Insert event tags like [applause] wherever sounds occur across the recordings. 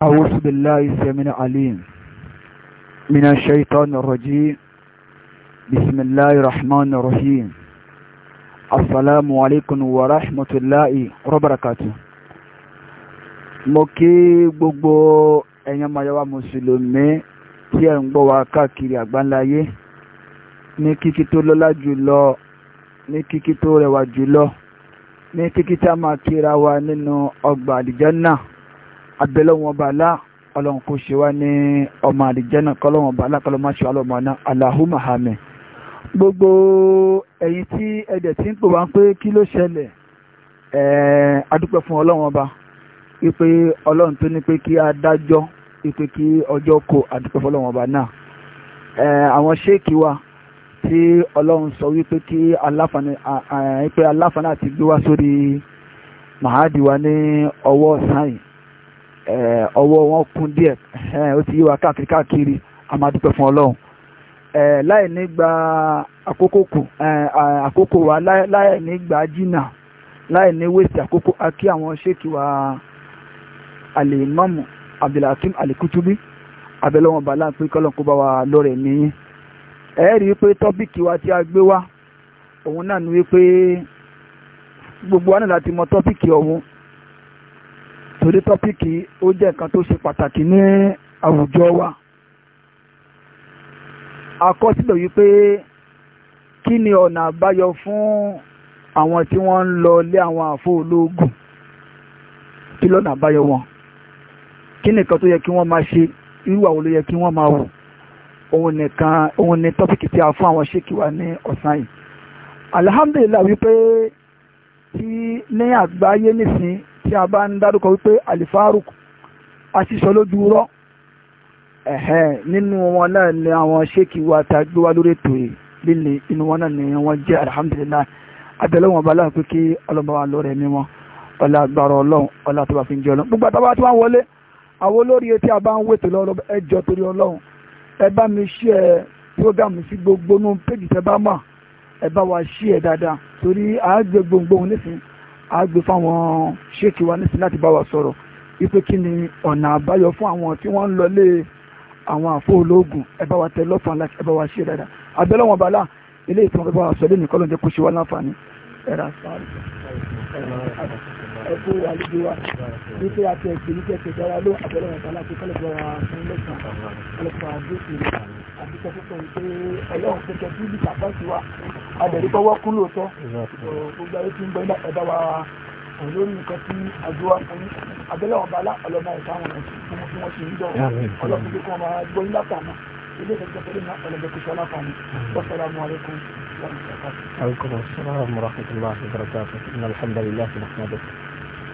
أعوذ بالله السميع العليم من الشيطان الرجيم بسم الله الرحمن الرحيم السلام عليكم ورحمة الله وبركاته mo kí gbogbo ẹ̀yin mayawa mùsùlùmí tí ẹ̀ ń gbọ́ wa káàkiri àgbáńláyé ní kíkí tó lọ́lá jùlọ ní kíkí tó rẹwà jùlọ ní kíkí tá a máa kíra wa nínú ọgbà àlìjánnà náà abẹ́lẹ́wọ̀n bàálà ọlọ́run kò ṣe wá ní ọmọ àdìjẹ́nà kọ́lọ́wọ̀n bàálà kọ́lọ́mọ́ ṣe wá lọ́mọ náà aláhùmà hàmì gbogbo ẹ̀yin tí ẹ̀dẹ̀ tí ń pè wá pé kí ló ṣẹlẹ̀ ẹ̀ẹ́ adúpẹ́ fún ọlọ́run ọba ipe ọlọ́run tó ní pé kí a dájọ́ ipe kí ọjọ́ kò adúpẹ́ fún ọlọ́run ọba náà ẹ̀ẹ́ àwọn ṣéèkì wa tí ọlọ́run sọ wípé kí aláfààní àti gbé wá sórí màhádìí wa ní ọwọ́ sáyìn Eh, ọwọ́ wọn kún díẹ̀ eh, ó ti yí wa káàkiri káàkiri a fún ọlọ́run eh, láì ní gba àkókò kù àkókò wa láì ní gba jìnnà láì ní wéèsì àkókò a kí àwọn ṣéèkì wa alimami abdulhakeem alikutubi abẹ́lẹ́wọ̀n bàlá pé kọ́lọ́n kó bá wa lọ́rẹ̀ nìyí ẹ rí i pé tọ́pìkì wa tí a gbé wá òun náà ni wípé gbogbo wa náà láti mọ tọ́pìkì ọ̀hún torí tọ́píkì ó jẹ́ nǹkan tó ṣe pàtàkì ní àwùjọ wa àkọsílẹ̀ wípé kí ni ọ̀nà àbáyọ fún àwọn tí wọ́n ń lọ lé àwọn àfo ológun kí lọ́nà àbáyọ wọn kí nìkan tó yẹ kí wọ́n máa ṣe irú àwọn ló yẹ kí wọ́n máa wò òun nìkan òun ni tọ́píkì tí a fún àwọn ṣéèkì wa ní ọ̀sán yìí alhamdulillah wípé tí ní àgbáyé nísìn tí a bá ń dárúkọ wípé alifaruk aṣíṣọ lójú rọ ẹ̀hẹ́n nínú wọn náà ni àwọn ṣéèkì wa tá a gbé wá lórí ètò yìí inú wọn náà ni wọn jẹ alihamudulilayi abẹ́lẹ́wọ̀n bá láàpẹ́ kí ọlọ́mọ wa lọ́rẹ̀ mi wọn ọlá agbára ọlọ́run ọlá tó bá fi ń jẹ ọlọ́run gbogbo àtàwọn àti wọn wọlé àwọn olórí etí àbá ń wètò lọ́rọ̀ ẹjọ́ torí ọlọ́run ẹ bá mi ṣí ẹ program sí gbogbo nú péjì tẹ bá mọ̀ ẹ bá wa ṣí ẹ dáadáa torí àágbé gbòǹgbòǹ nísìnyí a gbé fáwọn ṣéèkì wa nísìnyí láti bá wa sọ̀rọ̀ wípé kí ni ọ̀nà àbáyọ fún àwọn tí wọ́n ń lọlé àwọn àfọ ológun ẹ bá wa tẹ lọ́fà láti ẹ bá wa ṣe dáadáa abẹ́lẹ́ wọn bala eléyìí tí bá wa sọ lé nìkan ló ń jẹ́ kó ṣe wá láǹfààní ẹ̀rọ àṣà ẹ̀kọ́ àlejò wa wípé àti ẹ̀sìn ní kẹsẹ̀ dára ló àbẹ̀rẹ̀ ọ̀tá láti kọ́lẹ̀kọ́ wa fún lẹ́sàn kọ́lẹ̀kọ́ àdókè àti sọ́kọ́tọ̀ wípé ọlọ́run tó kẹsí ibi kàtà sí wa àbẹ̀rí tọwọ́ kú lóòótọ́ gbogbo ayé tí ń gbọ́ ẹ̀dá wa lórí nǹkan tí àdúrà fún abẹ́lẹ̀ ọba ọlọ́mọ ẹ̀ka wọn tí wọ́n ti ń dọ̀ ọlọ́run tó kọ́ máa gbọ́ nígbà tààmà ilé ìtọ́jú pẹ̀lú náà ọlọ́dọ̀ kò sọ́lá fún mi wàsálàmù alaykum ورحمة الله وبركاته إن الحمد لله نحمده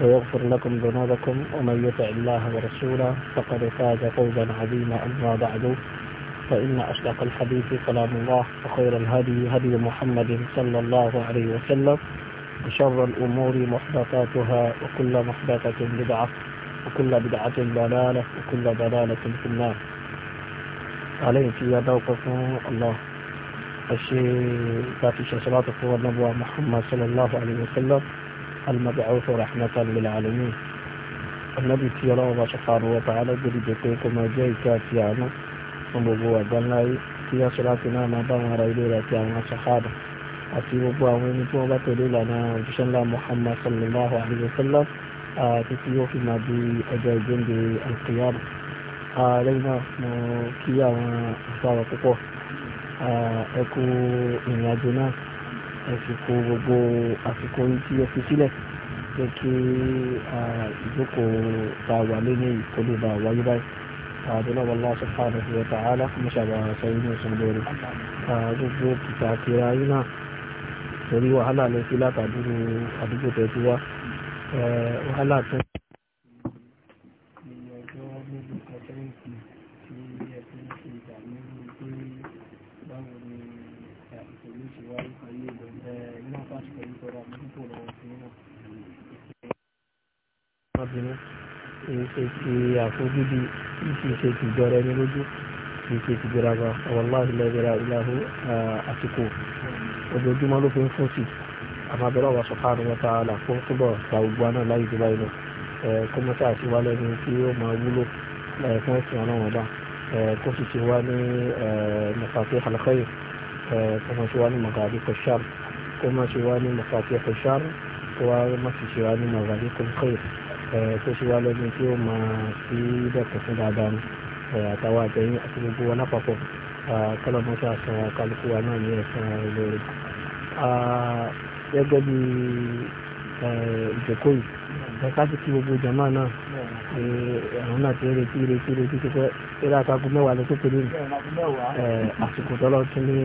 ويغفر لكم ذنوبكم ومن يطع الله ورسوله فقد فاز فوزا عظيما أما بعد فإن أصدق الحديث كلام الله وخير الهدي هدي محمد صلى الله عليه وسلم وشر الأمور محدثاتها وكل محدثة بدعة وكل بدعة ضلالة وكل ضلالة في النار عليه في دوقكم الله الشيء ذات الصلاة والنبوة محمد صلى الله عليه وسلم المبعوث رحمة للعالمين النبي صلى الله عليه وسلم وتعالى قد يقول كما جاء كاتيانا ومبوا قال لي في صلاتنا ما بان رأيه لكيانا صحابة أتي مبوا ومبوا بطلي لنا وجشن الله محمد صلى الله عليه وسلم تتيو في نبي أجل جنب القيامة علينا كيانا صلى الله أكو من أجناس àsìkò gbogbo àsìkò tí ẹ fi sílẹ̀ jẹ́ kí ìjókòó ta wà lẹ́yìn ìkọlù bá wáyé báyìí àdúrà wọn lọ́wọ́ subhanahu wa ta'ala mo ṣàbà sẹ́yìn ní ìsìn lórí gbogbo kìtà kìra yín náà torí wàhálà lè fi látàdúró àdúgbò tẹ̀ sí wa wàhálà tó. ọmọbìnrin èyí ṣe ti àfojúdi ìṣe ṣe ti jọra ẹni lójú kì í ṣe ti gbéraga wallahi lẹ́gbẹ̀rẹ́ ìlàhú àsìkò ojoojúmọ́ ló fi ń fún sí àmọ́ abẹ́rẹ́ ọ̀wá sọ̀kánù wọn ta là fún túbọ̀ ta gbogbo àná láyé ìdílé ìlú kó mọ́ sí àti wálé ni tí ó máa wúlò fún ẹ̀sìn ọlọ́run ọba kó sì ti wá ní mọ̀fàtí àlùkọ́yè kó mọ́ sí wá ní mọ̀gàdí kọ̀ṣàr kó sí wá ní mọ̀fàtí kọ̀ṣàr kó sí wá ní mọ̀gàdí kọ̀ṣàr tó ṣe wá lọ́dún tí ó máa fi dẹ̀kun fún dáadáa ni àtàwọn àtẹ̀yìn àti gbogbo wọn lápapọ̀ kọ́lọ́mọ́sá san kálukú wa náà ní ẹ̀sán olóore. gẹ́gẹ́ bí ìjókòó yìí ẹ̀ka sì kí gbogbo jàmáà náà àwọn náà ti retí retí retí tó fẹ́ eré àtàkùn mẹ́wàá ló tó péré nù àsìkò tọ́lọ́ tún ní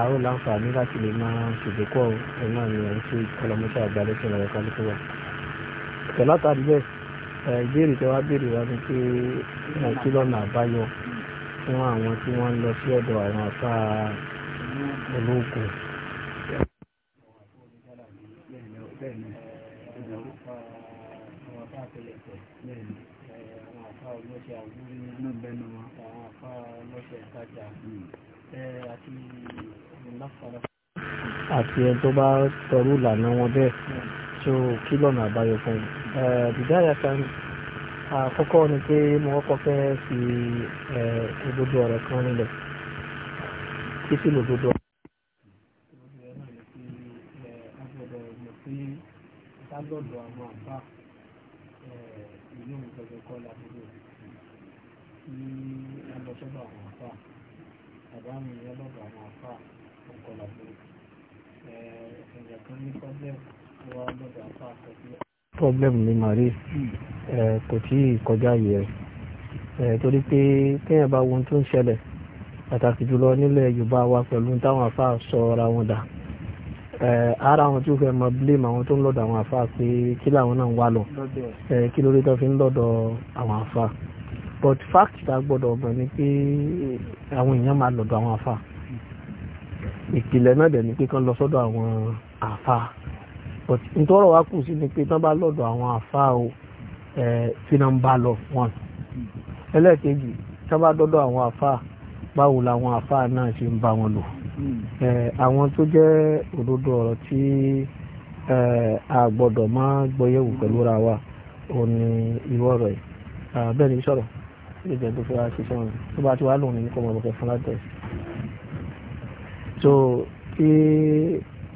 àwọn láǹfààní láti lè máa ṣèjókòó ẹ̀ náà ní ẹ̀ ń ṣe tẹ̀látà díẹ̀ ìbéèrè tí wàá béèrè wá ni pé kí lọ́nà àbáyọ fún àwọn tí wọ́n ń lọ sí ọ̀dọ̀ àwọn afá ológun. so kí lọ́nà àbáyọ fún mi. Bidaya kan àkọ́kọ́ ni pé mo kọ́kọ́ fẹ́ fi eh, òdodo ọ̀rọ̀ kan nílẹ̀ kí sí lòdodo ọ̀rọ̀. lọ́dọ̀ àwọn àbá ìlú ìgbẹ̀gbẹ̀ kọ́ làbúrò ní ẹlọ́sọ́dọ̀ àwọn àbá àbá mi lọ́dọ̀ àwọn àbá ọkọ̀ làbúrò ẹ̀ẹ̀kan ní pọ́blẹ́mù problem ni màrí hmm. kò tí ì kọjá yìí rẹ̀ torí pé kéèyàn bá wo ohun tó ń ṣẹlẹ̀ pàtàkì jùlọ nílẹ̀ Yorùbá wa pẹ̀lú táwọn afá sọ ara wọn dà ara àwọn tí ó fẹ́ mọ blame àwọn tó ń lọ́dọ̀ àwọn afá pé kí làwọn náà ń wá lọ kí lórí tó fi ń lọ́dọ̀ àwọn afá but fact ta gbọ́dọ̀ ọ̀gbọ̀n ni pé àwọn èèyàn máa lọ́dọ̀ àwọn afá hmm. ìpìlẹ̀ náà dẹ̀ ni pé kán lọ sọ́dọ̀ àwọn afá but ntọ́rọ̀ wa kù sí ni pé tán bá lọ́dọ̀ àwọn àfáà o tí náà ń bá lọ wọn. ẹlẹ́ẹ̀kejì tán bá dọ́dọ̀ àwọn àfáà báwo làwọn àfáà náà ṣe ń bá wọn lò. àwọn tó jẹ́ òdodo ọ̀rọ̀ tí a gbọ́dọ̀ máa gbọ́yẹ̀wò pẹ̀lú ra wa òun ni irú ọ̀rọ̀ yìí bẹ́ẹ̀ ni sọ̀rọ̀ lè jẹ́ tó fẹ́ wá ṣiṣẹ́ wọn tó bá ti wá lòun ní kọ́ so tí.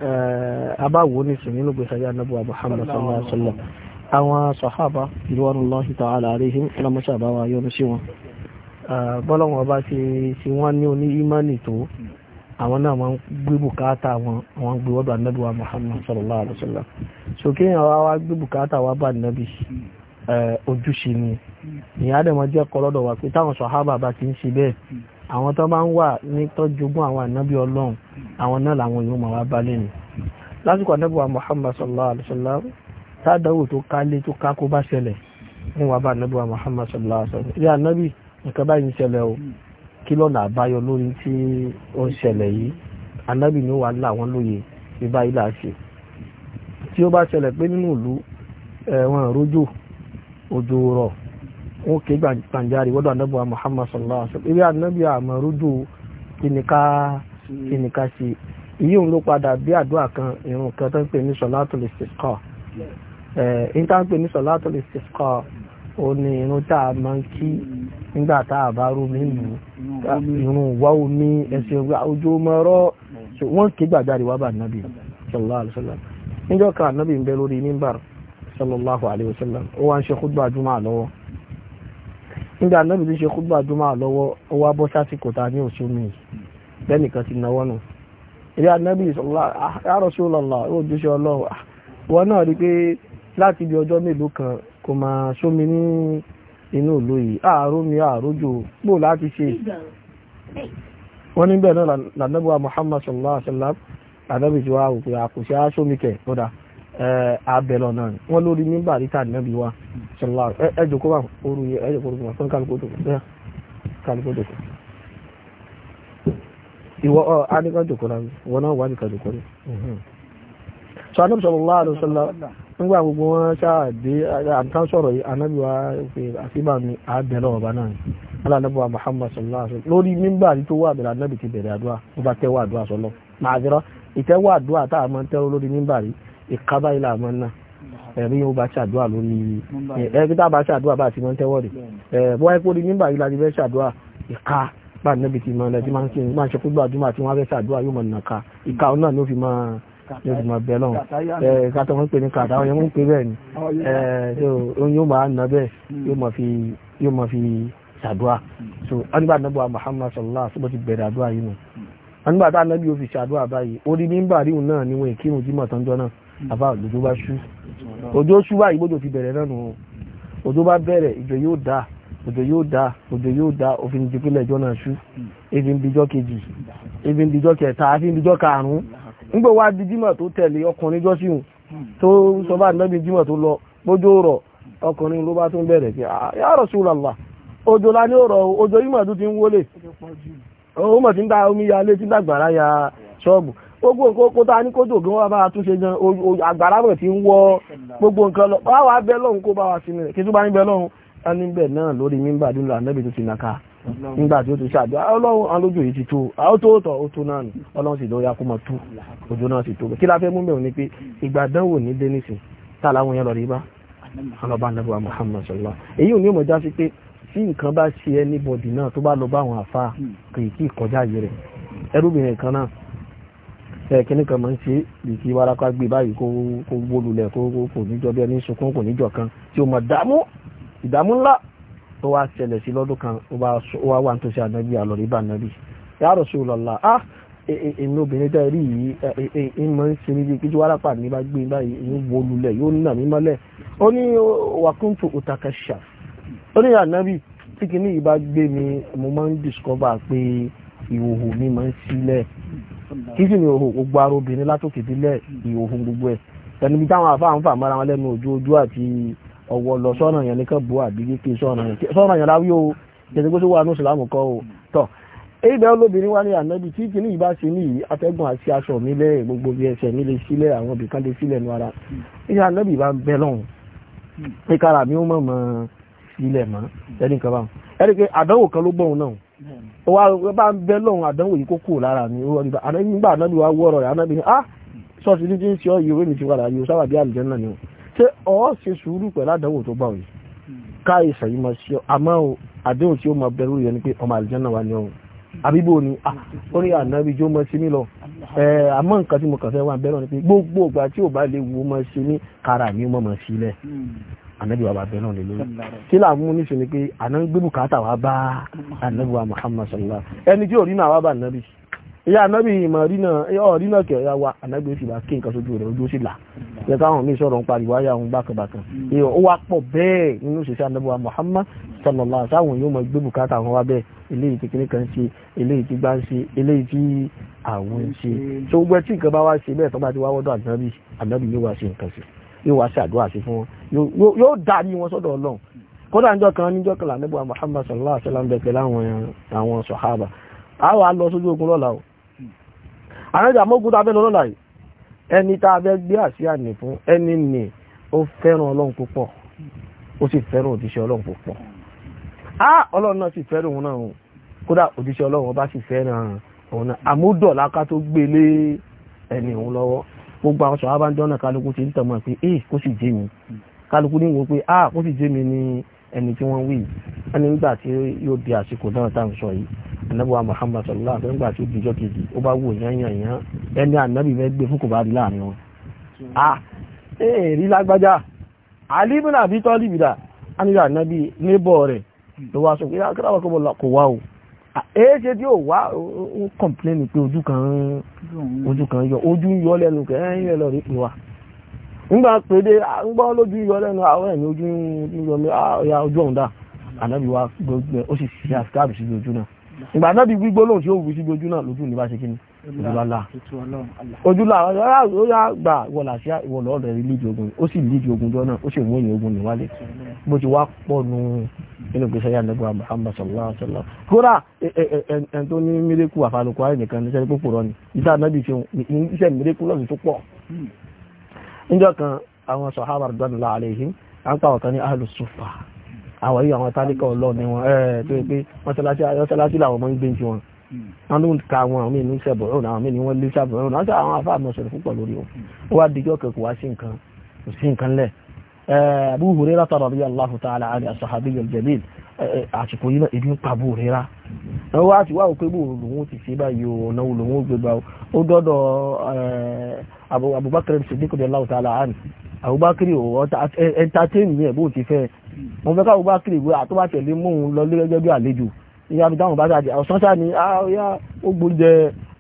Eh, abáwo ní sìn nínú gbèsè ayé anábọ̀ Muhammad sallallahu alaihi wasallam àwọn sàhábà ridwanullahi ta'ala alaihim ìlàmọ́sà àbáwá yọ́nú sí wọn eh, bọ́lọ́wọ́n ọba ti ti wọ́n ní oní ímánì tó àwọn náà wọ́n gbé bùkátà wọn wọ́n gbé wọ́dọ̀ anábì wa Muhammad sallallahu alaihi wasallam sókè yẹn wá wá gbé bùkátà wa bá nábì eh, ojúṣe ni ìyá àdèmọ́ jẹ́ kọ́ lọ́dọ̀ wa pé táwọn sàhábà bá ti ń ṣe bẹ́ẹ̀ àwọn tó bá ń wà ní tọ́júgún àwọn ànábì ọlọ́run àwọn náà làwọn yóò máa wá bá lẹ́nu lásìkò ànábì wa muhammad sallallahu alaihi wasallam tádàwò tó kálé tó kákó bá ṣẹlẹ̀ ń wà bá ànábì wa muhammad sallallahu alaihi wasallam ilé ànábì nǹkan báyìí ń ṣẹlẹ̀ o kí lọ́nà àbáyọ lórí tí ó ń ṣẹlẹ̀ yìí ànábì ni ó wà láwọn lóye bí báyìí là ṣe tí ó bá ṣẹlẹ̀ pé nínú ìlú ẹ̀wọ̀n rojo òjò rọ̀ wọn ké gbàǹjarì wọ́dọ̀ ànábì Muhammad sallallahu alaihi wa sallam ibi ànábì àmọ́rúdù kìnìkà kìnìkà sí iye òun ló padà bí àdúrà kan irun kan tó ń pè ní sọlátul istisqa ẹ̀ẹ́n tá ń pè ní sọlátul istisqa ó ní irun tá a máa ń kí nígbà tá a bá rú mi lù irun wá omi ẹsẹ̀ ojú ọmọ ọ̀rọ̀ wọ́n ké gbàǹjarì wá bá ànábì sallallahu alaihi wa sallam níjọ́ kan ànábì ń bẹ alaihi wa sallam ó wá ń ṣe nígbà náà bìí ṣe kúgbà jùmọ̀ lọ́wọ́ ó wá bọ́ sásìkò ta ní òṣù mi lẹ́nìkan ti náwọ́ nù ilé anábì ìṣọ̀lá àárọ̀ sí ọlọ́lá ó jíṣẹ́ ọlọ́wà ah, wọn náà rí pé láti ibi ọjọ́ mélòó kan kò máa sómi ní inú ìlú yìí àárò mi àáròjò pò láti ṣe wọn níbẹ̀ náà lànàbíwá Muhammad sallallahu alaihi wasallam lànàbì tí wàá òkè àkùsí aṣómi ah, kẹ̀ kódà Eh, a náà wọ́n lórí nígbà ríta nẹ́bí wa ṣọlá ẹjọ́ kó bá orú ẹjọ́ kó rúgbọ́n fún kálukó tòkó bẹ́ẹ̀ kálukó tòkó ìwọ ọ adékan tòkó náà wọn náà wà mhm. sọ anábì nígbà gbogbo wọn ṣáàdé àǹkan sọ̀rọ̀ yìí anábì wa pé àfihàn mi abẹ́lọ ọba náà alánàbọ̀ Muhammad sọlá lórí nígbà tó wà bẹ̀rẹ̀ ti bẹ̀rẹ̀ tẹ́wọ́ sọlọ ìkábá ilà àmọ́ náà hmm. ẹ̀rí ó bá ṣàdúrà lórí ẹ̀rí tá a bá ṣàdúrà bá ti mọ́ tẹ́wọ́ rẹ̀ bọ́ ẹ kó rí nígbà yìí láti fẹ́ ṣàdúrà ìka bá níbi tí máa lẹ́tí máa ń sìn máa ń ṣe fúgbà àdúrà tí wọ́n fẹ́ ṣàdúrà yóò mọ̀ nà ká ìka òun hmm. náà ló fi máa ló fi máa bẹ lọ́hùn ẹ̀ kátó wọn pè ní kàtà wọn yẹn ń pè bẹ́ẹ̀ ni ẹ̀ yóò máa nà bẹ́ẹ̀ hmm. yóò máa fi ṣàdúrà so anigba anabu Muhammad sallallahu alaihi wasallam ti bẹ̀rẹ̀ àdúrà yìí nù anigba tá anabi yóò fi ṣàdúrà báyìí orí Mm. àbá òjò bá ṣú òjò ṣú ti bẹ̀rẹ̀ náà nù òjò bá bẹ̀rẹ̀ ìjọ yóò dá òjò yóò dá òjò yóò òfin ìdípínlẹ̀ ìjọ náà ṣú ebi ń kejì ebi ń kẹta àfi ń karùn-ún nígbà wá tó tẹ̀lé ọkùnrin jọ́ tó lọ bójó rọ ọkùnrin ló bá tún bẹ̀rẹ̀ ah, ya Rasulullah òjò la ní òjò yìí ti ń wọlé ń da omi ya lé gbogbo nǹkan oko tá ní kójò gan wá bá tún ṣe gan àgbàrábọ̀ tí ń wọ́ gbogbo nǹkan lọ wá wá bẹ́ lọ́hun kó bá wa sí rẹ̀ kí tó bá ní bẹ́ lọ́hun ẹni bẹ̀ náà lórí mímbà dúró ànábì tó ti nàka nígbà tí ó ti ṣàjọ ọlọ́run alójò yìí ti tó àótóòtọ̀ ó tó náà nì ọlọ́run sì lórí akúmọ̀ tó òjò náà sì tó kí la fẹ́ mú bẹ̀rù ni pé ìgbàdánwò ní dénìsì tá láwọn yẹn lọ rí bá ọlọ́ba anábíwá Muhammad sọlá èyí ò ní mọ̀ já sí pé tí nǹkan bá ṣe anybody náà tó bá lọ bá àwọn àfa kìí kí kọjá yìí rẹ̀ ẹrúbìnrin kan náà kíní kan máa ń ṣe ìfi warapa gbé báyìí kó kó wólulẹ̀ kó kò níjọ bí ẹni sunkún kò níjọ kan tí ó mọ̀ dààmú ìdààmú ńlá ó wá ṣẹlẹ̀ sí lọ́dún kan ó wá wà nítòsí ànábì àlọ́rí bá ànábì ya Rasulullah á èmi e, e, e, obìnrin tẹ́ rí yìí ń máa ń ṣe níbi kí warapa mi bá gbé báyìí ń wólulẹ̀ yóò nà mí mọ́lẹ̀ ó ní wàkúntù òtàkàṣà ó ní ànábì tí kíní yìí bá gbé mi mo máa ń discover pé ìhòhò mi máa ń sílẹ̀ kí sì ni òhun gbogbo ara obìnrin látòkè délẹ̀ ìhòhun gbogbo ẹ̀ tẹnibi táwọn àfa ń fà mọ́ra wọn lẹ́nu ojú ojú àti ọ̀wọ́ lọ sọ́nà yẹn nìkan bó àbí kéèké sọ́nà yẹn sọ́nà yẹn láwí o jẹ́sẹ̀ pé sówó anú ìsìlámù kọ́ o tọ̀ ìgbẹ́ olóbìnrin wá ní ànábì tí kìíní ìbá ṣe ní atẹ́gùn àti aṣọ mi lẹ́ gbogbo bí ẹsẹ̀ mi lè sílẹ̀ àwọn ibìkan lè sílẹ̀ nu ara ìyá ànábì bá ń lọ́hùn pé kára mi ó mọ̀ mọ́ sílẹ̀ mọ́ ẹnìkan báwọn ẹni pé àdánwò kan ló gbọ́hùn náà wá bá ń bẹ́ lọ́hun àdánwò yìí kó kù lára mi nígbà náà bí wá wọ́ ọ̀rọ̀ rẹ̀ anábì ní ah sọ́ọ̀sì ní ti ń ṣe ọ̀yọ̀ ìwé mi ti padà yóò sábà bí àlùjẹ́ náà ni o ṣé ọ̀ ṣe sùúrù pẹ̀lú àdánwò tó bá òye ká ìsàn yìí máa ṣe àmọ́ àdéhùn tí ó máa bẹ̀rù yẹn ni pé ọmọ àlùjẹ́ náà wà ní ọ̀hún àbíbò ni orí ànábí jó mọ́ sí mí lọ àmọ́ nǹkan tí mo kàn fẹ́ wà bẹ́rọ̀ ni pé gbogbo ìgbà tí ò bá lè wo mọ́ sí ní kára mi mọ́ mọ́ sílẹ̀ anabi wa bàbá náà lè lórí kí là ń mú níṣẹ́ ni pé àná gbé bùkátà wa bá anabi wa muhammad sallallahu ẹni tí òrí náà wá bá anabi ìyá anabi ìmọ̀ rí náà ọ̀rí náà kẹ̀ ya wa anabi oṣù bá kí nǹkan sójú rẹ̀ ojú ó sì là yẹ káwọn mi sọ̀rọ̀ ń pariwo ayé àwọn bákanbákan hmm. ìyọ̀ ó wá pọ̀ bẹ́ẹ̀ nínú ìṣẹ̀ṣẹ̀ anabi wa muhammad sallallahu sáwọn yóò mọ gbé bùkátà wọn wá bẹ́ẹ̀ eléyìí tí kìnnì hmm. so gbẹ tí nǹkan bá wá ṣe bẹ́ẹ̀ tó bá yóò wá ṣàdúrà sí fún wọn yóò darí wọn sọ́dọ̀ ọlọ́run kódà níjọ́ kan níjọ́ kan lànẹ́bùwà Muhammad sallallahu alaihi wasallam bẹ̀pẹ̀ láwọn sọ̀hábà a wà lọ sójú ogun lọ́la o àrẹ́jà mọ́gún tàbẹ́ lọ lọ́la yìí ẹni tàbẹ́ gbé àsíá nì fún ẹni nì ó fẹ́ràn ọlọ́run púpọ̀ ó sì fẹ́ràn òjíṣẹ́ ọlọ́run púpọ̀ a ọlọ́run náà sì fẹ́ràn òun náà kódà òjíṣẹ́ ọlọ́run ọba sì fẹ́ràn òun náà àmúdọ̀láká tó gbélé ẹni òun lọ́wọ́ gbogbo àwọn sọ̀rọ̀ abájọ́ náà kálukú ti ń tọ̀ mọ́ pé e kó sì jẹ́ mi kálukú ní wo pé a ah, kó sì jẹ́ mi ní ẹni tí wọ́n wí ẹni nígbà tí yóò di àsìkò náà tá à ń sọ yìí ànábì Muhammad sallallahu alaihi wasallam nígbà tí ó dijọ́ kejì ó bá wò yán yán yán ẹni ànábì fẹ́ gbé fún kò bá rí láàrin wọn. a ah, ee eh, rí lágbájá Ali ibn Abi Talib dà á nílò ànábì níbọ̀ rẹ̀ ló wá sọ pé akérè ah, àwọn kò wá o èéṣe tí ó wá ó kọ̀m̀pléènì pé ojú kan ojú yọ ojú yọ lẹ́nu kẹ́ ẹ̀yìn lọ rí wa ńgbà pèdè ńgbà lójú yọ lẹ́nu àwọn ẹ̀yìn ojú yọ mi ojú wa gbogbo náà ojúlọ́lá ojúlọ́ àwọn yá gbà wọ̀làṣíà ìwọ̀lọ́ rẹ̀ rí lídìí ogun ó sì lídìí ogun jọ náà ó sì mú èyàn ogun níwálé bó ti wá pọ̀ nù nínú ìgbésẹ̀ yà nẹ́gbà Muhammad sallallahu alaihi wasallam kódà ẹn tó ní mírèkù àfàlùkù ayé nìkan ní sẹ́ni púpọ̀ rọ ni ìta anábì fi hùn iṣẹ́ mírèkù lọ́sì tó pọ̀ hmm. níjọ́ kan àwọn sọ̀hábà radiyallahu alaihim à ń pa ọ̀kan ní ahlus sufa àwọn yìí àwọn tálíkà ọlọ́ọ̀ ni wọn ẹ̀ẹ́ tó yẹ pé mọ́sálásí làwọn ọmọ ń gbé ń ti wọn wọn ló ń ka wọn àwọn ènìyàn ṣàbọ̀rọ̀ àwọn ènìyàn wọn lé ṣàbọ̀rọ̀ wọn sọ àwọn afá àmọ̀sọ̀rọ̀ púpọ̀ lórí o ó wá dijọ́ kẹ̀kọ́ wá sí nǹkan kò sí nǹkan lẹ̀ Abu Hurairah radiyallahu ta'ala anhu as-sahabiyyul jalil àsìkò yìí náà ebi ń pa Abu Hurairah ẹ wá ti wá òpé bò lòun ti ṣe báyìí o ọ̀nà wo lòun ó gbé gbà ó dọ́dọ̀ Abubakar Siddiq radiyallahu ta'ala anhu Abubakar ò entertain mi ẹ̀ bó ti fẹ́ mo fẹ́ ká Abubakar ìwé àtúbàtẹ̀lé mọ́ òun lọ lé gẹ́gẹ́ bí àlejò ìyá àbí táwọn bá jáde ọ̀sán sáà ni àáyá ah, ó gbóúnjẹ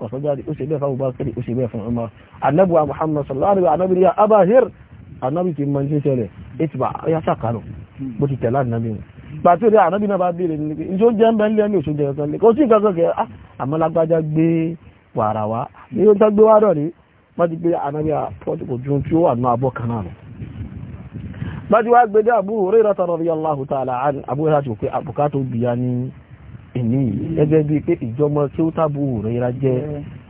ọ̀sán jáde ó ṣe bẹ́ẹ̀ fáwọn bá kéré ó ṣe bẹ́ẹ̀ fún ọmọ anábùwà Muhammad sallallahu alaihi wa anábì ya abahir anábì ti mọ iṣẹ́ rẹ̀ ètùbà ọyá sàkánù bó ti tẹ̀lá anábì ni pàtó rí anábì náà bá béèrè ní ní ó jẹ́ ń bẹ́ ń lé ní oṣù jẹ́ kan lé kó sí nǹkan kan kẹ́ ah, àmọ́lágbájá gbé wàrà ìní gẹ́gẹ́ bíi pé ìjọmọ kí ó tábù rẹ̀ra jẹ́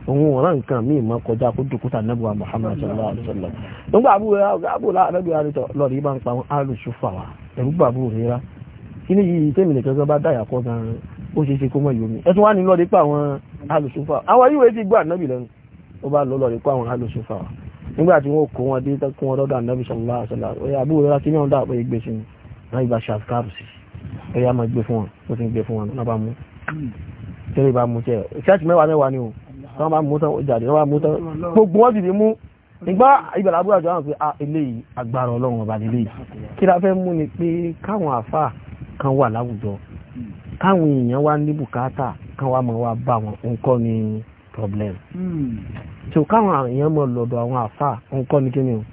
òun ọ̀ràn nǹkan míì mọ́ kọjá kó dùkúta nẹ́bùwà Muhammad sallallahu alaihi wasallam nígbà àbúrò rẹ̀ àbúrò láàrẹ́bí àrẹ́tọ̀ lọ́rí bá ń pa àwọn alùsùfà wa ẹ̀rú gbàbú rẹ̀ra kí ní yìí tẹ́mi nìkan kan bá dáyà kọ́ gan ó ṣe é ṣe kó mọ̀ yomi ẹ̀tún wá ní lọ́rí pa àwọn alùsùfà àwọn yíwé ti gbà nẹ́bì lẹ́nu ó bá lọ lọ́rí pa àwọn alùsùfà wa nígbà tí wọ́n kó wọn dé tẹ́kún wọn lọ́dọ̀ ànábì sallallahu alaihi wasallam ẹ̀yà máa gbé fún wọn ó ti ń gbé fún wọn náà bá mú tẹ́lẹ̀ bá mú tẹ́ ṣáàtì mẹ́wàá mẹ́wàá ni o wọ́n bá mú tán ó jáde wọ́n bá mú tán gbogbo wọn sì ti mú nígbà ìbẹ̀rẹ̀ abúlé àjọ àwọn pé a ah, eléyìí agbára ọlọ́run ọba lélẹ̀ yìí kí la fẹ́ mú ni pé káwọn àfà kan wà láwùjọ káwọn èèyàn wá ní bùkátà kan wá máa wá bá wọn nǹkan ni problem. tó hmm. káwọn èèyàn mọ̀ lọ́dọ̀ àwọn àfà nǹkan ni kí ni o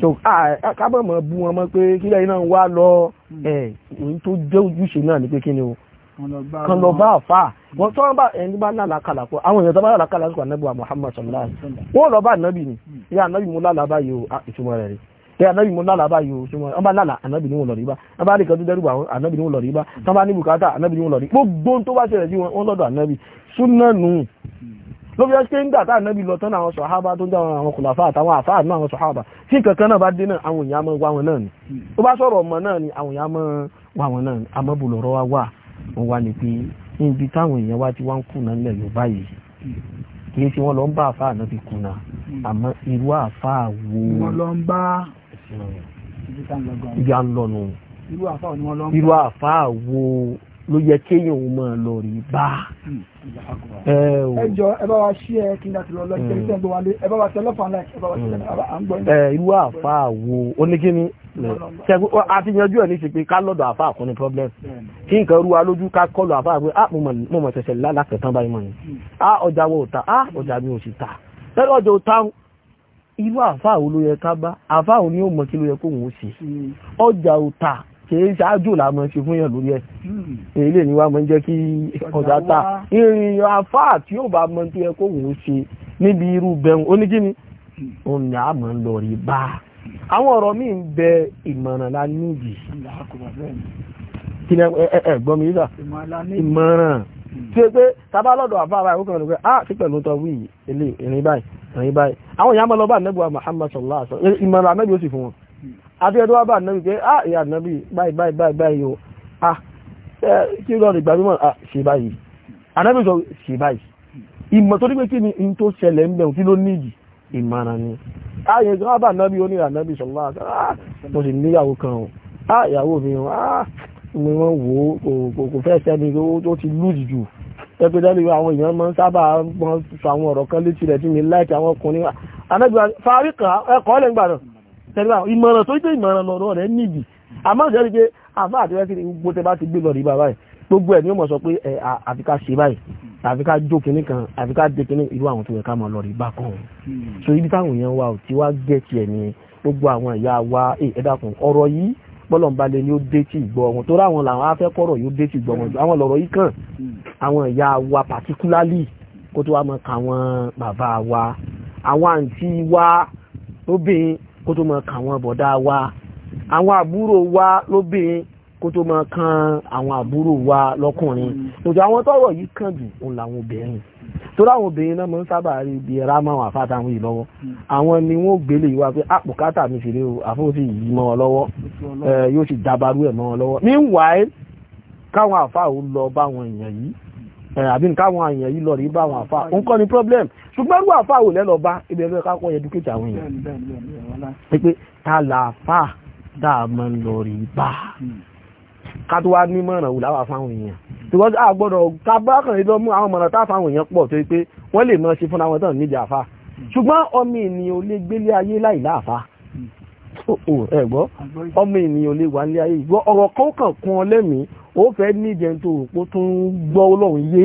so ah, ah, kábọ̀ mọ̀ bú wọn mọ́ pé kí lẹ́yìn náà wá lọ ẹ̀ hmm. èyí eh, tó jẹ́ ojúṣe náà ni pé kí ni o kan lọ bá àfà wọn tọ́ bá ẹni bá lálàkàlà pọ̀ àwọn èèyàn tó bá lálàkàlà sí ànábì wa Muhammad sallallahu alaihi wasallam hmm. wọn lọ bá ànábì ni hmm. ya ànábì mo ah, lálàá báyìí o ìtumọ̀ rẹ̀ rí ìyá ànábì mo lálàá báyìí o ìtumọ̀ wọn bá lálà ànábì ni wọn lọ rí bá wọn bá rí kan tó dẹrù bá ànábì ni wọn lọ rí bá tán bá ní bùkátà ànábì ni wọn lọ rí gbogbo tó bá ṣẹlẹ̀ sí wọn lọ́dọ̀ ànábì súnà ló fi ọ́ṣẹ́ ń gbàtà náà bí lọ tán àwọn sọ̀hábà tó ń jẹ́ àwọn kùlàfà àtàwọn àfáà náà àwọn sọ̀hábà tí kankan náà bá dé àwọn èèyàn máa wá wọn náà ni tó bá sọ̀rọ̀ ọmọ náà ni àwọn èèyàn máa wá wọn náà ni àmọ́ bò wa wà wọ́n wá ní pé níbi táwọn èèyàn wá ti wá ń kùnà ńlẹ̀ Yorùbá yìí kì í ṣe wọ́n lọ ń bá àfáà náà fi kùnà àmọ́ irú àfáà wo irú àfáà wo ló yẹ kéèyàn òun máa lọ rí bá. Hmm. ẹ jọ ẹ bá wa ṣí ẹ kí n dàtí lọ lọ ṣe iṣẹ́ gbọ́ wálé ẹ bá wa ṣe ọlọ́pàá ńlá ẹ bá wa ṣe hmm. à ń gbọ́ ní. irú àáfàá wo oníkíní ṣẹ́gun àti yanjú ẹ̀ ní ṣe pé ká lọ́dọ̀ àáfàá kún ní problem kí nǹkan rú wa lójú ká kọlu àáfàá pé ah mo mọ̀ ṣẹ̀ṣẹ̀ lálàkẹ̀ tán báyìí mọ̀ ni hmm. ah ọjà wo ta ah ọjà mi ò sì ta lẹ́nu ọjà ò táwọn irú àáfàá wo ló yẹ ká bá àáfàá ṣe ṣáájú là mọ̀ ṣe fún yàn lórí ẹ̀ èlé hmm. ni wá mọ̀ jẹ́ kí ọjà ta ìrìn àfá tí ó bá mọ̀ tó yẹ kó wò ó ṣe níbi irú bẹ̀rùn oníkíni hmm. òun ni a mọ̀ ń lọ rí bá àwọn ọ̀rọ̀ míì ń bẹ ìmọ̀ràn la níbi ẹ̀gbọ́n mi yíṣà ìmọ̀ràn hmm. tí ó pé tábà lọ́dọ̀ àfá àbáyé ó kàn rẹ̀ pé ah sí pẹ̀lú tọ́ wí ilé ìrìn báyìí ìrìn báyìí àwọn ìyá mọ́ lọ bá nẹ́bùwà Muhammad sallallahu alaihi wasallam ìmọ̀ràn anẹ́bí ó sì fún wọn àti ẹ̀dọ́ bá nàbí pé ah ìyá nàbí báyìí báyìí báyìí báyìí o ah kí lọ rìn gbàmímọ̀ ah ṣe báyìí ànábì sọ ṣe báyìí ìmọ̀ tó ní pé kí ni n tó ṣẹlẹ̀ ń bẹ̀rù kí ló níyì ìmọ̀ràn ni ààyè ah, ìjọba bá nàbí oní ànábì sọ̀rọ̀ ah mo sì níyàwó kan o ah ìyàwó mi o ah mi wọ́n wò ó kò fẹ́ sẹ́ni tó ti lùdì jù ẹgbẹ́ dẹ́nu àwọn èèyàn máa ń sábà sọ àwọn ọ̀rọ̀ kan létí rẹ̀ tí mi láìkí àwọn ọkùnrin ànábì fáríkà ẹ̀kọ́ lẹ́gbàá náà tẹ́lá ìmọ̀ràn tó jẹ́ ìmọ̀ràn lọ́rọ̀ rẹ̀ níbi àmọ́ ìjọ́ rí pé àfá àti wẹ́sí gbogbo tẹ bá ti gbé lọ rí bàbá ẹ̀ gbogbo ẹ̀ ni ó mọ̀ sọ pé ẹ àfi ṣe báyìí àfi jó kinní kan àfi dé kinní irú àwọn tó yẹ ká mọ̀ lọ bá kan so ibi táwọn èèyàn wa ò ti wá gẹ̀ tiẹ̀ ni gbogbo àwọn ìyá wa ẹ dákun ọ̀rọ̀ yìí bọ́lọ̀ ń ba lè ní ó dé tí ìgbọ́ wọn torí àwọn làwọn afẹ́kọ̀rọ̀ yóò dé tí ìgbọ́ wọn àwọn lọ̀rọ̀ yìí wa particularly kó tó wá wa àwọn àǹtí wa kó tó máa kan àwọn wa àwọn àbúrò wa lóbìnrin kó tó máa kan àwọn àbúrò wa lọ́kùnrin mm. tòjò àwọn tọ́rọ̀ yìí kàn jù òun làwọn obìnrin torí àwọn obìnrin náà máa ń sábà rí ibi ẹ̀rá máa wà fáta àwọn yìí lọ́wọ́ mm. àwọn ni wọ́n gbélé yìí wá pé àpòkátà mi sì rí o àfóòsì yìí mọ́ ọ lọ́wọ́ yóò sì dábarú ẹ̀ mọ́ ọ lọ́wọ́ meanwhile káwọn àfáà ó lọ báwọn èèyàn yìí Eh, àbí káwọn èèyàn yìí lọ rí bá àwọn àfà ń kọ́ ni problem ṣùgbọ́n irú àfà ò lẹ́lọ bá ibi ẹ̀rọ ẹ̀ka kọ́ ẹdúkẹ́tì àwọn èèyàn pé ta là àfà tá a máa ń lọ rí bá ká tó wá ní mọ̀ràn wù láwà fáwọn èèyàn because a gbọ́dọ̀ ká bá kàn lọ mú àwọn mọ̀ràn tá fáwọn èèyàn pọ̀ tó pé wọ́n lè mọ̀ ṣe fúnra wọn tán níjà àfà ṣùgbọ́n ọmọ ènìyàn ò lè gbélé ayé láì láàfà hmm. ọmọ ènìyàn ò lè wà nílé ayé ìgbọ́ ọ̀rọ̀ kan kàn kún ọ lẹ́mìí ó fẹ́ ní ìjẹun tó rò pé tó ń gbọ́ ọlọ́run yé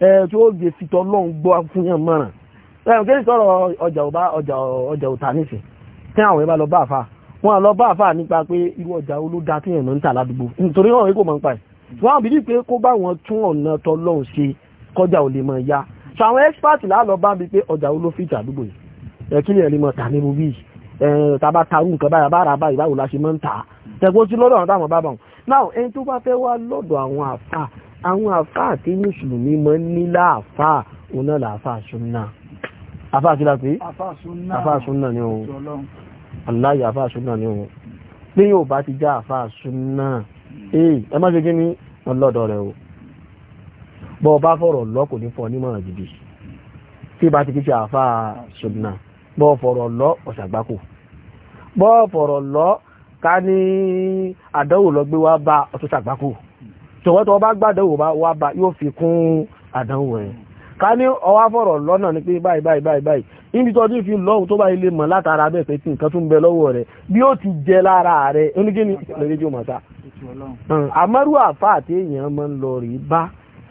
ẹ tí ó gbé fitọ́ ọlọ́run gbọ́ fún yàn mọ́ràn ẹ̀rùn kí n sọ̀rọ̀ ọjà òbá ọjà òta nísìn tí àwọn ẹbá lọ bá àfà wọn lọ bá àfà nípa pé irú ọjà olóda tí èèyàn ń tà ládùúgbò nítorí ọ̀rọ̀ kò mọ̀ ń pa ẹ̀ wọ́n bìí pé kó bá wọn tún ọ̀nà tọlọ́run ṣe kọjá ò lè mọ̀ ya so àwọn expert bá bi pé ọjà olófíìtì àdúgbò yìí kí lè rí mọ̀ tà nínú bíi tàbá tarú nǹkan báyà bá ra báyìí báwo la ṣe máa ń tà tẹ̀gbọ́n tí lọ́dọ̀ àwọn táwọn bá bá now ẹni tó bá fẹ́ wá lọ́dọ̀ àwọn àfà àwọn àfà àti mùsùlùmí mọ́ nílá àfà òun náà làáfà súnà àfà kí láti àfà súnà ni òun aláyà àfà súnà ni òun pé yóò bá ti já àfà súnà hmm. eh, ẹ má ṣe kí ni ọlọ́dọ̀ rẹ̀ o bọ́ bá fọ̀rọ̀ lọ́kò ní fọ́ onímọ̀ràn jìbì tí bá ti kí ṣe àfà súnà bọ́ fọ̀rọ̀ lọ́ ọ̀ṣàgbákò bọ́ fọ̀rọ̀ lọ́ ká ní àdánwò lọ gbé wá bá ọtún ṣàgbákò tọwọ́ tọwọ́ bá gbàdánwò wá bá yóò fi kún àdánwò ẹ̀ ká ní ọwá fọ̀rọ̀ lọ́nà ni pé báyìí báyìí báyìí báyìí níbi tó ti fi lọ́hùn tó bá ilé mọ̀ látara bẹ́ẹ̀ pé tí nǹkan tún bẹ lọ́wọ́ rẹ̀ bí ó ti jẹ lára rẹ̀ oníkíni lórí jù mọ̀ta àmọ́rú àfà àti èèyàn máa ń lọ rí bá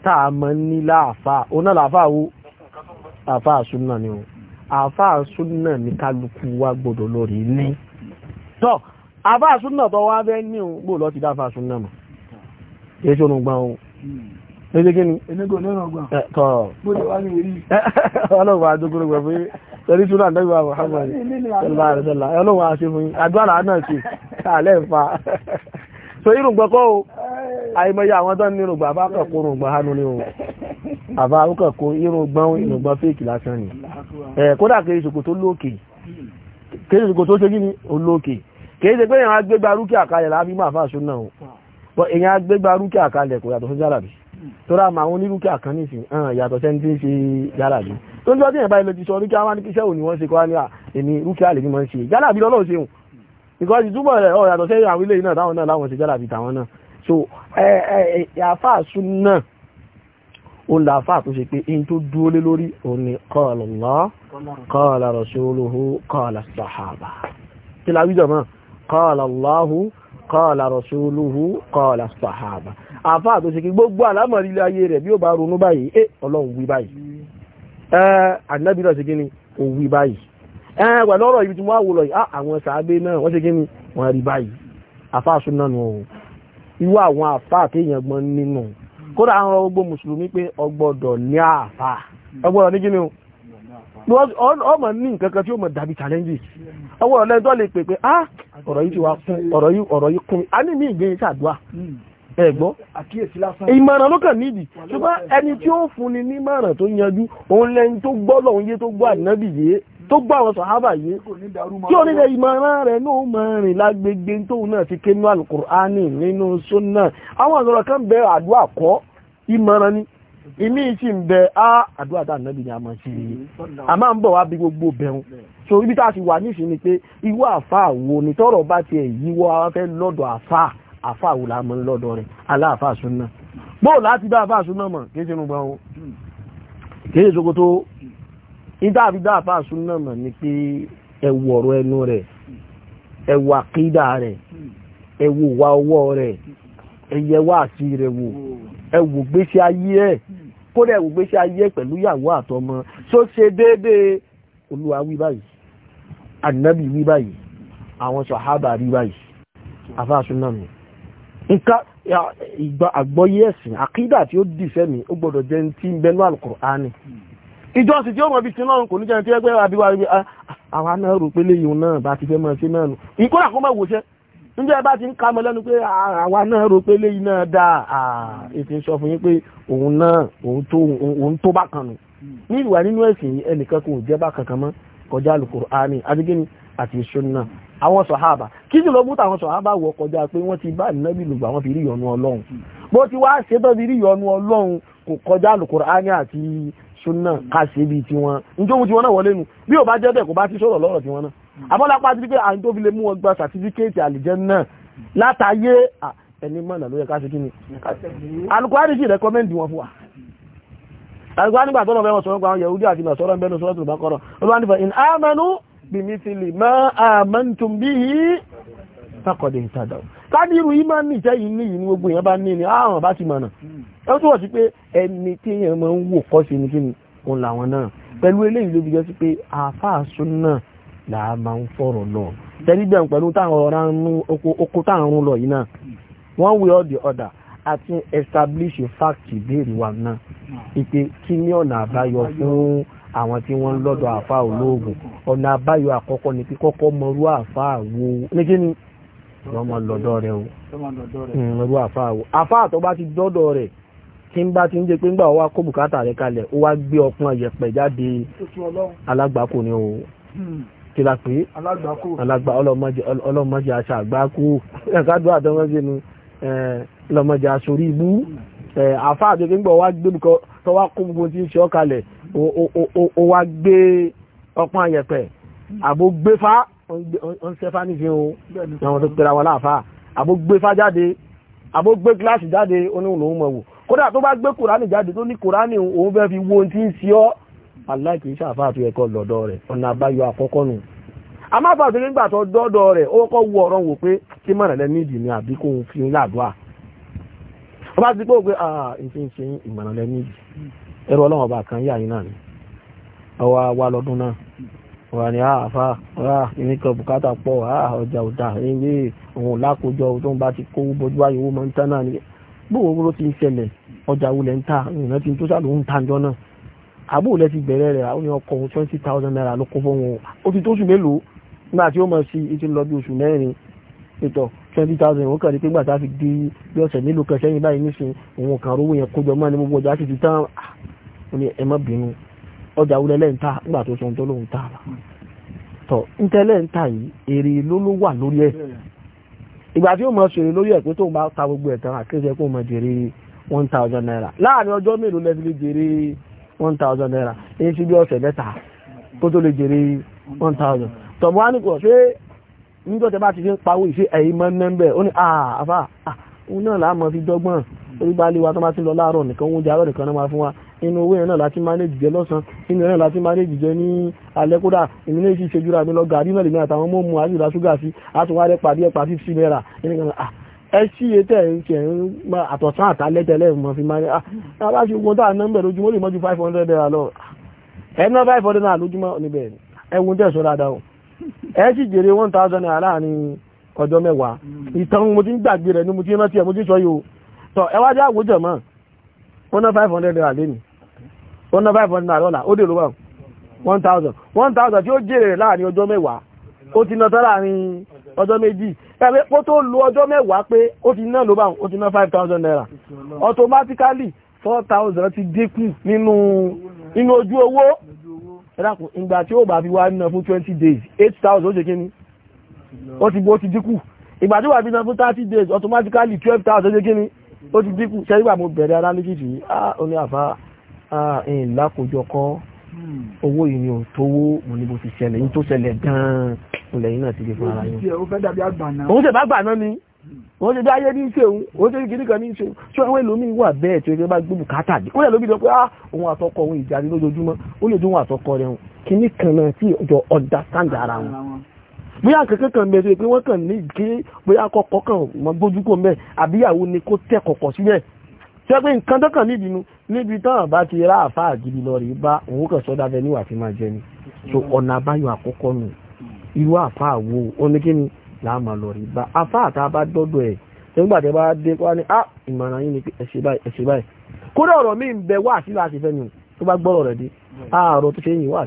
tá a máa ní láàfà oná làáfà wo àfà àsúnà ni o àfà àsúnà ni kálukú wa gbọ́dọ̀ lọ rí ní àfáà súnà tó wá bẹ́ ní òun gbò lọ ti dáfà súnà mọ̀ kìí ṣe òun gbà ohun ẹgbẹ́ kí ni ọlọ́wà àdókòrò gbà fún ẹ̀rí súnà àdọ́gbà Muhammad ọlọ́wà àṣífún àdúrà náà sí kààlẹ́ fa [laughs] so irun gbọ́kọ́ o àìmọye àwọn tán ní irùngbà bá kọ̀kọ́ irùngbà hánú ní ohun àbá akọ́kọ́ irùngbà irùngbà fèèkì lásán ni kódà kìí ṣòkò tó lóòkè kìí ṣòkò tó ṣe gíní hmm. olóòkè kìí ṣe pé èyàn agbégbà rúkì àkalẹ̀ láàbí máa fà ṣúná o hmm. but èyàn agbégbà rúkì àkalẹ̀ kò yàtọ̀ sí jálàbí tó rà máa wọn ní rúkì àkánísìn hàn yàtọ̀ sẹ́ni tí ń ṣe jálàbí tó ń jọ́ tí èyàn báyìí ló ti sọ rúkì àwọn anìkíṣẹ́ òní wọ́n ṣe kọ́ ní èmi rúkì àlè ní mọ́ ṣe so àfà ṣúná ó la àfà tó ṣe pé in tó dúó lé lórí òun ni qala Allah qala rasuluhu sahaba kí la wíjọ mọ́ qala Allahu qala rasuluhu qala sahaba àfá àtò ṣe kí gbogbo àlámọ̀rí ilé ayé rẹ̀ bí ó bá ronú báyìí ẹ́ ọlọ́run wí báyìí ẹ́ ànábì náà ṣe kí ni ó wí báyìí ẹ́ pẹ̀lú ọ̀rọ̀ ibi tí wọ́n wò lọ yìí ah, àwọn sàábé náà wọ́n ṣe kí ni wọ́n rí báyìí àfá àsúná nù ọ̀hún irú àwọn àfá àkéèyàn gbọ́n nínú kódà àwọn ọ̀rọ̀ gbogbo mùsùlùmí pé ọgbọ́dọ̀ ní àfá ọgbọ́dọ̀ ní kí ni ọmọ ní nǹkan kan tí ó mọ̀ dàbí challenges ọwọ́ ọ̀lẹ́ ẹjọ́ lè pè pé á ah, ọ̀rọ̀ yìí ti wá fún ọ̀rọ̀ yìí ọ̀rọ̀ yìí kún a ní ní ìgbé ṣàdúà ẹ̀gbọ́ ìmọ̀ràn ló kàn ṣùgbọ́n ẹni tí ó fúnni nímọ̀ràn tó yanjú òun lẹni tó tó gbọ́ ànábì yé tó gbọ́ àwọn sọ̀hábà yé ó nílẹ̀ ìmọ̀ràn rẹ̀ náà mọ̀ rìn lágbègbè tóun náà ti ké nínú àwọn ọ̀rọ̀ kan bẹ àdúà kọ́ ìmọ̀ràn ni ìmí bẹ ah, ànábì ni a máa a máa ń bọ̀ wá bí gbogbo bẹ̀rún so ibi tá a ti wà níṣì ni pé irú àfáà wo ni tọ́rọ̀ bá tiẹ̀ yíwọ́ afẹ́ lọ́dọ̀ àfáà àfáà wo la mọ́ lọ́dọ̀ rẹ̀ aláàfáà súnà bóò láti bá àfáà súnà mọ̀ kí sínú gbọ́n o kí sí sokoto ìdá àfi dá àfáà súnà kó rẹ̀ wò gbéṣẹ́ ayé pẹ̀lú ìyàwó àtọmọ tó ṣe déédéé olúwa wí báyìí ànábì wí báyìí àwọn sàhábà rí báyìí afáàsúná mi nǹkan àgbọ́yé ẹ̀sìn àkídà tí ó dì sẹ́mi ó gbọ́dọ̀ jẹ́ ti ń bẹnu àlùkùránì ìjọsìn tí ó mọ̀ bí ti náà kò ní jẹ́ ti ẹgbẹ́ àbíwá àwọn náà rò pé léyìn náà bá ti fẹ́ mọ̀ sí náà nù ìkórà kó má wòṣẹ́ níjẹ́ bá ti ń ka mọ́ lẹ́nu pé àwa náà rò pé léyìn náà dá ètò sọ fún yín pé òun náà òun tó bá kan nù ní ìwà nínú ẹ̀sìn ẹnìkan kò jẹ́ bá kankan mọ́ kọjá Al-Qur'ani adigini àti sunna àwọn sọ̀hábà kí sì lọ mú tàwọn sọ̀hábà wọ kọjá pé wọ́n ti bá ìnábì lùgbà wọ́n fi rí ìyọnu Ọlọ́run bó ti wá ṣetán fi rí ìyọnu Ọlọ́run kò kọjá Al-Qur'ani àti súnà káṣí ibi tí wọ́n níjọ́ mú tí wọ́n náà wọlé nu bí ò bá jẹ́ bẹ́ẹ̀ kò bá ti sọ̀rọ̀ lọ́rọ̀ tí wọ́n náà abọ́lápá ti pé à ń tó fi lè mú wọn gba sàtífíkẹ́ẹ̀tì àlìjẹ́ náà látàyé ẹni mọ̀nà ló yẹ ká ṣe kí ni alukọ́rì sì rẹ́kọ́mẹ́ndì wọn fún wa alukọ́rì nígbà tó lọ wọn sọ̀rọ̀ gba àwọn yẹ̀wúdí àti nà sọ̀rọ̀ ń bẹ́nu sọ́rọ̀ tó bá kọ́rọ̀ ó bá nífẹ̀ẹ́ in amanu bimithili ma amantum bihi fákọ̀dẹ̀ ìtàdà kádìrú yí máa ń nìjẹ́ yìí ní yìí ní gbogbo èèyàn bá ní ní àrùn bá ti mọ̀nà ẹ tó wọ̀ sí pé ẹni tí èèyàn máa ń wò kọ́ sí ni kí ni òun làwọn náà pẹ̀lú eléyìí ló fi jẹ́ sí pé àáfàá súnà là á máa ń fọ̀rọ̀ lọ tẹ́lí bẹ́ẹ̀ pẹ̀lú táwọn ọ̀rá ń mú oko táwọn lọ yìí náà one way or the other àti establish a fact ìbéèrè wa náà ìpè kí ní ọ̀nà àbáyọ fún àwọn tí wọ́n ń lọ́dọ̀ àfa olóògùn ọ̀nà àbáyọ àkọ́kọ́ ni pé kọ́kọ́ mọrú àfa àwo ní kí ni wọ́n mọ̀ lọ́dọ̀ rẹ̀ o ẹrú hmm, àfáà o àfáà tó bá ti dọ́dọ̀ rẹ̀ tí ń bá ti ń jẹ pé ńgbà ó wá kó bùkátà rẹ̀ kalẹ̀ ó wá gbé ọpọ́n yẹ̀pẹ̀ jáde alágbàkò ni o hmm. kí la pé alágbà ọlọ́mọdé aṣọ àgbákò ẹ̀kádùn àtọmọdé nu ọlọ́mọdé aṣọ orí ibú àfáà tó ńgbà ó wá gbé bùkọ́ wá kó gbogbo tí ń ṣe kalẹ̀ ó wá gbé ọpọ́n yẹ̀pẹ̀ hmm. àbó gbé fá On sẹ́fà níṣẹ́ o àwọn tó pera wọn láàfà àbó gbé fá jáde àbó gbé gíláàsì jáde oníhùn lòún mọ̀ wò kódà tó bá gbé kùránì jáde tó ní kùránì òun fẹ́ fi wo ohun tí ń ṣe ọ́ aláìkì ìṣàfà àti ẹ̀kọ́ lọ́dọ̀ rẹ̀ ọ̀nà àbáyọ àkọ́kọ́ nù amáfà tó nígbà tó dọ́dọ̀ rẹ̀ ó kọ́ wọ ọ̀rọ̀ wò wa ah, lọ́dún náà wà ní ah, àfà ah, ìní kan bùkátà pọ̀ ah, ọjà òdà ilé òun lákòójọ tó ń bá ti kó bójú ayé owó máa ń tán náà ni bóòwò bó ti ń ṣẹlẹ̀ ọjà wo lẹ̀ ń ta ìrìnà tí n tó sàlò ń tanjọ́ náà àbúrò lẹ ti bẹ̀rẹ̀ rẹ̀ àwọn ọkọ̀ òun twenty thousand naira ló kó fóun ó ti tó oṣù mélòó nígbà tí ó mọ̀ sí i ti lọ bí oṣù mẹ́rin ètò twenty thousand òun kàn ní pé gbàtà fi di bí ọ̀sẹ̀ mélòó kan sẹ́yìn báyìí nísìnyí òun kàn rówó yẹn kójọ mọ́ ni gbogbo ọjà sì ti tán ẹ má bínú ọjà wúlẹ̀ lẹ́ǹta nígbà tó sọ́n tó lóun tà á tọ̀ ń tẹ́lẹ̀ ń tà yìí èrè ló ta gbogbo ẹ̀tàn àkéṣe kó one thousand naira láàrin ọjọ́ mélòó one thousand naira èyí sí bí one thousand tọ̀bọ̀ á nìkan ṣé níjọ́ tẹ bá ti fi ń pawó ìṣe ẹ̀yìn mọ́ nẹ́ńbẹ̀ ó ní àfà òun náà làá mọ̀ fi dọ́gbọ́n orí bá lé wa bá ti lọ láàárọ̀ nìkan oúnjẹ àárọ̀ nìkan náà máa fún wa inú owó yẹn náà láti manage jẹ lọ́sàn inú yẹn náà láti manage jẹ ní alẹ́ kódà èmi náà sì ṣojúra mi lọ gàrí náà lèmi àtàwọn mọ́ mu àríra ṣúgà sí àtúnwá rẹ pàdé ẹ̀pà fífi náírà ẹ sí etí ẹ̀ kẹ̀ ń àtọ̀sán àtàlẹ́ mọ̀ fi máa ní àbá ṣe ogun táà nọ́mbẹ̀ lójúmọ́ lè mọ́ five hundred naira lọ ẹ ná five hundred naira lójúmọ́ níbẹ̀ ẹ̀wọ̀n tẹ̀ sọ dáadáa o ẹ sì jèrè one thousand naira láàrin ọjọ́ mẹ́wàá ìtàn mo ti ń gbàgbé rẹ̀ ni mo ti rántí ẹ̀ mo ti sọ yìí o tọ ẹ wá jẹ́ àwòjọ mọ́ wọn ná five hundred naira lẹ́nu ó ná five hundred naira ó dèrò báwọn one thousand one thousand tí ó jèrè láàrin ọjọ́ mẹ́wàá ó ti ná tán láàrin ọjọ́ méjì ẹgbẹ́ kó tó lo ọjọ́ mẹ́wàá pé ó ti ná ló báwọn ó ti ná five thousand naira automatically four thousand ti dínkù nínú inú ojú owó ẹ̀dàkùn ìgbà tí ó bá fi wá ná fún twenty days eight thousand ó ṣe kí ni ó ti bó ti dínkù ìgbà tí ó bá fi ná fún thirty days automatically twelve thousand ó ṣe kí ni ó ti dínkù ṣẹ́yìn ìgbà mo bẹ̀rẹ̀ analysis yìí ah ó ní àfáà ẹ̀yìn lákòjọkọ́ hmm. owó yìí ni ò tówó mo ní bó ti ṣẹlẹ̀ yìí tó ṣẹlẹ̀ gan-an lẹ́yìn náà ti di fún ara yìí. òun ṣe bá gbà náà ni wọ́n hmm. ṣe bí ayé ní ṣe òun òun ṣe kìíní kan ní ṣe ṣé àwọn èlò míì wà bẹ́ẹ̀ tí ó bá gbé bùkátà dé ó lè lóbi lọ pé ah, òun àtọkọ òun ìjáde lójoojúmọ́ ó lè dún òun àtọkọ rẹ̀ òun kìíní kan náà tí ìjọ understand ara wọn bóyá kankan kan bẹ̀rẹ̀ pé wọ́n kàn ní kí bóyá kọ́kọ́ kan mọ́ bójú kò mẹ́ àbíyàwó tí wọ́n pé nǹkan tó kàn níbi inú níbi tán bá ti rá àfá àgìdì lọ rí bá òun kàn sọ́dá fẹ́ níwà fi máa jẹ ni so ọ̀nà àbáyọ àkọ́kọ́ nù irú àfá àwo oníkíni láàmà lọ rí bá àfá àtà bá dọ́dọ̀ ẹ̀ nígbà tẹ́ bá dé wá ní ah ìmọ̀ràn yín ni ẹ ṣe báyìí ẹ ṣe báyìí kódà ọ̀rọ̀ mi ń bẹ wá sílẹ̀ àti fẹ́ ni tó bá gbọ́rọ̀ rẹ̀ dé ààrọ̀ tó ṣe yìn wá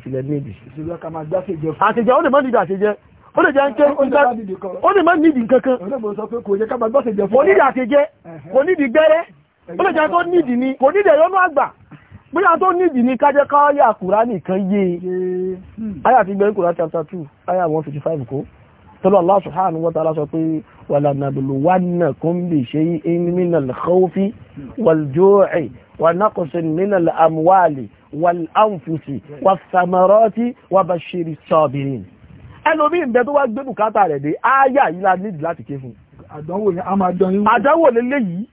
ó lè mọ́ ń ké ó lè mọ́ níbi kankan kò níbi àṣejẹ kò níbi gbẹ́rẹ́ ó lè jẹ́ tó nídìí ni kò nídìí ẹ̀yọ́nú àgbà bóyá tó nídìí ni kájẹ́ ká yà kùrá nìkan yé ayà ti gbẹ̀rún kùrá chapter two ayà one fifty five kó tọ́lọ́ Allah subhanahu wa ta'ala sọ pé walanabluwannakum bi shay'in minal khawfi wal ju'i wa naqsin minal amwali wal anfusi was samarati wa bashiri sabirin ẹlòmí ìbẹ̀ tó wá gbé bùkátà rẹ̀ dé ayà yìí la nídìí láti ké fún àdánwò lélẹ́yìí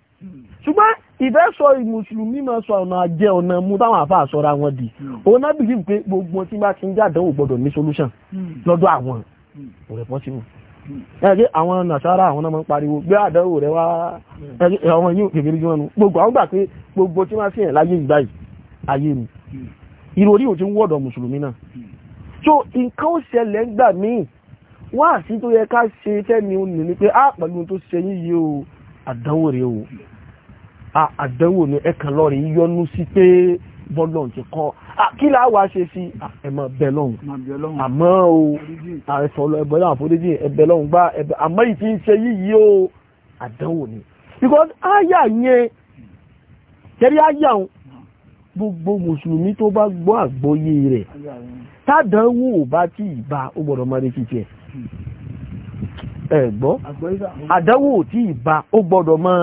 ṣùgbọ́n ìfẹ́sọ ìmùsùlùmí máa sọ ọ̀nà àjẹ ọ̀nà mú táwọn àfáà sọra wọn di hmm. òun náà bìlíf pé gbogbo tí bá ti ń jàdánwò gbọdọ̀ ní solution hmm. lọ́dọ̀ àwọn irresponsible hmm. ẹgbẹ́ àwọn nàṣàrà àwọn náà máa ń pariwo gbé àdánwò rẹ wá àwọn yìí kékeré jùmọ̀ nù gbogbo àwọn gbà pé gbogbo tí wọ́n fi hàn láyé ìgbà yìí ayé ni ìròrí ò ti ń wọ̀dọ̀ mùsùlùmí náà so nǹkan ó ṣẹlẹ̀ ń gbà míì wá sí tó yẹ ká ṣe fẹ́mi ò ní ni pé á ah, pẹ̀lú tó ṣe yíyí o àdánwò rẹ o àdánwò ni ẹ̀kan lọ́rin yọnu sí pé bọ́lọ̀ ti kọ́ kí la wá ṣe sí ẹ̀mọ̀ bẹ̀ àmọ́ o àìsàn ẹ̀bẹ̀ náà foríjì ẹ̀bẹ̀ lọ́hùn gbá ẹ̀bẹ̀ àmọ́ ìfi ń ṣe yíyí o àdánwò ni because àyà yẹn tẹ́rí àyà òun gbogbo mùsùlùmí tó bá gbọ́ àgbọ́yé rẹ̀ tádánwò bá tí ì bá ó gbọ́dọ̀ máa retí tiẹ̀ hmm ẹ̀gbọ́ àdánwò tí ìbá ó gbọ́dọ̀ mọ́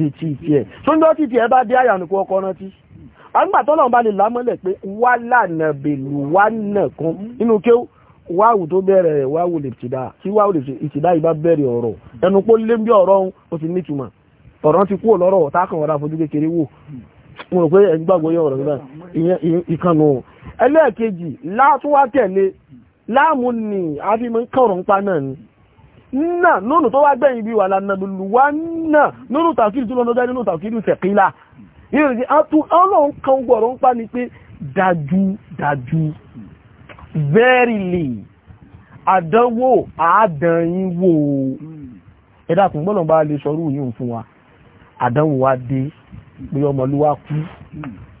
retí ti ẹ̀ ṣúndọ́ tí ti ẹ bá dé àyànukú ọkọ̀ rántí agbàtọ́lọ̀ bá lè lámọ́lẹ̀ pé wá lànà bèlú wá nàkan nínú kí wáwù tó bẹ̀rẹ̀ rẹ̀ wáwù lè tìdá tí wáwù lè tìdá ìbá bẹ̀rẹ̀ ọ̀rọ̀ ẹnu pó lé bí ọ̀rọ̀ ó ti nítumọ̀ ọ̀rọ̀ ti kúrò lọ́rọ̀ tákàn ọ̀rá fojú kékeré wò mo rò ọ̀rọ̀ náà lónù tó wá gbẹ̀yìn bí wà lánà lòlù wá náà lónù tàkìrì tó lọ́nà jáde lónù tàkìrì fẹ̀kílà ìrìnrìn àtú ọlọ́run kan gbọ̀rọ̀ ń pa ni pé dájú dájú verily àdánwò àádánwò ẹ̀dá kùn gbọ́nà bá lè sọrú yìí fún wa àdánwò wá dé pé ọmọ ló wá kú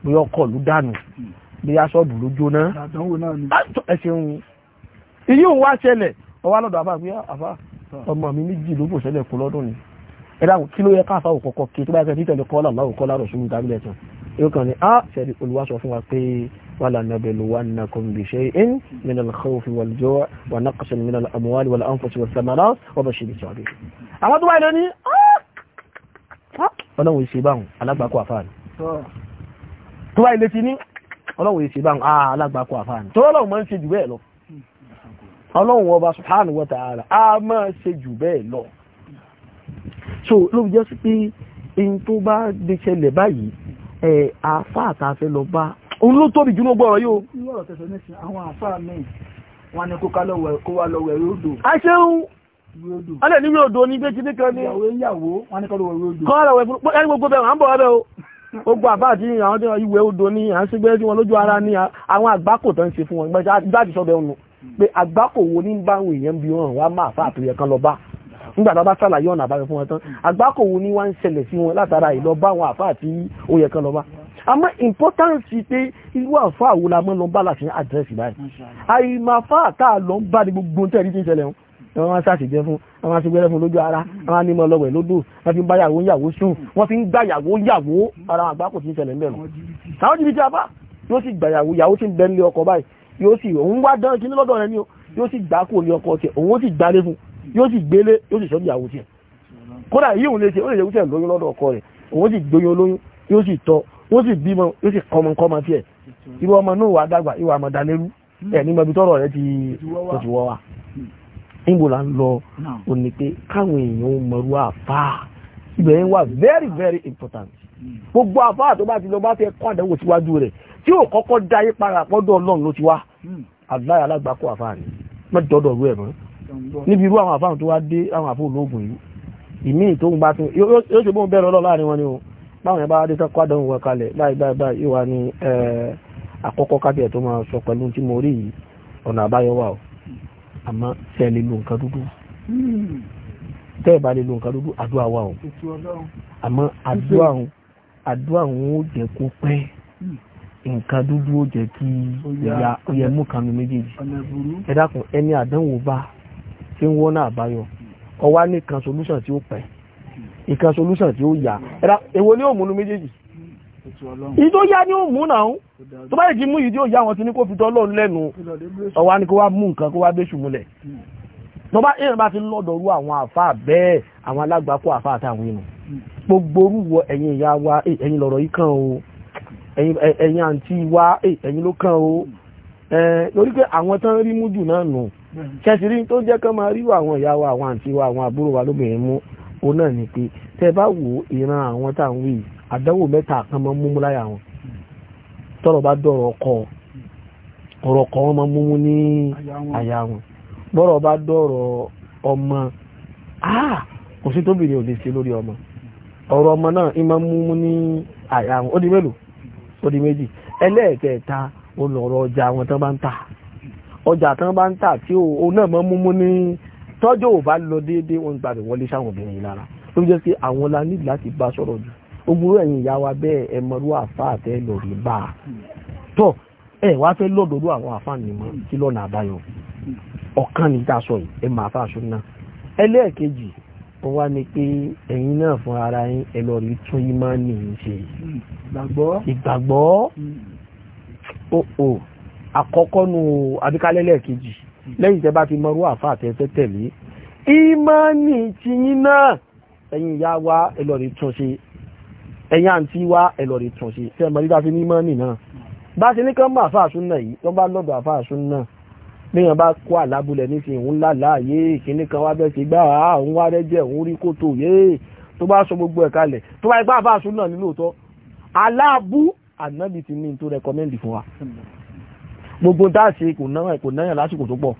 pé ọkọ̀ ló dànù pé aṣọ́bù ló jóná ẹ̀ṣẹ̀ òun ìyí òun wá ṣẹlẹ̀ ọwá lọ́dọ̀ àfà pé ah, àfà ọmọ mi méjì ló bò sẹ́lẹ̀ kú lọ́dún ni ẹ dáhùn kí ló yẹ káfa òkọ̀kọ̀ kí tó bá yẹ kẹ́ títẹ̀lé kọ́lá láwù kọ́lá rọ̀ sóhun tábìlẹ̀ tán yóò kàn ní á sẹ́rí Olúwa sọ fún wa pé wala nabluwannakum bishay'in min al-khawfi wal-ju'i wa naqsin min al-amwali wal-anfusi wath-thamarati wa bashiri sabirin. àwọn tó wáyé ní ọlọ́run ìṣe báhùn ní ọlọ́run ọlọ́run ọba subhanahu wa ta'ala a máa ṣe jù bẹ́ẹ̀ lọ so ló jẹ́ sí pé in tó bá dé ṣẹlẹ̀ báyìí ẹ̀ àfá àtàfẹ́ lọ bá òun ló tóbi jù ní ọgbọ́rọ̀ yóò alẹ́ ní wíòdó ní gbé jíní kan ní kọ́lọ̀wẹ̀ ẹni gbogbo bẹ̀rẹ̀ àmbọ̀ ẹbẹ̀ o ogun àbáàdí àwọn ìwé odò ní à ń sígbé [laughs] tí wọn lójú ara ní àwọn àgbákò tán ṣe fún wọn gbájísọ́bẹ̀ ọ̀nà pé àgbákò wo ní bá àwọn èèyàn bí wọn wá máa fà àtúnyẹ kan lọ bá nígbà tó bá sàlàyé ọ̀nà àbáyọ fún wọn tán àgbákò wo ní wá ń ṣẹlẹ̀ sí wọn látara ìlọ bá àfà àti ó kan lọ bá àmọ́ importance pé irú àfà wo la mọ́ lọ bá láti àdírẹ́sì báyìí àìmàfà tá a lọ bá ní gbogbo tẹ́rí tí ń ṣẹlẹ̀ wọn wọ́n wá sàṣìjẹ́ fún wọ́n wá sí gbẹ́rẹ́ fún lójú ara wọ́n á ní mọ́ lọ́wẹ̀ lódò wọ́n fi ń bá yàwó yàwó sùn wọ́n fi ń gbà yàwó yàwó ara àgbákò tí ń ṣẹlẹ̀ ń bẹ̀rù àwọn jìbìtì àbá yóò sì gbà yàwó yàwó tí ń bẹ́ńlẹ̀ ọkọ̀ báyìí yóò sì òun wá dán kí ní lọ́dọ̀ rẹ ní o yóò sì gbá kò ní ọkọ tiẹ̀ òun ó sì gbálé fún yóò sì gbélé yóò sì sọ́dí ìyàwó tiẹ̀ kódà yìí òun lè ṣe ó lè ṣe wúṣẹ̀ lóyún lọ́dọ̀ ọkọ rẹ̀ òun sì gbóyún olóyún yóò sì tọ́ ó sì bímọ yóò sì kọmọ kọmọ tiẹ̀ irú ọmọ náà wà dàgbà ìwà àmọ̀dánlérú ẹ̀ ní mọbi tọ́rọ̀ rẹ ti wọ́ wa níbo là ń lọ òní pé káwọn èèyàn mọ̀rú àfáà ibẹ̀ yẹn wà very very important gbogbo àfáà tó bá ti lọ bá fẹ́ kọ́ àdánwò síwájú rẹ̀ tí ò kọ́kọ́ dá yí para àpọ́dọ̀ ọlọ́run ló ti wá hmm. àdúrà alágbàkọ́ àfáà ni mẹ́tọ́dọ̀ rú ẹ̀ mọ́ níbi irú àwọn àfáà tó wá dé àwọn àfáà ológun yìí ìmí tó ń bá tún yóò ṣe bóun bẹ̀rẹ̀ ọlọ́lá ni ni o báwọn ẹ̀ bá dé tán kọ́ àdánwò wọn kalẹ̀ báyìí báyìí báyìí yóò wá ní àkọ́kọ́ kábíyà tó máa sọ pẹ̀lú o àmọ́ tẹ́ lè lo nǹkan dúdú hmm. tẹ́ ẹ̀ bá lè lo nǹkan dúdú àdúrà wà àdúrà òun ó jẹ́ kó pẹ́ nǹkan dúdú ó jẹ́ kí ìyá oyè mú kan mi méjèèjì ẹ dákun ẹni àdánwò bá tí ń wọ́n náà báyọ ọwá ní kan solution tí ó pẹ́ ìkan solution tí ó yà ẹ dákun èwo ni òmùnú méjèèjì ìyí tó yá ní òmùn náà tó bá ìjì mú ìdí òyà wọn ti ní kó fi tọ́ lọ́run lẹ́nu ọwá ní kó wá mú nǹkan kó wá bẹ́ṣù múlẹ̀ hmm. tó bá èèyàn bá ti lọ́dọ̀ọ́rú àwọn àfáà bẹ́ẹ̀ àwọn alágbàkó àfáà táwọn inú gbogbo orúwọ ẹ̀yin ìyá wa eh, ẹ̀yin lọ̀rọ̀ yìí kàn o ẹ̀yin àǹtí wa eh, ẹ̀yin ló kàn o lórí pé àwọn tán rí mú jù náà nù ṣẹ́sìrí tó jẹ́ kán máa ríwọ àwọn ìyá wa àwọn àǹtí wa àwọn àbúrò wa lóbìnrin mú o náà ni pé tẹ bá wo ìran àwọn táwọn wí àdánwò mẹ́ta kan máa ń múmú láyà wọn tọ́rọ̀ bá dọ̀rọ̀ ọkọ ọ̀rọ̀ kan wọn máa ń múmú ní àyà wọn bọ́rọ̀ bá dọ̀rọ̀ ọmọ ah, kò sí tóbìnrin ò lè ṣe lórí ọmọ ọ̀rọ̀ ọmọ náà ìmọ̀ mú ní àyà wọn ó di mélòó ó di méjì ẹlẹ́ẹ̀kẹta ó lọ̀rọ̀ ọjà wọn tán bá ń tà ọjà tán bá ń tà tí ó náà mọ́ mú ní tọ́jú ò bá lọ déédéé wọn gbàgbé wọlé sáwọn obìnrin lára ló jẹ́ pé àwọn la nílò láti bá sọ̀rọ̀ jù ogun ẹ̀yìn ìyá wa bẹ́ẹ̀ ẹ mọ̀rú àfa àtẹ lórí bá a tọ́ ẹ wá fẹ́ lọ́dọọdọ àwọn àfààní mọ́ kí lọ́nà àbáyọ ọ̀kan ní dáṣọ yìí ẹ máa fà ó wá ní pé ẹ̀yin náà fún ara yín ẹ lọ rí tún yín máa nì í ṣe ìgbàgbọ́ òò hmm. àkọ́kọ́ nu abíkálẹ́lẹ̀ kejì hmm. lẹ́yìn tẹ́ bá ti mọrú àfa àtẹ́fẹ́ tẹ̀lé ìmánì ti yín náà ẹ̀yin ìyá wa ẹ lọ rí tún ṣe ẹ̀yin àǹtí wa ẹ lọ rí tún ṣe fẹ́ mọ̀ nígbà fi ní ìmánì náà hmm. bá ṣe ní kán mọ̀ àfa àsúnà yìí tó bá lọ́dọ̀ àfa àsúnà léèyàn bá kó àlábulẹ̀ nísìnyí òun lálàá yé ìkíní kan wá bẹ́ẹ̀ ṣe gbá òun wá rẹ́jẹ̀ òun rí kótó yé tó bá sọ gbogbo ẹ̀ kalẹ̀ tó bá ipá àfáàsù náà ní lóòótọ́ aláàbú ànábì ti ní tó rẹkọmẹ́ndì fún wa gbogbo tá a ṣe kò náà kò náà lásìkò tó pọ̀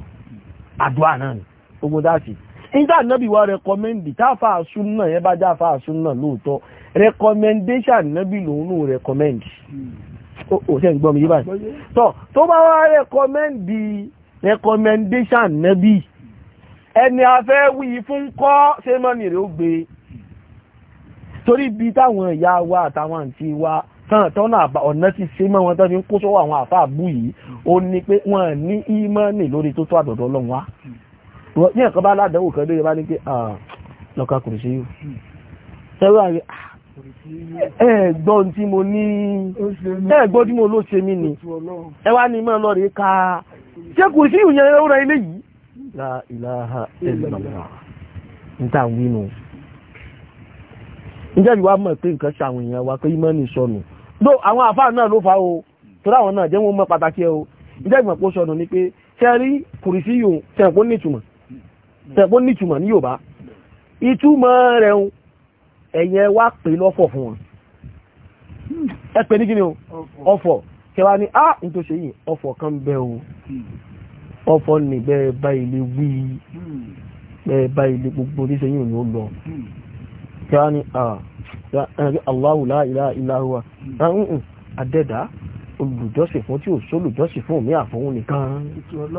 àdúrà náà ni gbogbo tá a ṣe nígbà ànábì wa rẹkọmẹ́ndì táfà àṣù náà yẹn bá já àfà náà lóòótọ́ rẹkọmẹ́ndéṣà ànábì lòun lòun rẹkọmẹ́ndì ó ṣe ń gbọ́ mi yí báyìí tó bá wá rẹkọmẹ́ndì recommendation nẹ́bí ẹni afẹ́ wí fún kọ́ sẹ́mọ́nì rẹ̀ ó gbé torí bí táwọn ìyá wa àtàwọn àǹtí wa tán tọ́nà ọ̀nà ti ṣe mọ́ wọn tán fi ń kó sọ́wọ́ àwọn àfáà bú yìí ó ní pé wọ́n ní ímọ́nì lórí tó tó àdọ̀dọ̀ ọlọ́run wá ní ẹ̀kọ́ bá ládẹ́wò kan lórí bá ní pé ah, lọ́ka kùrù sí yìí ẹ̀gbọ́n tí mo ní ẹ̀gbọ́n tí mo ló ṣe mí ni ẹ ní mọ́ ká ṣe kò sí ilé yìí la ilaha illallah níta wínú níjẹ́ ìwà mọ̀ pé nǹkan ṣàwọn èèyàn wa pé ìmọ̀ ní sọnù ló àwọn àfáà náà ló fa o náà jẹ́ mọ̀ pàtàkì ẹ o níjẹ́ ìmọ̀ ni pé kùrìsí yòó ẹ̀yẹ wá pè lọ́fọ̀ fún wọn hmm. ẹ pè ní kí o ọ̀fọ̀ kẹwa ni a n tó ṣe yìí ọ̀fọ̀ kan bẹ o hmm. ọ̀fọ̀ ni bẹ́ẹ̀ bá ilé wí hmm. bẹ́ẹ̀ bá ilé gbogbo oníṣẹ́ yìí ni ó lọ kẹwa ni ah Allahu la ilaha illa huwa ah, adẹ́dá olùjọ́sìn fún tí ò sólùjọ́sìn fún mi àfọ̀hún nìkan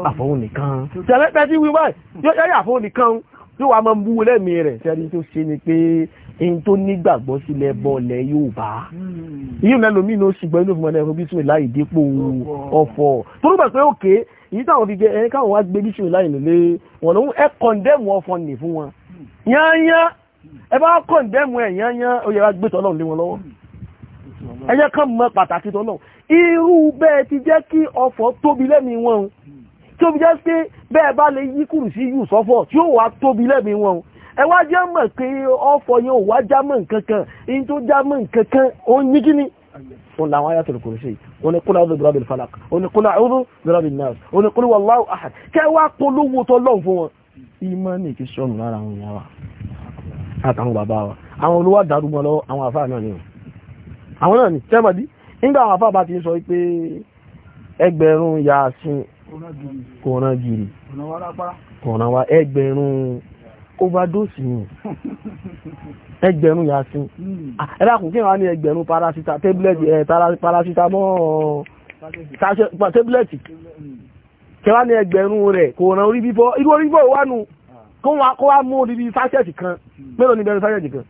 àfọ̀hún nìkan tẹ̀lẹ́pẹ́ tí wíwá yóò yẹ́ àfọ̀hún nìkan yóò wá máa ń bú lẹ́mìí rẹ̀ sẹ́ni tó ṣe ni pé in tó nígbàgbọ́ sílẹ̀ bọ́ọ̀lẹ̀ Yorùbá yíò lẹ́lòmí ní oṣù gbọ́ inú fún ọ̀nà ẹ̀kọ́ bísí láì dípò ọ̀fọ̀ tó ló gbà pé òkè èyí táwọn fi gẹ ẹni káwọn wá gbé bísí láì nílé wọn lòun ẹ kọ̀ǹdẹ́mù ọ̀fọ̀ nì fún wọn hmm. yányá ẹ bá kọ̀ǹdẹ́mù ẹ̀ yányá ó yẹ wá gbé tọ́lọ́run lé wọn lọ́wọ́ hmm. ẹ jẹ́ kán mọ pàtàkì tọ́lọ́run irú bẹ́ẹ̀ ti jẹ́ kí ọ̀fọ̀ tóbi lẹ́mi wọn hmm. tó fi jẹ́ pé bẹ́ẹ̀ bá lè yí kùrù sí yù sọ́fọ̀ tí ó wà tóbi lẹ́mi wọn ẹ wá jẹ́ mọ̀ pé ọ̀fọ̀ yẹn ò wá já mọ̀ nǹkan in tó já mọ̀ nǹkan ó ní kí ni. wọn làwọn ayé àtọ̀rọ̀ kòrò sí i wọn ni kúlà ọdún birabil falak wọn ni kúlà ọdún birabil nas wọn ni kúlà wallahu ahad kẹ́ wá polówó tọ́ lọ́n fún wọn. ìmọ̀ ní kí sọnù lára àwọn ìyá wa àtàwọn bàbá wa àwọn olówó àdàrúmọ lọ àwọn àfáà náà ni àwọn náà ni tẹ́mọ̀dí nígbà àwọn àfáà bá ti sọ pé ẹgbẹ̀rún yaasin kò rán gírì wa ẹgbẹ̀rún overdose yìí ẹgbẹ̀rún yasin hmm. ah, ẹ̀dàkùn kí wọ́n ní ẹgbẹ̀rún parasitamọ́ tábílẹ̀tì eh, kí wọ́n ní ẹgbẹ̀rún rẹ̀ kò ràn orí bífọ́ irú orí bífọ́ wà nù kó wá mú orí bí sáṣẹ̀tì kan mélòó ní bẹ̀rẹ̀ sáṣẹ̀tì kan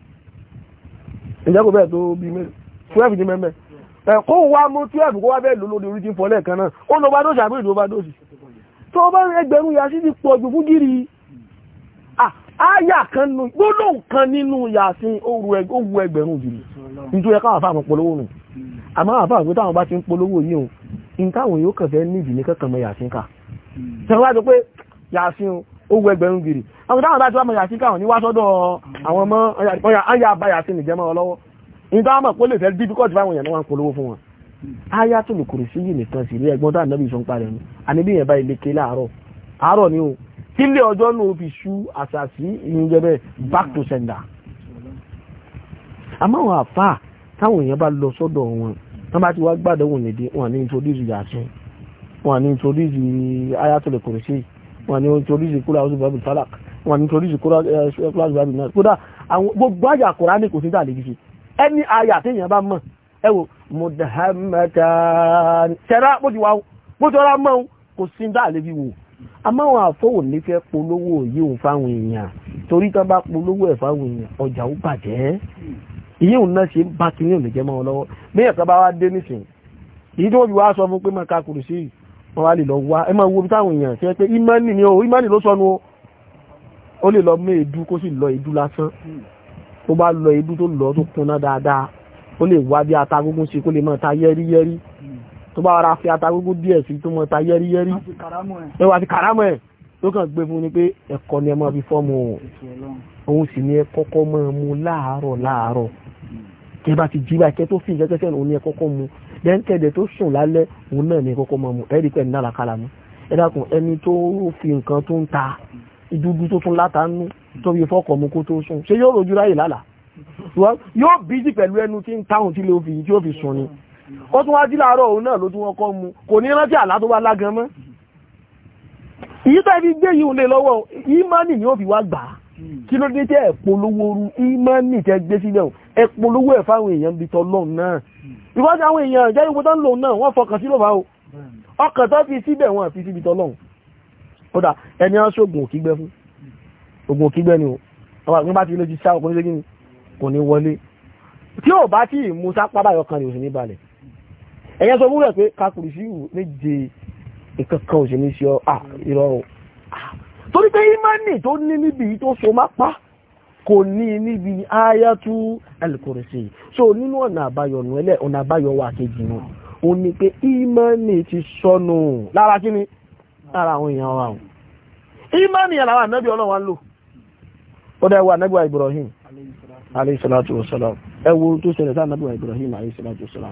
ìjẹ́ kò bẹ́ẹ̀ tó bí mélòó 12 ní mẹ́mẹ́ eh, kó wá mú 12 kó wá bẹ́ẹ̀ lò lórí orí tí ń fọ́lẹ̀ kan náà ó lọ bá dóṣì àbúrò ìdó bá dóṣì tó bá ẹgbẹ̀rún yasin ti pọ̀ jù fún gírí Aya kan nù gbóló nǹkan nínú yàásín owó ẹgbẹ̀rún òjìlì nítorí ẹ̀ká àfáà polówó nù àmọ́ àfáà pé táwọn bá ti ń polówó yìí o n táwọn yóò kàn fẹ́ níbi ní kankan mọ yàásín ká ṣe wá sọ pé yàásín owó ẹgbẹ̀rún gìrì àwọn táwọn bá ti wá mọ yàásín ká wọn ní wá sọ́dọ̀ àwọn ọmọ áyà bá yàásín nìjẹ́ mọ́ lọ́wọ́ ní táwọn mọ̀ pé lè fẹ́ difficult fáwọn èèyàn ní wọ́n polówó fún wọn áyà tó lè kùrù sí yìí nìkan sí ilé ẹgbọ́n tó ànábì sọ ń parẹ́ ni àníbí yẹn bá ilé ké láàárọ̀ àárọ̀ ni o kílé ọjọ́ náà fi ṣú àṣàṣì ìyúnjẹ́bẹ̀ back to sender àmọ́ àwọn àfà táwọn èèyàn bá lọ sọ́dọ̀ wọn wọ́n bá ti wá gbàdánwò nìdí wọn ní introduce yàtún wọn ní introduce ayatollah kòrìṣì wọn ní introduce kúrò àwọn olùbàbí falak wọn ní introduce kúrò àwọn olùbàbí náà kódà àwọn gbogbo àyà kòrá ní kò sí tàlẹ́ gidi ẹni àyà tí èèyàn bá mọ̀ ẹ wò muhammadan tẹ́lá bó ti wá bó ti wá mọ́ kò sí tàlẹ́ gidi wò àmáwọn àfọwò ní fẹ́ polówó yíò fáwọn èèyàn torí tán bá polówó ẹ̀ fáwọn èèyàn ọjà ó bàjẹ́ ìyí òun náà ṣe ń bá kiri òun lè jẹ́ mọ́ wọn lọ́wọ́ bí ẹ̀ka bá wá dé nísìn èyí tó wọ́n wá sọ fún pé máa ka kùrù sí wọn wá lè lọ wá ẹ máa wo bí táwọn èèyàn ṣe pé ìmánì ni o ìmánì ló sọnù o ó lè lọ mú èédú kó sì lọ èédú lásán tó bá lọ èédú tó lọ tó kúnná dáadáa ó lè wá bí atagógún sí kó lè máa ta yẹ́rí yẹ́rí tó bá wọ́n fi ata gbogbo díẹ̀ sí tó mọ́ ta yẹ́rìyẹ́rì ẹwà ti kàrámọ̀ ẹ̀ tó kàn gbé fún ni pé ẹ̀kọ́ ni ẹ máa fi fọ́ọ̀mù òun sì ni ẹ kọ́kọ́ máa mu láàárọ̀ láàárọ̀ kí ẹ bá ti jí báyìí kẹ́ tó fi ìjẹ́kẹ́sẹ́ òun ni ẹ kọ́kọ́ mu dẹ́ńkẹ́dẹ̀ tó sùn lálẹ́ òun náà ni ẹ ó tún wá jí láàárọ̀ òun náà ló tún wọ́n kọ́ mu kò ní rántí àlá tó bá lágan mọ́ èyí tó fi gbé yìí lè lọ́wọ́ ìmánì yóò fi wá gbà á kí ló dé tẹ́ ẹ polówó oru ìmánì tẹ́ gbé sílẹ̀ ẹ polówó ẹ̀ fáwọn èèyàn bí tọ́lọ́n náà ìwádìí àwọn ni o àwọn àgbẹ̀ ni kò ní wọlé tí ò bá tí ì mú sápá báyọ̀ kan ní ní balẹ̀ ẹ̀yẹ́ sọ múlẹ̀ pé kakùrù sí ìwò méje ìkankan òṣè ní ṣe ìrọ̀rùn torí pé imani tó ní níbi tó so má pa kò ní níbi ayatu alìkòrìsì so nínú ọ̀nà àbáyọ nù ẹlẹ́ ọ̀nà àbáyọ wà kejì nù ó ní pé imani ti sọnù lára kí ni lára àwọn imani yàrá wà nẹ́bí ọlọ́wà lò ó dẹ̀ wà Ibrahim alayhi salatu wa salam ẹwọ tó ṣẹlẹ̀ sáà nẹ́bí Ibrahim alayhi salatu wa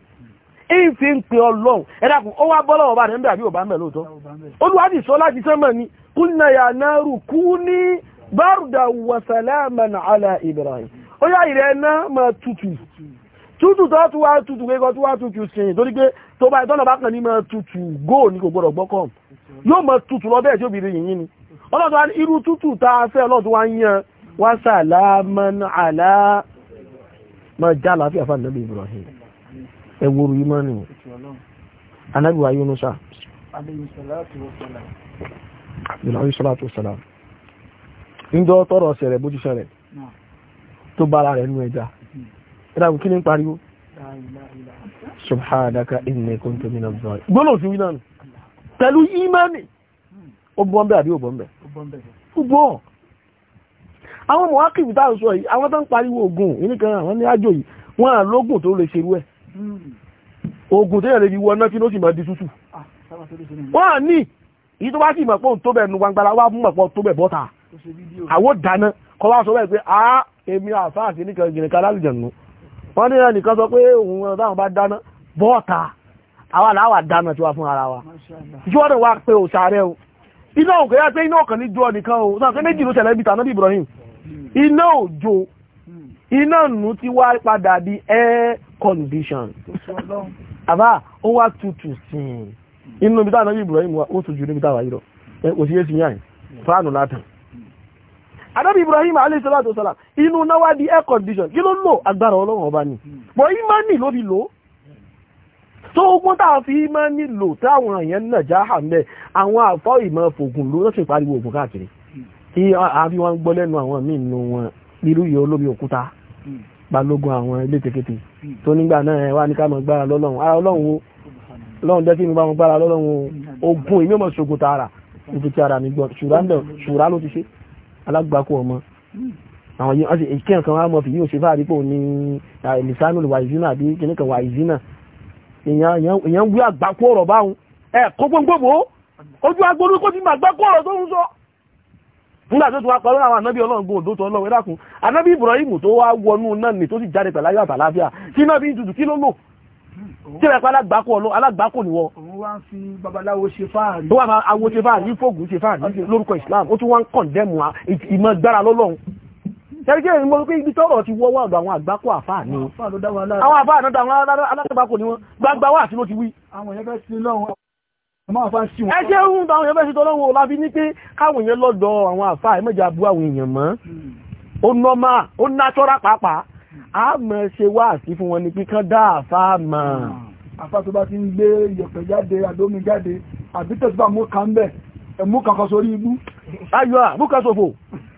ìfi ń pè ọlọ́run ẹ̀dàkùn ó wá bọ́lọ́wọ́ bá rẹ̀ ń bẹ̀ àbí òbá ń bẹ̀ lóòótọ́ láti sẹ́mọ̀ ni kúlnà yà kú ní bárùdà wàsàlámàn àlà Ibrahim ó yá ìrẹ́ náà máa tutù tutù tó tún wá tutù pé tó wá tutù sìn torí pé tó bá ìtọ́nà bá kàn lọ bẹ́ẹ̀ tí yìnyín ni ọlọ́dún wa irú tutù tá a fẹ́ ń yan wàsàlámàn àlà ẹwọ́rù yìí máa nìyẹn anábìwá Yunusa alayhi salatu wassalam níjọ́ tọrọ ọ̀sẹ̀ rẹ̀ bójúṣẹ́ rẹ̀ tó bára rẹ̀ nú ẹja ẹ̀dàkùn kí ní ń pariwo subhanaka inni kuntu minaz zalimin gbọ́nà òfin wínà nù pẹ̀lú ìmánì ó bọ́ bẹ́ àbí ó bọ́ bẹ́ ó àwọn mọ̀wákìbì táà yìí àwọn tó pariwo ogun ìníkan àwọn ní ájò yìí wọ́n à lógún tó lè ṣerú ẹ̀ oògùn tẹ́yẹ̀ lè fi wọ náà kí ló sì máa di tútù ah, wọ́n ní èyí tó bá sì mọ̀ pé òun tó bẹ̀ nu gbangbara wá mọ̀ tó bẹ̀ bọ́ta àwọn dáná kọ́ wá sọ bẹ́ẹ̀ pé a èmi àfáà sí nìkan gìnì kan lálùjẹ̀nu wọ́n ní ẹnìkan sọ pé òun ọ̀rọ̀ táwọn bá dáná bọ́ta àwọn wa jọ́dọ̀ wá pé ò sàárẹ̀ o iná òkè yá pé iná ọ̀kan ní jọ́ o sọ pé méjì ló tẹ̀lé ibi tàná bí Ibrahim hmm. iná òjò hmm. iná nù ti wá padà di ẹ́ condition àbá ó wá tutù sí inú bí táwọn Ibrahim wá ó tutù níbi táwà yìí lọ kò sí yéṣin yáyìn fáànù látàn adábí Ibrahim aléṣọ́látò sọ́lá inú náwà di air condition kí ló lò agbára ọlọ́run ọba ni bọ̀ imani ló fi lò tó ogun tàà fi imani lò táwọn èèyàn náà já hàmẹ́ àwọn àfọ́ ìmọ̀ fògùn ló rọ́sìn pariwo ògùn káàkiri tí àbí wọn gbọ́ balógun àwọn ilé tèkété tó nígbà náà ẹ wá ní ká mọ̀ gbára lọ́lọ́run ara ọlọ́run wo ọlọ́run jẹ́ kí mi bá wọn gbára lọ́lọ́run ogun èmi ò mọ̀ tààrà ibi tí ara mi gbọ́ ṣùrá ló ti ṣe alágbàkú ọmọ àwọn yìí ọ̀sẹ̀ èké nǹkan wá mọ̀ fi yóò ṣe fáàrí pò ní ìlìsánù wàìzínà àbí kìnnìkan wàìzínà èèyàn wí àgbákú ọ̀rọ̀ báwọn ẹ̀ kó gbogbo ojú agbóró kó ti mà àgbákú ọ̀rọ̀ tó ń sọ nígbà tó tún wá pẹ̀lú àwọn ànábì ọlọ́run gbọ́n òdó tó ọlọ́run ẹ̀dàkùn ànábì Ibrahim tó wá wọnú náà ni tó sì jáde pẹ̀lú ayọ̀ àtàláfíà kí náà bí ń tutù kí ló lò hmm, tí ẹ̀pẹ́ alágbàkó ọlọ́ alágbàkó ni wọ́n. òun wá ń fi babaláwo ṣe fáàrí. tó wà máa awo Islam ó tún wá ń kọ̀ndẹ́mù ìmọ̀ gbára lọ́lọ́run tẹ́lẹ̀kẹ́ ìrìn mọ́lú pé ibi tọ́rọ̀ ti wọ́wọ́ ọ̀dọ̀ àwọn àgbákò àfáà ní àwọn àfáà náà àwọn alátàbákò ni wọ́n gbágbáwà sí ló ti wí ẹjẹ́ ohun táwọn èèyàn mẹ́sí tọ́lọ́wọ́ lábí ní pé káwọn èèyàn lọ́dọ̀ àwọn àfà ẹmẹ́jà bú àwọn èèyàn mọ́ hmm. ó nọ́mà ó náṣọ́rá pàápàá a mọ̀ ṣe wá sí fún wọn ní pé kán dá àfà mọ̀ hmm. àfà tó bá ti ń gbé yẹ̀pẹ̀ jáde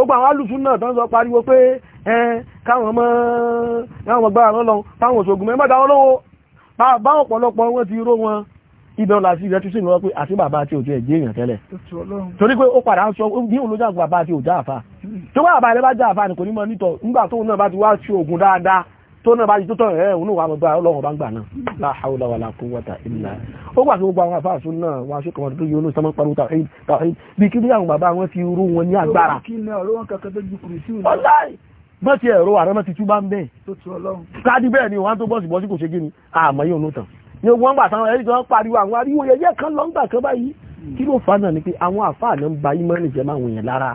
gbogbo àwọn alùsùn náà tán sọ pariwo pé ẹn káwọn mọ́ ẹwọ̀n gbára lọ́lọ́run táwọn òṣògùn mẹ́mọ́ta wọn bá ọ̀pọ̀lọpọ̀ wọn ti ró wọn ìbẹ̀rún láti ìrẹ́tú sí ìrọ́ pé àti bàbá àti òjò ẹ̀jẹ́ èèyàn tẹ́lẹ̀ torí pé ó padà sọ ní olójà bàbá àti òjá àfà tó bá bàbá ẹlẹ́bá já àfà ní kò nítọ̀ nígbà tóun náà bá ti wá ṣe ògùn dáadáa tó náà bá jí tó tọ́ ẹ̀ òun wà gbogbo ọlọ́run bá ń gbà náà la hawla wala quwwata illa ó gbà tí gbogbo àwọn àfáàsùn náà wọn aṣọ kan tó yóò lóṣù sọmọ pẹ̀lú tàwọn èyí bí kí ní àwọn bàbá wọn fi rú wọn ní agbára bọ́ ti ẹ̀rọ ààrẹ mọ́ ti tú bá ń bẹ́ẹ̀ káàdì bẹ́ẹ̀ ni wọ́n tó bọ́ọ̀sì bọ́ọ̀sì kò ṣe gíní àmọ́ yóò lótàn ní wọ́n gbà táwọn ẹ̀rí kan pariwo àwọn ariwo yẹyẹ kan lọ́ngbà kan báyìí kí ló fa náà ni pé àwọn àfáà náà ń ba ìmọ̀ nìjẹ́ máa wòyàn lára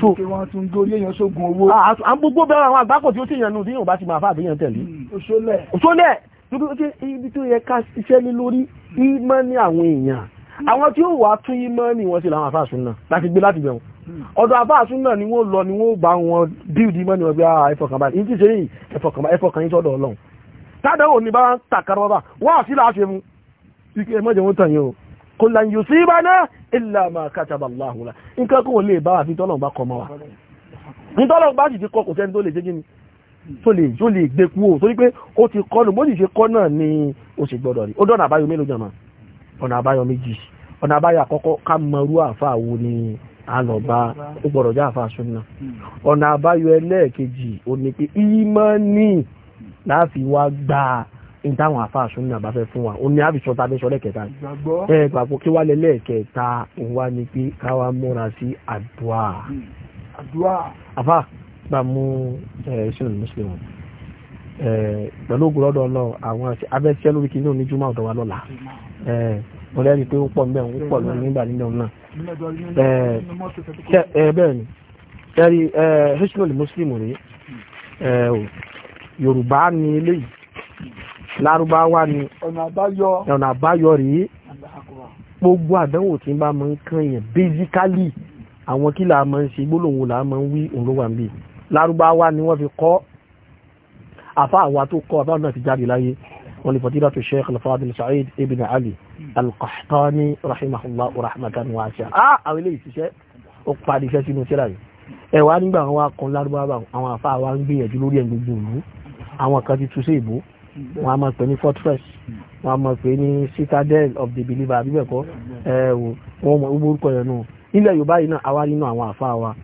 so ìdíkẹ́ wọn tún dórí èèyàn sógun owó. Ah, à ń gbogbo bẹ́ẹ̀ àwọn àgbákò tí ó ti yàn tí yóò bá ti máa fà àbíyàn tẹ̀lé. òṣòlẹ̀ hmm, òṣòlẹ̀ ibi tí ó yẹ ká ṣiṣẹ́ lé lórí hmm. ìmọ̀ ní àwọn èèyàn hmm. àwọn tí ó wà tún ìmọ̀ ní wọ́n sí làwọn àfáàsùn náà láti gbé láti bẹ̀rún ọ̀dọ̀ àfáàsùn náà ni wọ́n lọ ni wọ́n bá wọn bíìdì ìmọ̀ ní ọgbẹ́ ah, ẹfọkànbalẹ̀ ìyí tí ṣe yìí ẹfọkàn ṣe mú kul lan yusibana illa ma kataba Allah lana nǹkan kò lè bá wa fi tọ́lọ̀ bá kọ mọ́ wa ní tọ́lọ̀ bá sì ti kọ kò sẹ́ni tó lè ṣe gíní tó lè tó lè gbé kú o torí pé ó ti kọ́ nù bó sì ṣe kọ́ náà ni ó sì gbọ́dọ̀ rí ó dọ̀nà àbáyọ mélòó jàmọ́ ọ̀nà àbáyọ méjì ọ̀nà àbáyọ àkọ́kọ́ ká mọrú àfáà wo ni alọ̀bá ó gbọ́dọ̀ já àfáà súnà ọ̀nà àbáyọ ẹlẹ́ẹ̀kejì ò pé ìmọ̀ ní láàfin wá gbà ní táwọn àfáà súnmọ́ bá fẹ́ fún wa ó ní àbísọ́ tàbí sọ́lẹ̀ kẹta ẹ gbàgbọ́ kí wá lẹ́lẹ́ kẹta wá ní pé káwa múra sí àdúà àfà gbà mú ṣẹlẹ̀ mùsùlùmí pẹ̀lú ògùn lọ́dọ̀ lọ àwọn abẹ́sẹ́ lórí kí ní oníjúmọ́ ọ̀dọ̀ wa lọ́la wọ́n lẹ́rìí pé ó pọ̀ níbẹ̀ ó pọ̀ lónìí nígbà nínú náà bẹ́ẹ̀ ni ẹ̀rí ṣẹlẹ̀ mùsùlùmí rèé Yorùbá ni eléyìí lárúbáwá ni ọ̀nà àbáyọ rèé gbogbo àdánwò tí ń bá máa ń kàn yẹn basically àwọn kí là máa ń ṣe gbólóhùn là máa ń wí òun ló wà ń bì lárúbáwá ni wọ́n fi kọ́ àfa àwa tó kọ́ àbáwọn náà ti jáde láyé wọn ni fadila tó sheikh al-fadil sa'id ibn ali al-qahtani rahimahullah rahmatan wasi'a ah àwọn eléyìí ti ṣe ó parí iṣẹ́ sínú tíra yìí ẹ̀wà nígbà wọn wá kan lárúbáwá àwọn àfa àwa ń gbìyànjú lórí ẹ̀ gbogbo àwọn kan ti túnṣe ìbò wọ́n á máa pè ní fortress wọ́n á máa pè ní citadel of the believer àbíbẹ̀kọ́ ẹ wò wọ́n mọ gbogbo orúkọ yẹn nù nílẹ̀ yorùbá yìí náà àwa nínú àwọn àfa wa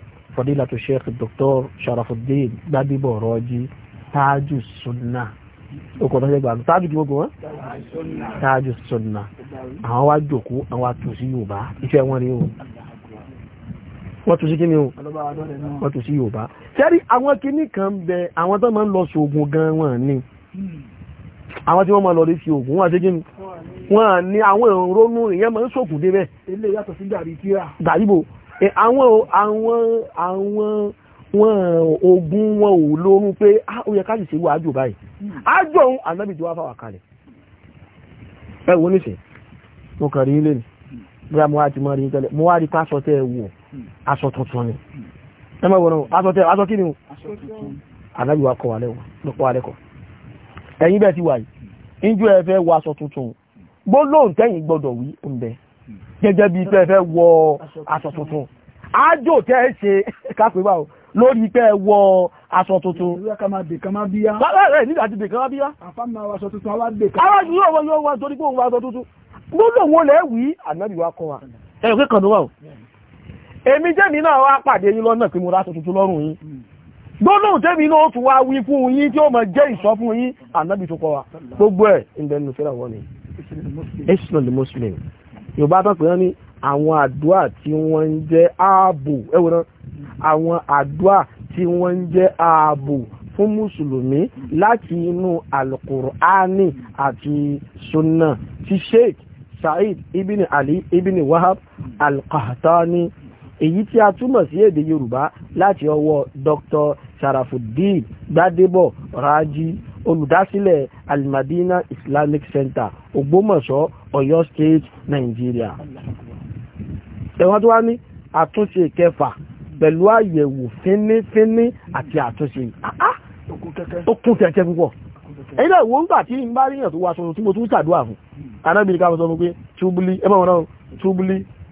to sheikh Doctor sharafuddin gbadebo ọ̀rọ̀jì tájù sunna ó kọ̀ tọ́jẹ́ gbàgbọ́ tájù gbogbo wọn tájù sunna àwọn wá jòkó àwọn wá tù sí yorùbá iṣẹ́ wọn rí o wọ́n tún sí kí ni o wọ́n tún sí yorùbá sẹ́rí àwọn kinní kan bẹ àwọn tó máa ń lọ sóògùn gan wọn ni àwọn tí wọ́n máa lọ rí fi ògùn wọ́n àti gínú wọ́n ní àwọn ìrònú ìyẹn máa ń sòkùn débẹ̀ ilé yàtọ̀ sí gàrí kíra gàríbò àwọn àwọn àwọn wọn ogun wọn ò lórún pé ó yẹ káàkiri ṣerú àjò báyìí àjò òun ànábì tí wá fà wà kalẹ̀ ẹ wo níṣẹ́ mo kàn rí ilé ni bóyá mo wá ti mọ́ rí tẹ́lẹ̀ mo wá rí pásọ tẹ́ ẹ wò aṣọ tuntun ni ẹ mọ̀ wọ́n aṣọ tẹ́ aṣọ kí ni o ànábì wa kọ̀ wà lẹ́kọ̀ọ́ ẹ̀yin bẹ́ẹ̀ ti wà yìí injú ẹ fẹ́ wọ aṣọ tuntun gbólóhùn tẹ́yìn gbọ́dọ̀ wí ń bẹ gẹ́gẹ́ bí pé ẹ fẹ́ wọ aṣọ tuntun ájò tẹ́ ẹ ṣe kápẹ́ báwo lórí pé ẹ wọ aṣọ tuntun. Ìlú ẹ̀ka máa dèkà máa bíyá. Lára rẹ̀ nígbà ti dèkà máa bíyá. Àfáàmù àwọn aṣọ tuntun àwọn dèkà. Ara ju yóò wọ yóò wá torí pé òun wá aṣọ tuntun. Gbọ́dọ̀ wo lẹ́ wí ànábì wa kọ́ wa. Ẹ ò kẹ́kọ̀ọ́ ló wà o. Èmi jẹ́mi náà wá pàdé yín gbónà tẹ́mi náà tún wá wí fún yín tí ó mọ̀ jẹ́ ìsọ fún yín ànábì tó kọ́ wa gbogbo ẹ̀ ìdẹnu fẹ́ra wọ́n ni islam the muslim yorùbá tó pè wọ́n ní àwọn àdúà tí wọ́n ń jẹ́ ààbò ẹwọ́n náà àwọn àdúà tí wọ́n ń jẹ́ ààbò fún mùsùlùmí láti inú alukur'ani àti sunna ti sheikh sa'id ibn ali ibn wahab al-qahtani èyí tí a túmọ̀ sí èdè yorùbá láti ọwọ́ dr sharafuddin gbadebo raji olùdásílẹ̀ alimadina islamic center ògbómọ̀ṣọ́ ọ̀yọ́ state nigeria ẹ̀wọ́n tó wá ní àtúnṣe kẹfà pẹ̀lú àyẹ̀wò fínífíní àti àtúnṣe ó kún kẹ̀kẹ́ púpọ̀ ẹ̀yìn náà wọ́n gbà tí n bá ríyàn tó wá sọ̀rọ̀ tí mo tún ṣàdúrà fún arábìnrin káwọn sọ fún pé túbúlí ẹ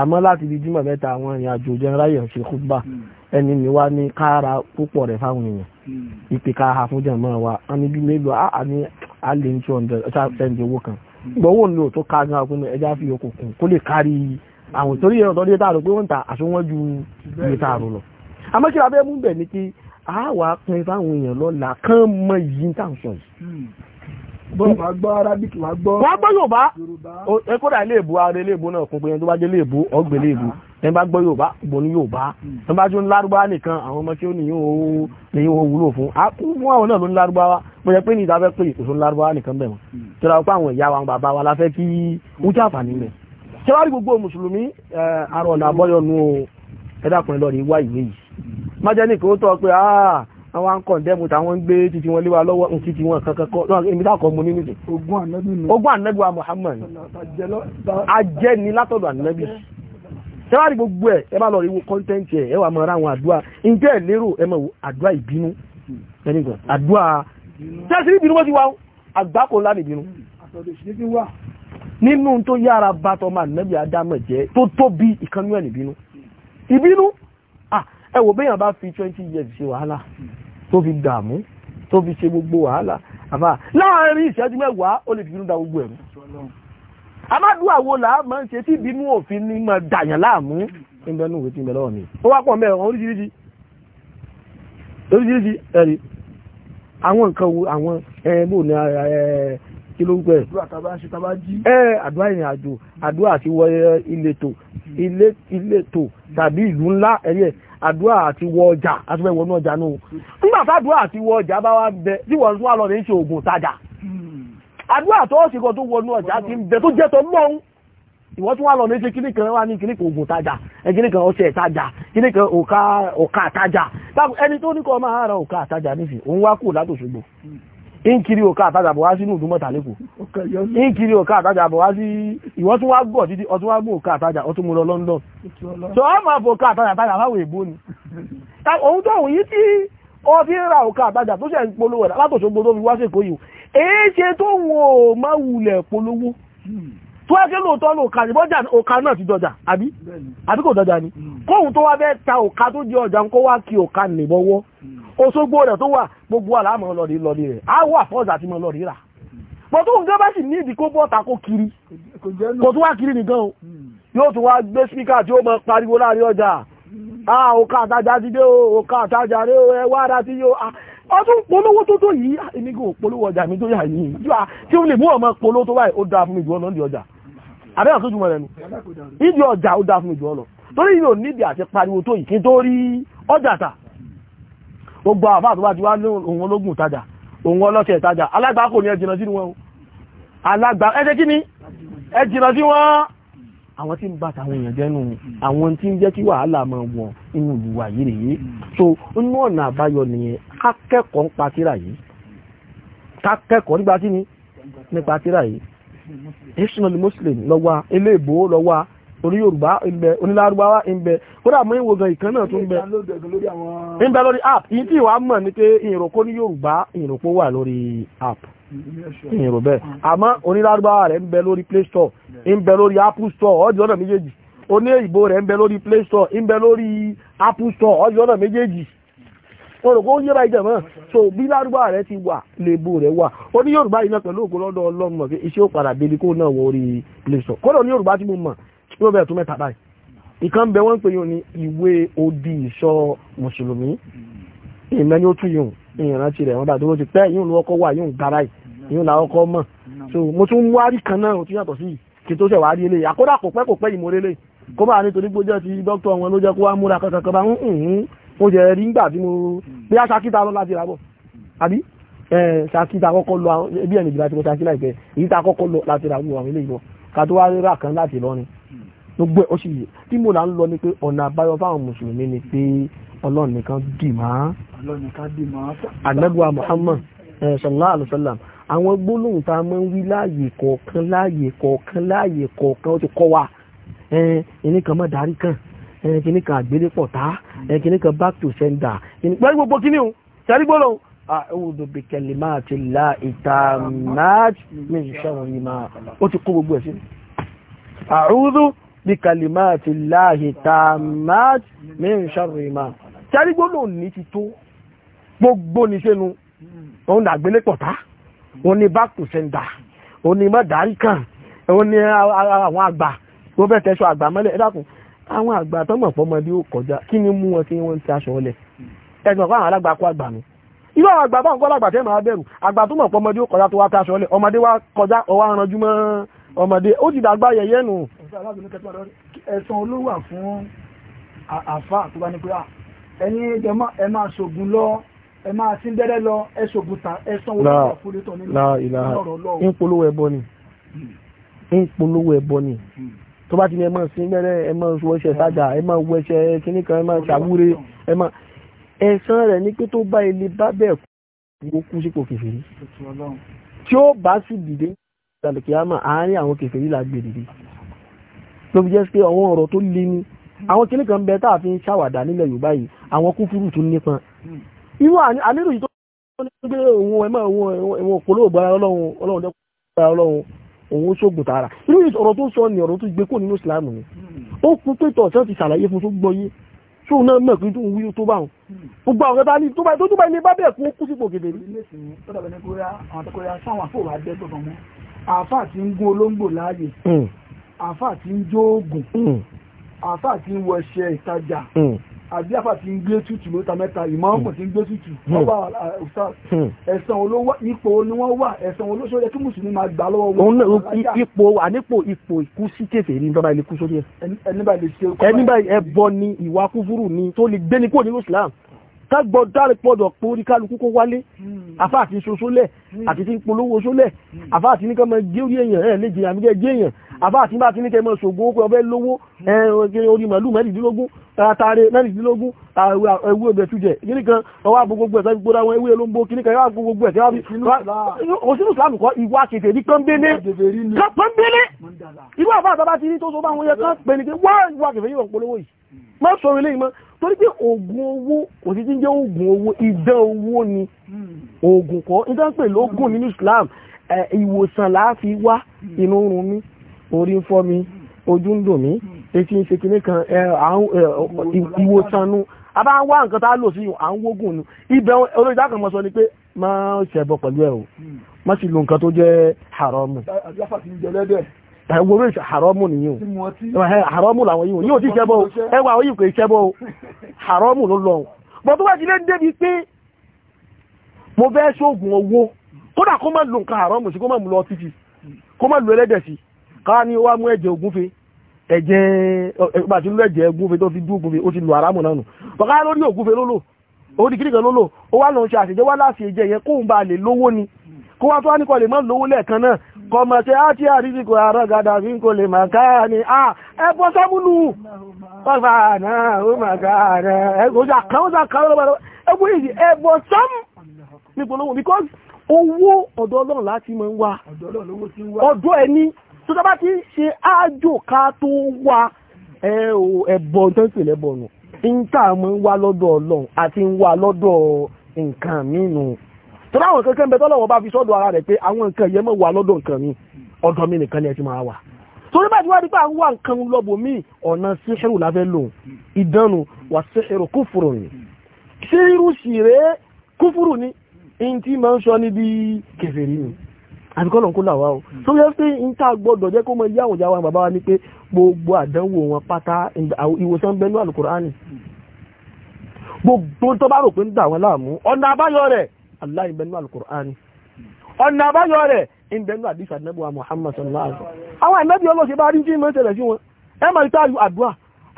àmọ́ láti ibi jímọ̀ mẹ́ta àwọn ìrìn àjò jẹ́ ráyẹ̀ ṣe kúgbà ẹni ni wá ní káàrà púpọ̀ rẹ̀ fáwọn èèyàn hmm. ìpè káàrà fún jẹ̀mọ́ wa a ní bí mélòó a ní a lè ní two hundred ọ̀sá ẹ̀ǹdì owó kan hmm. gbọ́ owó nílò tó ká gan ọkùnrin ẹja fi okùn kùn kó lè kárí àwọn ìtorí ẹ̀rọ tó dé tààrọ̀ pé wọ́n ń ta àsùnwọ̀n ju iye tààrọ̀ lọ àmọ́ kí abẹ́ mú bẹ̀ ni pé a wàá pin fáwọn èèyàn lọ́la kán mọ wọ́n gbọ́ Yorùbá ẹkọ́dà ilé ìbú ààrẹ ilé ìbú náà kún pé ẹni tó bá jẹ́ ilé ìbú ọgbẹ̀ ilé ìbú ẹni bá gbọ́ Yorùbá gbò ní Yorùbá hmm. ẹni bá tún lárúbá nìkan àwọn ọmọ tí ó níyàn owó wúlò fún akúnfún àwọn náà ló ń lárúbá hmm. wa mo jẹ wa bàbá wa láfẹ́ kí àwọn akọ̀ndẹ́mù tàwọn ń gbé títí wọn léwà lọ́wọ́ ní títí wọn kankankọ́ lọ́wọ́ èmi mú nínú ogun ànábì wa Muhammad ajẹ́ ni látọ̀dọ̀ ànábì tẹ́wàá rí gbogbo ẹ̀ ẹ bá lọ rí wo kọ́ńtẹ́ǹtì ẹ̀ ẹ wà máa ra àwọn àdúrà ǹjẹ́ ẹ̀ lérò ẹ máa wo àdúrà ìbínú ẹnìkan àdúrà tẹ́sí ìbínú bó ti wá àgbákò ńlá nìbínú ìbínú ẹ wò béèyàn bá fi twenty years ṣe wàhálà tó fi dààmú tó fi ṣe gbogbo wàhálà àmà láàrin ìṣẹ́jú mẹ́wàá ó lè fi inú da gbogbo ẹ̀mú amádùá wo là á máa ń ṣe tí ìbínú òfin ní máa dàyàn láàmú níbẹ̀ nù wé tí ń bẹ lọ́wọ́ mi ó wá pọ̀ mẹ́ ọ̀hún oríṣiríṣi oríṣiríṣi ẹ̀rí àwọn nǹkan wo àwọn ẹ̀ẹ́bù kí ló ń pẹ́ àdúrà ìrìn àjò àdúrà àti wọ ilé tó ilé tó tàbí ìlú ńlá ẹ̀rí àdúrà àti wọ ọjà àtúbẹ̀ wọnú ọjà náà nígbà tàdúrà àti wọ ọjà bá wá bẹ tí wọ́n tún wà lọ́dẹ̀ ń ṣe ògùn tajà àdúrà tó ṣe kan tó ọjà ti ń bẹ tó jẹ́ tó lọ́hún ìwọ́n tún wà lọ méjì kíní kan wá ní kíní kan ògùn tajà kíní kan ọṣẹ tajà kíní kan òkà tajà ẹni tó ní máa ìkiri òkà ataja wá sí inú ìdúmọ̀ta lẹ́kọ̀ọ́ ìkiri ataja àtàjàbọ̀ wá sí ìwọ́n tún wá gọ̀ títí ọtún wá gbọ́ òkà àtàjà lọ London so a máa fò òkà ataja àtàjà láwọn èbó ni ohun tó wùyí tí ó fi ra òkà àtàjà tó hmm. ti dọja hmm. ta ụka tó jẹ ọjà Òṣogbo rẹ̀ tó wà gbogbo àlámọ̀ lọ́rí lọ́rí rẹ̀ á wà fọ́ọ̀sì àti mọ̀ lọ́rí rà bọ́ tó ń gẹ́ bá sì ní ìdí bọ́ta kó kiri kò tó wá kiri nìkan o yóò tún wá gbé spíkà tí mọ pariwo láàrin ọjà ah òkà ti dé o òkà àtajà o ẹwà ara ti yóò ọ tún polówó tó tó yìí inigo polówó ọjà mi tó yà yìí tí ó lè mú ọmọ polówó tó báyìí ó dáa ọ ọjà tó jùmọ̀ rẹ̀ nù ìdí ọjà ó dáa fún mi jù pariwo tó ó gba àbá àtọ́bá ti ní òun ológun ìtajà òun ọlọ́tẹ̀ ìtajà alágbà ní ẹjìnà sí wọn alágbà ẹjẹ́ kí ni ẹjìnà sí wọn àwọn tí ń bá tàwọn èèyàn jẹ́nu àwọn tí ń jẹ́ kí wàhálà wọn inú yìí rèé so inú ọ̀nà àbáyọ nìyẹn kákẹ́kọ̀ọ́ ń pa yìí kákẹ́kọ̀ọ́ nígbà tí ni Muslim orí yorùbá ìbẹ̀ onílárúbáwá ìbẹ̀ kódà mọ́ ìwògàn ìkan náà tún bẹ ìbẹ̀ lórí app yìí tí wàá mọ̀ ní pé ìròkó ní yorùbá ìròpó wà lórí app ìrò bẹ́ẹ̀ àmọ́ onílárúbáwá rẹ̀ ń bẹ lórí play store ń bẹ lórí apple store ọjọ́ ọ̀nà méjèèjì oní ìbò rẹ̀ ń lórí play store ń bẹ lórí apple store so bí lárúbá rẹ̀ ti wà lèbo rẹ̀ wà ó ní yorùbá yìí náà pẹ̀lú ògo lọ́dọ̀ ọlọ́run mọ̀ pé iṣẹ́ ó padà délé kó náà wọ orí play store kódà ní yorùbá tí mo mọ̀ yóò bẹ̀rẹ̀ tó mẹ́ta báyìí ìkan bẹ wọ́n ń pè yóò ní ìwé odi ìṣọ́ mùsùlùmí ìmẹ́ni ó tún yóò ìrántí rẹ̀ wọ́n bá dúró ti pẹ́ yóò lọ́kọ́ wà yóò gara yóò làwọ́kọ́ mọ̀ so mo tún wárí kan náà tún yàtọ̀ sí kí tó ṣẹ̀ wá rí eléyìí àkódà kò pẹ́ kò pẹ́ ìmọ̀rẹ́lẹ̀ kó bá nítorí gbójẹ́ ti dókítà wọn ló jẹ́ kó wá múra kankan bá ń mo jẹ rí ńgbà tí mo bí a ṣakíta lọ láti ràbọ̀ àbí ṣakíta kọ́kọ́ lọ ẹbí ẹ̀nìyàn tí mo ṣakí láìpẹ́ èyí kọ́kọ́ lọ láti ràbọ̀ àwọn ilé ìwọ̀n ká tó wá rà kan láti lọ ni gbogbo ẹ̀ ó sì yẹ tí mo là ń lọ ni pé ọ̀nà àbáyọ fáwọn mùsùlùmí ni pé ọlọ́run nìkan dì má. ọlọ́run Muhammad eh, sallallahu alaihi wasallam àwọn gbólóhùn tá a máa ń wí láàyè kọ̀ọ̀kan láàyè kọ̀ọ̀kan láàyè kọ̀ọ̀kan ó ti kọ́ wa ẹni eh, kan máa darí kan ẹni eh, kan àgbélépọ̀ tá ẹni kan back to sender ẹni pẹ́ẹ́rì gbogbo kíní o sẹ́rí gbólóhùn a'udhu bi kalimati llahi tammati min sharri ma ó ti kó gbogbo ẹ̀ sí. a'udhu bí kalimati láàhì tààmàt min sharri ma tẹ́rí gbónà ní ti tó gbogbo ní sẹ́nu òun dàgbélé pọ̀tá òun ni back to center òun ni mọ́dárí kan òun ni àwọn àgbà tó fẹ́ tẹ́ṣọ àgbà mọ́lẹ̀ ẹ̀dàkùn àwọn àgbà tó mọ̀ fọ́mọ ó kọjá kí ni mú wọn tí wọ́n ti aṣọ ọlẹ̀ ẹ̀sùn ọ̀pá àwọn alágbà àgbà nù irú àwọn àgbà bá kọ́ lágbà tẹ́ máa bẹ̀rù àgbà tó mọ̀ fọ́mọ ó kọjá tó wá tẹ́ aṣọ ọlẹ̀ ọmọdé wá kọjá ọwọ́ aranjú mọ́ ọmọdé ó ti dàgbà yẹ̀yẹ́ nù ẹ̀sàn olówà fún àfá tó bá ní pé ẹ̀yin ẹ máa ṣògùn lọ ẹ máa sí dẹ́rẹ́ lọ ẹ ṣògùn tà ẹ̀sàn olówà fún létọ̀ nínú ọ̀rọ̀ lọ́wọ́ ń polówó ẹbọ ni hmm. ń polówó ẹbọ ni hmm. tó bá ti ní ẹ máa sí dẹ́rẹ́ ẹ máa wọṣẹ hmm. sájà ẹ máa wọṣẹ kíní kan ẹ máa ṣàwúre ẹ máa ẹ̀sàn rẹ̀ ní pé tó bá ilé bá bẹ̀ kú kú sípò kìfìrí tí ó bá sì dìde tàbíkìyàmà àárín àwọn kèfèrí lágbèrèrè tó fi jẹ́ pé àwọn ọ̀rọ̀ tó lé ní àwọn kìnnì kan bẹ táà fi ń ṣàwàdà nílẹ̀ Yorùbá yìí àwọn kúfúrú tún nípọn irú àníròyìn tó ní pé òun ẹ̀mọ́ ẹ̀wọ̀n òkúrò ògbára ọlọ́run ọlọ́run dẹ́kọ̀ọ́ ọlọ́run òun ṣògùn tààrà irú ọ̀rọ̀ tó sọ ni ọ̀rọ̀ tó gbé kó nínú Ìsìlámù ni ó kú pé tọ̀sán ti ṣàlàyé fún tó gbọ́yé tó náà mọ̀ pé tó ń wí tó bá wọn gbogbo àwọn ọ̀gá ní tó bá ilé bá bẹ̀ kó kú sípò gèdè ní àáfà tí ń gún olóńgbò láàyè hmm. àáfà tí ń jó oògùn hmm. àáfà tí ń wọṣẹ ìtajà hmm. àbí àáfà tí ń gbé tútù lóta mẹ́ta ìmọ̀ọ́mù tí ń gbé tútù ọba ẹ̀sán olówó ipò ni wọ́n wà ẹ̀sán olóṣó yẹ kí mùsùlùmí máa gbà lọ́wọ́ wọn. ipò ànípò ipò ikú sí kèfèrí ní bàbá ilé kú sórí ẹ. ẹni bá ilé ṣe é. ẹni bá ẹbọ ni ìwà kúfúrú ni tó lè gbé ní kúrò nínú kágbọ́ dáre pọ̀dọ̀ pé orí kálukú kó wálé afá hmm. hmm. àti iṣo sólẹ̀ àti tí ń polówó sólẹ̀ afá hmm. àti ní kọ́ mọ gé orí èèyàn ẹ̀ lè jìyà nígbẹ́ gé èèyàn afá àti bá ti ní kẹ́ mọ ṣògùn ó pé ọbẹ̀ lówó orí màlúù mẹ́rìndínlógún àtàrẹ mẹ́rìndínlógún ẹwú ọbẹ̀ tujẹ̀ kíní kan ọwọ́ àbò gbogbo ẹ̀sẹ̀ gbóra wọn ewé olóńgbò kíní kan yóò gbogbo ẹ̀sẹ̀ wá bí òsínú ìsìlámù kọ ìwà kèfè ní pọ́nbélé pọ́nbélé irú àbá àbábá ilé yìí torí pé ogun owó kò sí jíjẹ́ owo owó idán owó ni oògùn kọ́ idán pè lóògùn nínú Islam ìwòsàn láàfi wá inú rún mi orí ń fọ́ mi ojú ń dùn mí etí ń ṣe kìíní kan ìwòsàn nu a bá ń wá nǹkan tá a lò sí à ń wógùn nu ibẹ̀ olóòjà kan mọ̀ sọ ni pé má ṣẹ̀bọ̀ pẹ̀lú ẹ̀ o má sì lo nǹkan tó jẹ́ mu. ẹgbòrò ìṣẹ́ haramu nìyí o haramu làwọn yíò yíò tí ṣẹbọ́ ẹwà oyí kò ṣẹbọ́ haramu ló lọ bọ̀ tó bá ti lé débi pé mo fẹ́ ṣóògùn owó kódà kó má lo nǹkan haramu sí kó má mú lọ títì kó má lo ẹlẹ́dẹ̀ sí ká ní wá mú ẹ̀jẹ̀ ògúnfe ẹ̀jẹ̀ ìpàtí ló ẹ̀jẹ̀ ògúnfe tó fi dú ògúnfe ó ti lo haramu náà nù bọ̀ká lórí ògúnfe lólò ó di kó wá tó wá ní kọ lè mọ́ lówó lẹ́ẹ̀kan náà kọ mọ̀ sí ah, àti àríṣìkò àárọ̀ gàdà fi ń kò lè mà káà ní à ah, ẹbọ́ sábúlù pàfà náà ó mà káà náà ẹgbọ́ because owó ọ̀dọ̀ ọlọ́run láti mọ̀ ń wá ọ̀dọ̀ ẹni tó tọ́ bá ti ṣe ájò ká tó wá ẹbọ tó ń pèlẹ́bọ̀ nù nǹkan mìíràn tó láwọn kankan ń bẹ tọ́lọ́wọ́ bá fi sọ́dọ̀ ara rẹ̀ pé àwọn nǹkan yẹn mọ̀ wà lọ́dọ̀ nǹkan mi ọ̀dọ̀ mi nìkan ni torí rí pé à ọ̀nà lò ìdánù wà síhìrù kúfùrù ni síhìrù sì rẹ̀ kúfùrù ni in máa ń sọ ni kó o tó yẹ n ta gbọ́dọ̀ jẹ́ kó iye wa bàbá wa ní pé gbogbo àdánwò wọn pátá ìwòsàn gbogbo tó bá rò aláì bẹnu alukur'ani ọ̀nà àbáyọ rẹ̀ ń bẹnu àdìsí àdínẹ́bùwà Muhammad sallallahu alaihi wa sallam àwọn ànábì ọlọ́sẹ̀ bá rí jíìmọ̀ ṣẹlẹ̀ sí wọn ẹ máa rí táàrí àdúrà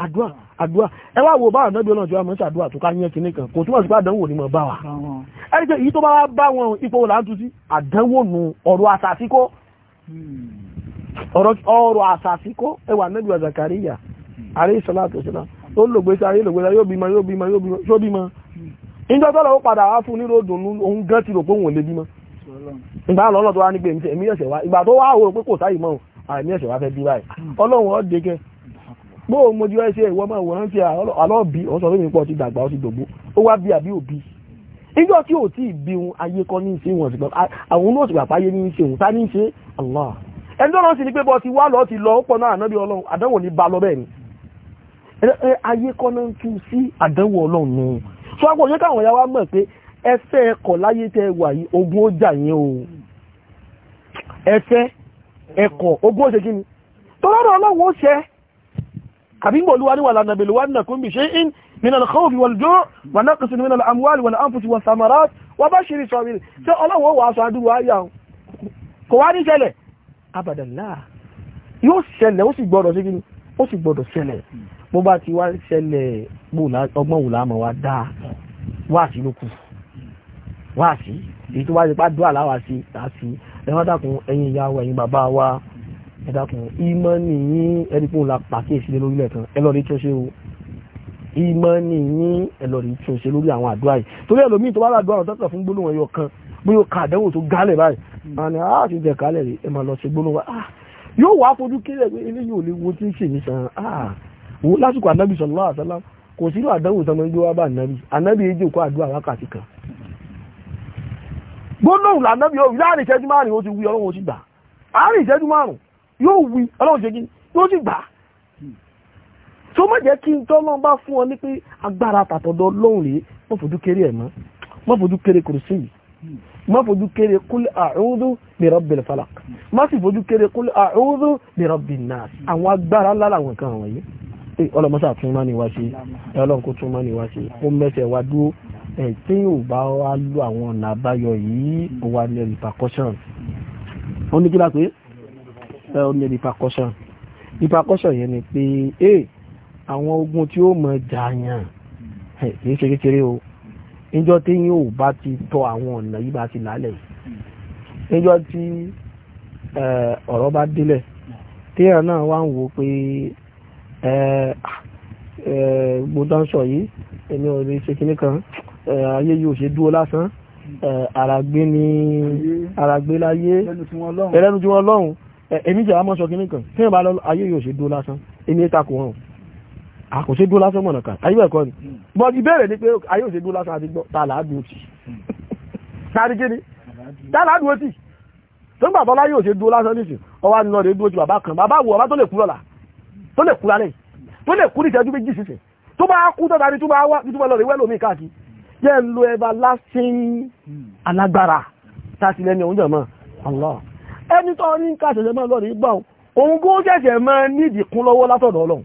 àdúrà àdúrà ẹ wá wo bá ànábì ọlọ́sẹ̀ wa mọ̀ sí àdúrà tó ká yẹn kìíní kan kò túmọ̀ sí pé àdánwò ni mo bá wa ẹni pé èyí tó bá wá bá wọn ipò wọn láǹtú sí àdánwò ọ̀rọ̀ àsàsíkó ọ̀rọ̀ àsàsíkó ẹwà ànábì Zakariya alayhi salatu wassalam ó lògbèsè ayé ayé yóò bímọ yóò ìjọ tọ́lọ̀ ó padà wá fún nílò òdùnnú òun gán ti rò pé òun lè bímọ ìgbà lọ́nà tó wá ní pé èmi ẹ̀ṣẹ̀ wá ìgbà tó wá òrò pé kò sáyì mọ́ àmì ẹ̀ṣẹ̀ wá fẹ́ bí báyìí ọlọ́run ọ́ dékẹ́ bó o mojú ẹṣẹ́ ìwọ máa wòrán ti àlọ́ọ̀bí ọ̀sọ̀ lómi pọ̀ ti dàgbà ó ti dògbó ó wá bí àbí òbí ìjọ tí ò tí ì bí òun ayé kọ́ ní ìṣe wọn ṣùgbọ́n àwọn olóòṣùgbà páyé ní ìṣe òun ta ní ìṣe Allah ẹni tó lọ sí ni pé bọ́ ti wá lọ ti lọ ó pọ̀ náà ànábì ọlọ́run àdánwò ní ba lọ bẹ́ẹ̀ ni ayé kọ́ náà ń tú ṣọ́gbọ́n yóò káwọn ìyá wa mọ̀ pé ẹfẹ́ ẹkọ̀ láyé tẹ́ wà yìí ogun ó jà yín o ẹfẹ́ ẹkọ̀ ogun ó ṣe kí ni tọ́lọ́rọ̀ ọlọ́run ó ṣẹ́ àbí mọ̀lúwa ní wà lànà bèlú wà nà kún bí ṣe in min al-khawfi wal-ju' wa naqsin min al-amwali wal-anfusi wath-thamarat wa bashiri as-sabirin ṣe ọlọ́run wà aṣọ adúrú ayà kò wá ní ṣẹlẹ̀ abàdànlá yóò ṣẹlẹ̀ ó sì gbọ́dọ̀ sí kí ni ó sì gbọdọ̀ ṣẹlẹ̀ bó bá ti wá ṣẹlẹ̀ ọgbọ́n wò láàmọ̀ wa dáa wá sí ló wá sí èyí tó wá sí pàdó àláwà sí àti ẹ̀wọ́n dákun ẹ̀yin ìyá wa ẹ̀yin bàbá wa ẹ ìmọ̀ nìyí ẹni pé òun la pàkíyèsí lórílẹ̀ kan ẹ lọ́ọ́ rí tó ṣe o ìmọ̀ nìyí ẹ lọ́ọ́ rí tó ṣe lórí àwọn àdúrà yìí torí ẹlòmíì tó bá làdúrà ọ̀tọ̀ tọ̀ fún gbólóhùn ẹyọ kan bí ó ka àdánwò tó gálẹ̀ báyìí àwọn ni a ah, ti jẹ kálẹ̀ rí ẹ máa lọ sí gbólóhùn wa ah yóò wá fojú kéré pé eléyìí ò lè wo tí ń ṣe mí sàn án ah, wò lásìkò ànábì sallallahu alaihi wasallam kò sínú àdánwò tọmọ ẹgbẹ́ wa bá ànábì ànábì ejò kó àdúrà wákàtí kan gbólóhùn lànábì yóò wí láàrin ìṣẹ́jú márùn-ún ó ti wí ọlọ́run ó ti gbà àárín ìṣẹ́jú márùn-ún yóò wí ọlọ́run ṣe kí yóò sì gbà tó má jẹ́ kí n tọ́lọ́ bá fún ọ ní pé agbára tàtọ̀dọ̀ lóhùn rèé mọ́ fojú kéré ẹ̀ mọ́ mọ́ fojú kéré kòrò sí yìí má fojú kéré kúlé àrúdú ní rabbil falak má sì fojú kéré kúlé àrúdú ní rabbin nas àwọn agbára ńlá làwọn kan wọ̀nyí ọlọ́mọsá tún má ní wá sí ọlọ́run kó tún má ní wá sí ó mẹ́sẹ̀ wá dúró ẹ̀ tí yóò bá wá lú àwọn ọ̀nà àbáyọ yìí ó wá ní repercussion ó ní kí lá pé ẹ ó ní repercussion repercussion yẹn ni pé eh, àwọn ogun tí ó mọ̀ jàyàn eh, kì í ṣe kékeré o níjọ́ tí yín ò bá ti tọ àwọn ọ̀nà yìí bá ti lálẹ̀ yìí níjọ́ tí ọ̀rọ̀ bá délẹ̀ téèyàn náà wá ń wò pé gbọ́dọ̀ yìí èmi ò lè ṣe kinní kan ayé yìí ò ṣe dúró lásán àràgbé ni àràgbé láyé ẹlẹ́nu tí wọ́n lọ́hùn èmi jẹ́ àmọ́ sọ kinní kan téèyàn bá lọ ayé yìí ò ṣe dúró lásán èmi ẹ̀ takò wọn àkòṣe dúró lásán mọ̀nà kan ayé ẹ̀kọ́ ni but ìbéèrè ni pé ayé òṣè dúró lásán àti gbọ́ tààlàádùn òtì sáré kí ni tààlàádùn òtì tó ń gbàtọ́ láyé òṣè dúró lásán nìsín ọwá nínú rẹ̀ dúró ti bàbá kan bàbá wọ̀ ọba tó lè kú lọ́la tó lè kú lálẹ́ tó lè kú nìtẹ́jú méjì sísẹ̀ tó bá kú tọ́ta ni tó bá wá tó lọ rẹ̀ wẹ́lò mi káàkiri jẹ́ ń lo everlasting alágbára tàti lẹ́ni oúnjẹ mọ́ Allah ẹni tó ní káàkiri mọ́ lọ́rẹ̀ gbà òun bó ṣẹ̀ṣẹ̀ mọ́ nídìí kún lọ́wọ́ látọ̀dọ̀ ọlọ́run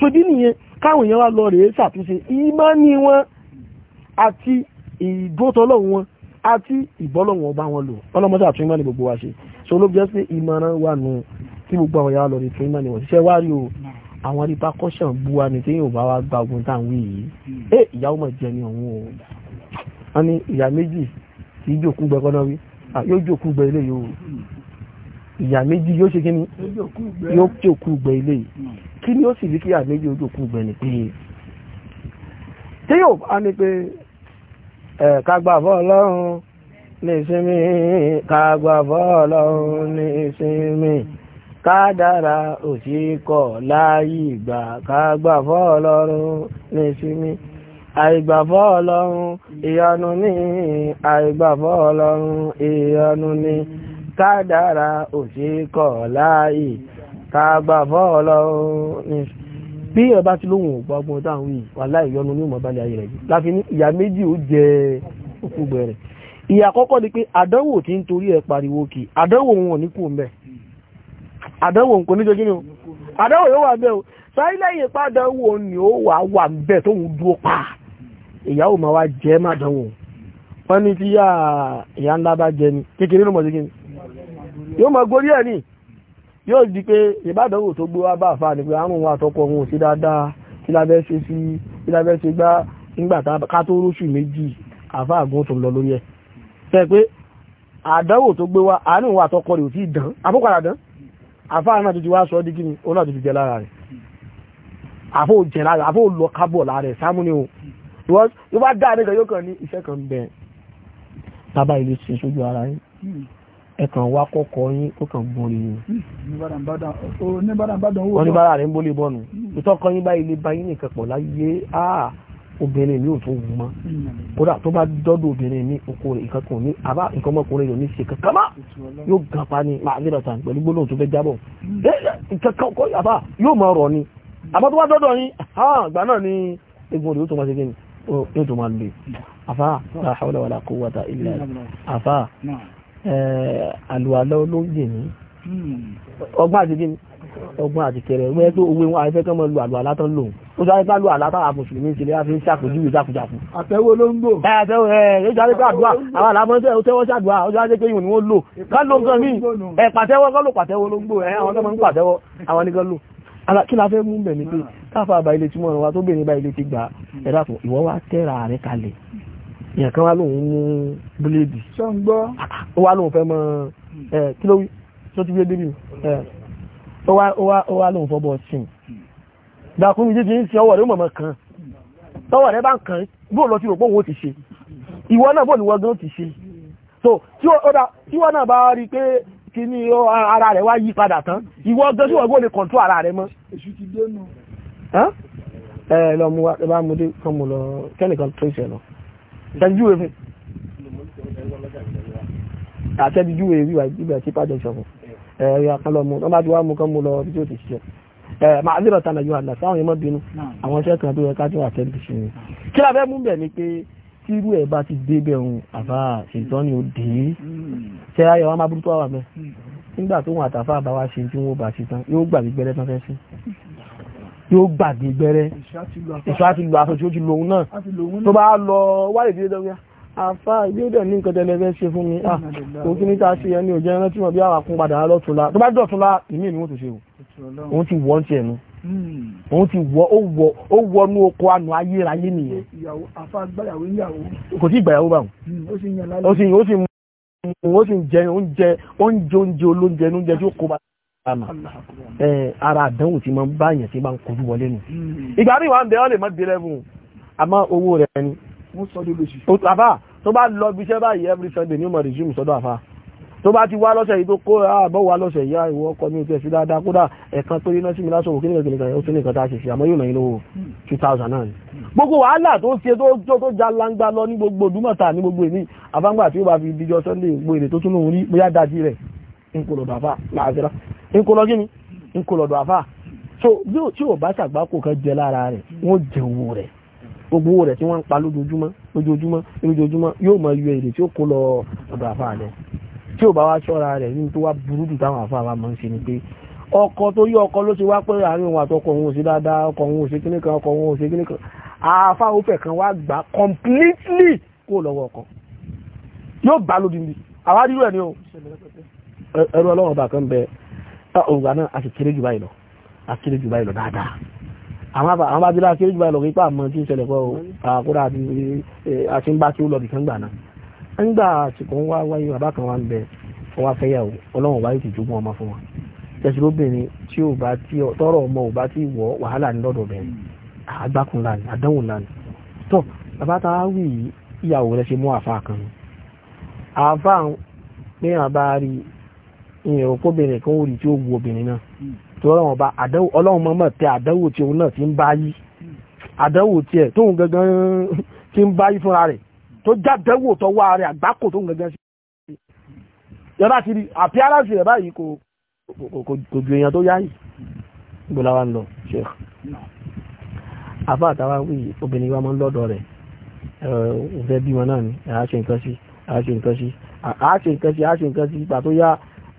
sódí nìyẹn káwọn èèyàn wá lọ rèé ṣàtúnṣe ìmánì wọn àti ìdótọ́lọ́ wọn àti ìbọ́lọ̀wọ̀n ọba wọn lò ọlọ́mọdé àtún ìmánì gbogbo wa ṣe so ló jẹ́ sí ìmọ̀ràn wà nù tí gbogbo àwọn yàrá lọ rí tún ìmánì wọn ṣiṣẹ́ wá o àwọn repercussion bu wa ni tí yóò bá wa gba ogun tá à ń wí yìí ẹ ìyàwó mọ̀ jẹ ní ọ̀hún o wọn ní ìyá méjì kì í jòkú gbẹ kọ́nà wí yóò jòkú gbẹ ìyà méjì yóò ṣe kíní yóò jókù gbẹ ilé yìí hmm. kí ni ó sì rí kí ìyà méjì yóò jókù gbẹ ní pé tí yóò bá ní pé ẹ̀ka gbàgbọ́ ọlọ́run ní ìsinmi ká ọlọ́run ní ìsinmi ká òṣìkọ̀ láàyè ìgbà ká ọlọ́run ní ìsinmi àìgbàfọ́ ọlọ́run ìyanu ní àìgbàfọ́ ọlọ́run ìyanu ní kádàrà òṣèkọ̀ láàyè tàgbà fọ́ọ̀lọ́ ní bí ọba tí lóhun ọgbọ́gbọ́n táwọn yìí wà láì yọnu ní ọmọ balẹ̀ ayé rẹ̀ yìí láfi ní ìyà méjì ó jẹ òkú gbẹ̀rẹ̀ ìyà àkọ́kọ́ ni pé àdánwò tí ń torí ẹ̀ pariwo kì àdánwò wọn ò ní kú mbẹ̀ àdánwò kò ní jẹ́ kí yóò mọ̀ gorí ẹ̀ ní yóò di pé ìbádọ́wò tó gbó wá bá àfà ní pé àrùn wọn àtọkọ wọn ò sí dáadáa kí lábẹ́ ṣe sí kí lábẹ́ ṣe gbá nígbà ká tó róṣù méjì àfà àgùn tó lọ lórí ẹ̀ tẹ́ pé àdánwò tó gbé wá àrùn wọn àtọkọ rẹ̀ ò tí dán ẹ̀kàn wá kọ́kọ́ yín ó kàn gbọ́nrin yìí oníbàdàn rẹ̀ ń bólé bọ́nu hmm. ìtọ́kọ́ yín bá ilé bá yín nìkan pọ̀ láyé àà obìnrin mi ò tó wù mọ́ kódà tó bá dọ́dọ̀ obìnrin mi oko rẹ̀ ìkan kan ní àbá nǹkan ọmọkùnrin yóò ní ṣe kankan má yóò ni máa ní hmm. ni àbá ni egun rẹ̀ ni yóò tó máa hmm. la hawla wala quwwata illa àfà Eh, àlùwàlá olóyè ní hmm. ọgbọ́n àti kí ni ọgbọ́n àti kẹrẹ wọ́n yẹ pé owó wọn àìfẹ́ kán mọ́ lu àlùwàlá tán lòun ó sáré pá lu àlá táwọn mùsùlùmí ìṣẹ̀lẹ̀ àfi ń ṣàpèjúwe jákujàku. àtẹwò ló ń gbò. ẹ àtẹwò ẹ ẹ sáré pé àdúrà àwọn àlàmọ́sẹ̀ ó tẹ́wọ́ ṣàdúrà ó sáré pé ìwọ̀n ni wọ́n lò ká ló ń gan mí ẹ pàtẹ́wọ́ kọ́ ló pàtẹ́wọ́ ló ń gbò ẹ àwọn tó máa ń pàtẹ́wọ́ àwọn nìkan lò ala kí la fẹ́ mú bẹ̀ ni pé ah. káfà àbá ilé tí mo rán wa tó bèèrè bá ilé ti gbà ẹ̀dá fún ìwọ́ wa tẹ́ra rẹ̀ kalẹ̀ èèyàn kan wá lóun mú búléèdì ó wá lóun fẹ́ mọ kí ló wí tó ti gbé débi ó wá lóun fọ́ bọ́ sí dàkún ìdíje ń ṣe ọwọ́ rẹ̀ mọ̀mọ́ kan tọwọ́ rẹ̀ bá ń kàn bóò lọ sí rò pé òun ó ti ṣe ìwọ náà bóò ní wọ́n gan ti ṣe so tí wọ́n náà bá rí pé kí ní ara rẹ̀ wá yí padà tán ìwọ gan tí wọ́n gbọ́ ara rẹ̀ mọ́ ẹ lọ mú wa ẹ bá mú dé kọ́ lọ kẹ́nìkan tó ṣe lọ tẹ́júwe fún àtẹ́júwe wíwà ìgbà tí pàjọ ìṣọ̀fún ẹ̀rẹ́ akálọ́mù wọ́n bá ti wá mú kán mú lọ ibi tí ó ti ṣiṣẹ́ ẹ̀ máa zero tana yóò àdá sáwọn èèmọ́ bínú àwọn iṣẹ́ kan tó yẹ ká tó àtẹ́jú sí ni kí la fẹ́ mú bẹ̀ ni pé tí irú ẹ̀ bá ti dé bẹ̀ òun àbá ṣètọ́ ni ó dé ṣe ayọ̀ wọn máa burú tó wà bẹ́ẹ̀ nígbà tó wọn àtàfà bá wá ṣe tí wọn ò bá ṣe tán yóò gbà gbígbẹ́rẹ́ tán fẹ́ sí yóò gbàgbé gbẹ́rẹ́ ìṣó àti lò aṣojú ojú lòun náà tó bá lọ wáyé ìdílé dọ́gbẹ́ àfá ìdílé ní nǹkan tẹ́lẹ̀ fẹ́ ṣe fún mi ah, òkú ní ta ṣe ẹni òjẹ́ rántí wọn bí àwọn akún padà lọ́túnla tó bá dọ̀túnla ìmí ni wọ́n tó ṣe òun ti wọ́n ti ẹ̀nu hmm. òun ti wọ́ ó wọnú oko ànú ayérayé nìyẹn kò tí ìgbàyàwó báwọn hmm, ó sì ń jẹ oúnjẹ oúnjẹ olóúnjẹ oúnjẹ tí ó kó bá àmà ara àdánwò tí ma ń bá èèyàn tí ma ń kojú wọlé nù hmm. ìgbà rí wà ń bẹ ọ́ lè mọ́ dé lẹ́bùn àmọ́ owó rẹ̀ ni àfà tó bá lọ bí iṣẹ́ báyìí every sunday ní ọmọ resume sọ́dọ̀ àfà tó bá ti wá lọ́sẹ̀ yìí tó kó àbọ̀ ah, wá lọ́sẹ̀ yìí ah, ìwọ ọkọ mi ò tẹ̀ sí dáadáa kódà ẹ̀kan péré náà sí mi lásòwò kí nìkan kìnìkan ó tún nìkan tá a ṣe sí àmọ́ yóò náà lówó hmm. two thousand náà ni. gbogbo wàhálà tó ṣe tó tó já langba lọ ní gbogbo dúmọ̀ta ní gbogbo èmi àbámgbà tí ó bá fi dijọ́ sunday gbogbo èrè tó tún lòun rí bóyá dájú rẹ̀ nkólọ̀dọ̀ àfà láàzírá nkólọ̀ gíní nkólọ̀dọ̀ àfà so bí o tí o bá ṣàgbákò kan jẹ lára rẹ̀ wọ́n jẹ owó rẹ̀ gbogbo owó rẹ̀ tí wọ́n ń pa lójoojúmọ́ lójoojúmọ́ lójoojúmọ́ yóò máa yọ èrè tí o bá wá ṣọ́ra rẹ̀ ní tó wá burú jù táwọn àfà wa máa ń ṣe ni pé ọkọ yí ọkọ ló ṣe wá pé àárín òun àtọkọ òun ò dáadáa ọkọ òun ò ṣe kíní kan ọkọ òun ò ṣe àáfà òfẹ kan wá gbà completely kó lọ́wọ́ ọkọ yóò bá lódì níbi àwárí rẹ̀ ni o ẹrú ọlọ́wọ́ bá kan bẹ ọgbà náà a sì kéré jù báyìí lọ a kéré jù báyìí lọ dáadáa àwọn bá bílá kéré jù báyìí lọ kí pàmò tí ń ṣẹlẹ̀ pọ̀ àkúrà àti bá ó lọ bìkan gbà náà nígbà àsìkò wá wáyé bàbá kan wá ń bẹ ọlọ́wọ́ wáyé ti jogún ọmọ fún tẹ̀sí lóbìnrin tí ò bá tí tọrọ ọmọ ò bá tí wọ wàhálà ní lọ́dọ̀ bàbá ta wí kan àfa pé àbá ìyẹn òpó obìnrin kan ó rí tí ó wu obìnrin náà tó ọlọ́run bá àdánwò ọlọ́run mọ̀mọ́ tẹ àdánwò tí òun náà ti ń bá yí àdánwò tiẹ̀ tóun gangan [laughs] ti ń bá yí fúnra rẹ̀ tó jádẹ́wò tọwọ́ ara rẹ̀ àgbákò tóun gangan sí. yọ̀dá ti rí àpíárásì rẹ̀ báyìí kò kò ju èèyàn tó yá yìí gbọ́dọ̀ wa ń lọ ṣe àfa àtàwọn wí obìnrin wa máa ń lọ́dọ̀ rẹ̀ òfẹ́ bímọ náà ni àá ṣe nǹkan sí àá ṣe nǹkan sí àá ṣe nǹkan sí àá ṣe nǹkan sí ìgbà tó yá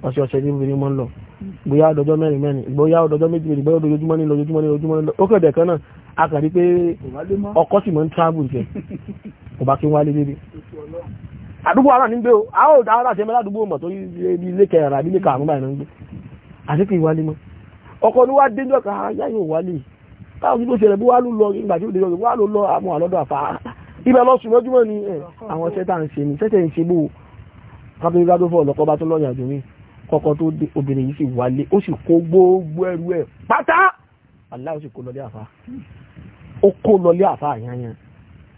ọ̀sẹ̀ọ̀sẹ̀ ní obìnrin mọ́ ń lọ bóyá ọdọjọ́ mẹ́rin mẹ́rin bóyá ọdọjọ́ méjì méjì bóyá ọdọjọ́ ní lọ́jọ́júmọ́ ní lọ́jọ́júmọ́ ní lọ ó kẹ̀dẹ̀ náà a kàn rí pé ọkọ sì mọ́ ń travel jẹ kò bá kí ń wálé dédé àdúgbò ara nígbé o a ó dára sí ẹmẹ ládùúgbò mọ̀ tó ibi ilé kẹrà ibi ilé kàrún báyìí náà ń gbé àti kì í wálé mọ́ ọkọ ni wá déjọ́ kan ayá ah, yóò wálé káwọn tó ṣẹlẹ̀ bí wá ló lọ ìgbà tí ó kọ́kọ́ tó dé obìnrin yìí sì wálé ó sì kó gbogbo ẹrù ẹ̀ pátá aláwọ̀ sì kó lọlé àfá ó kó lọlé àfá àyányán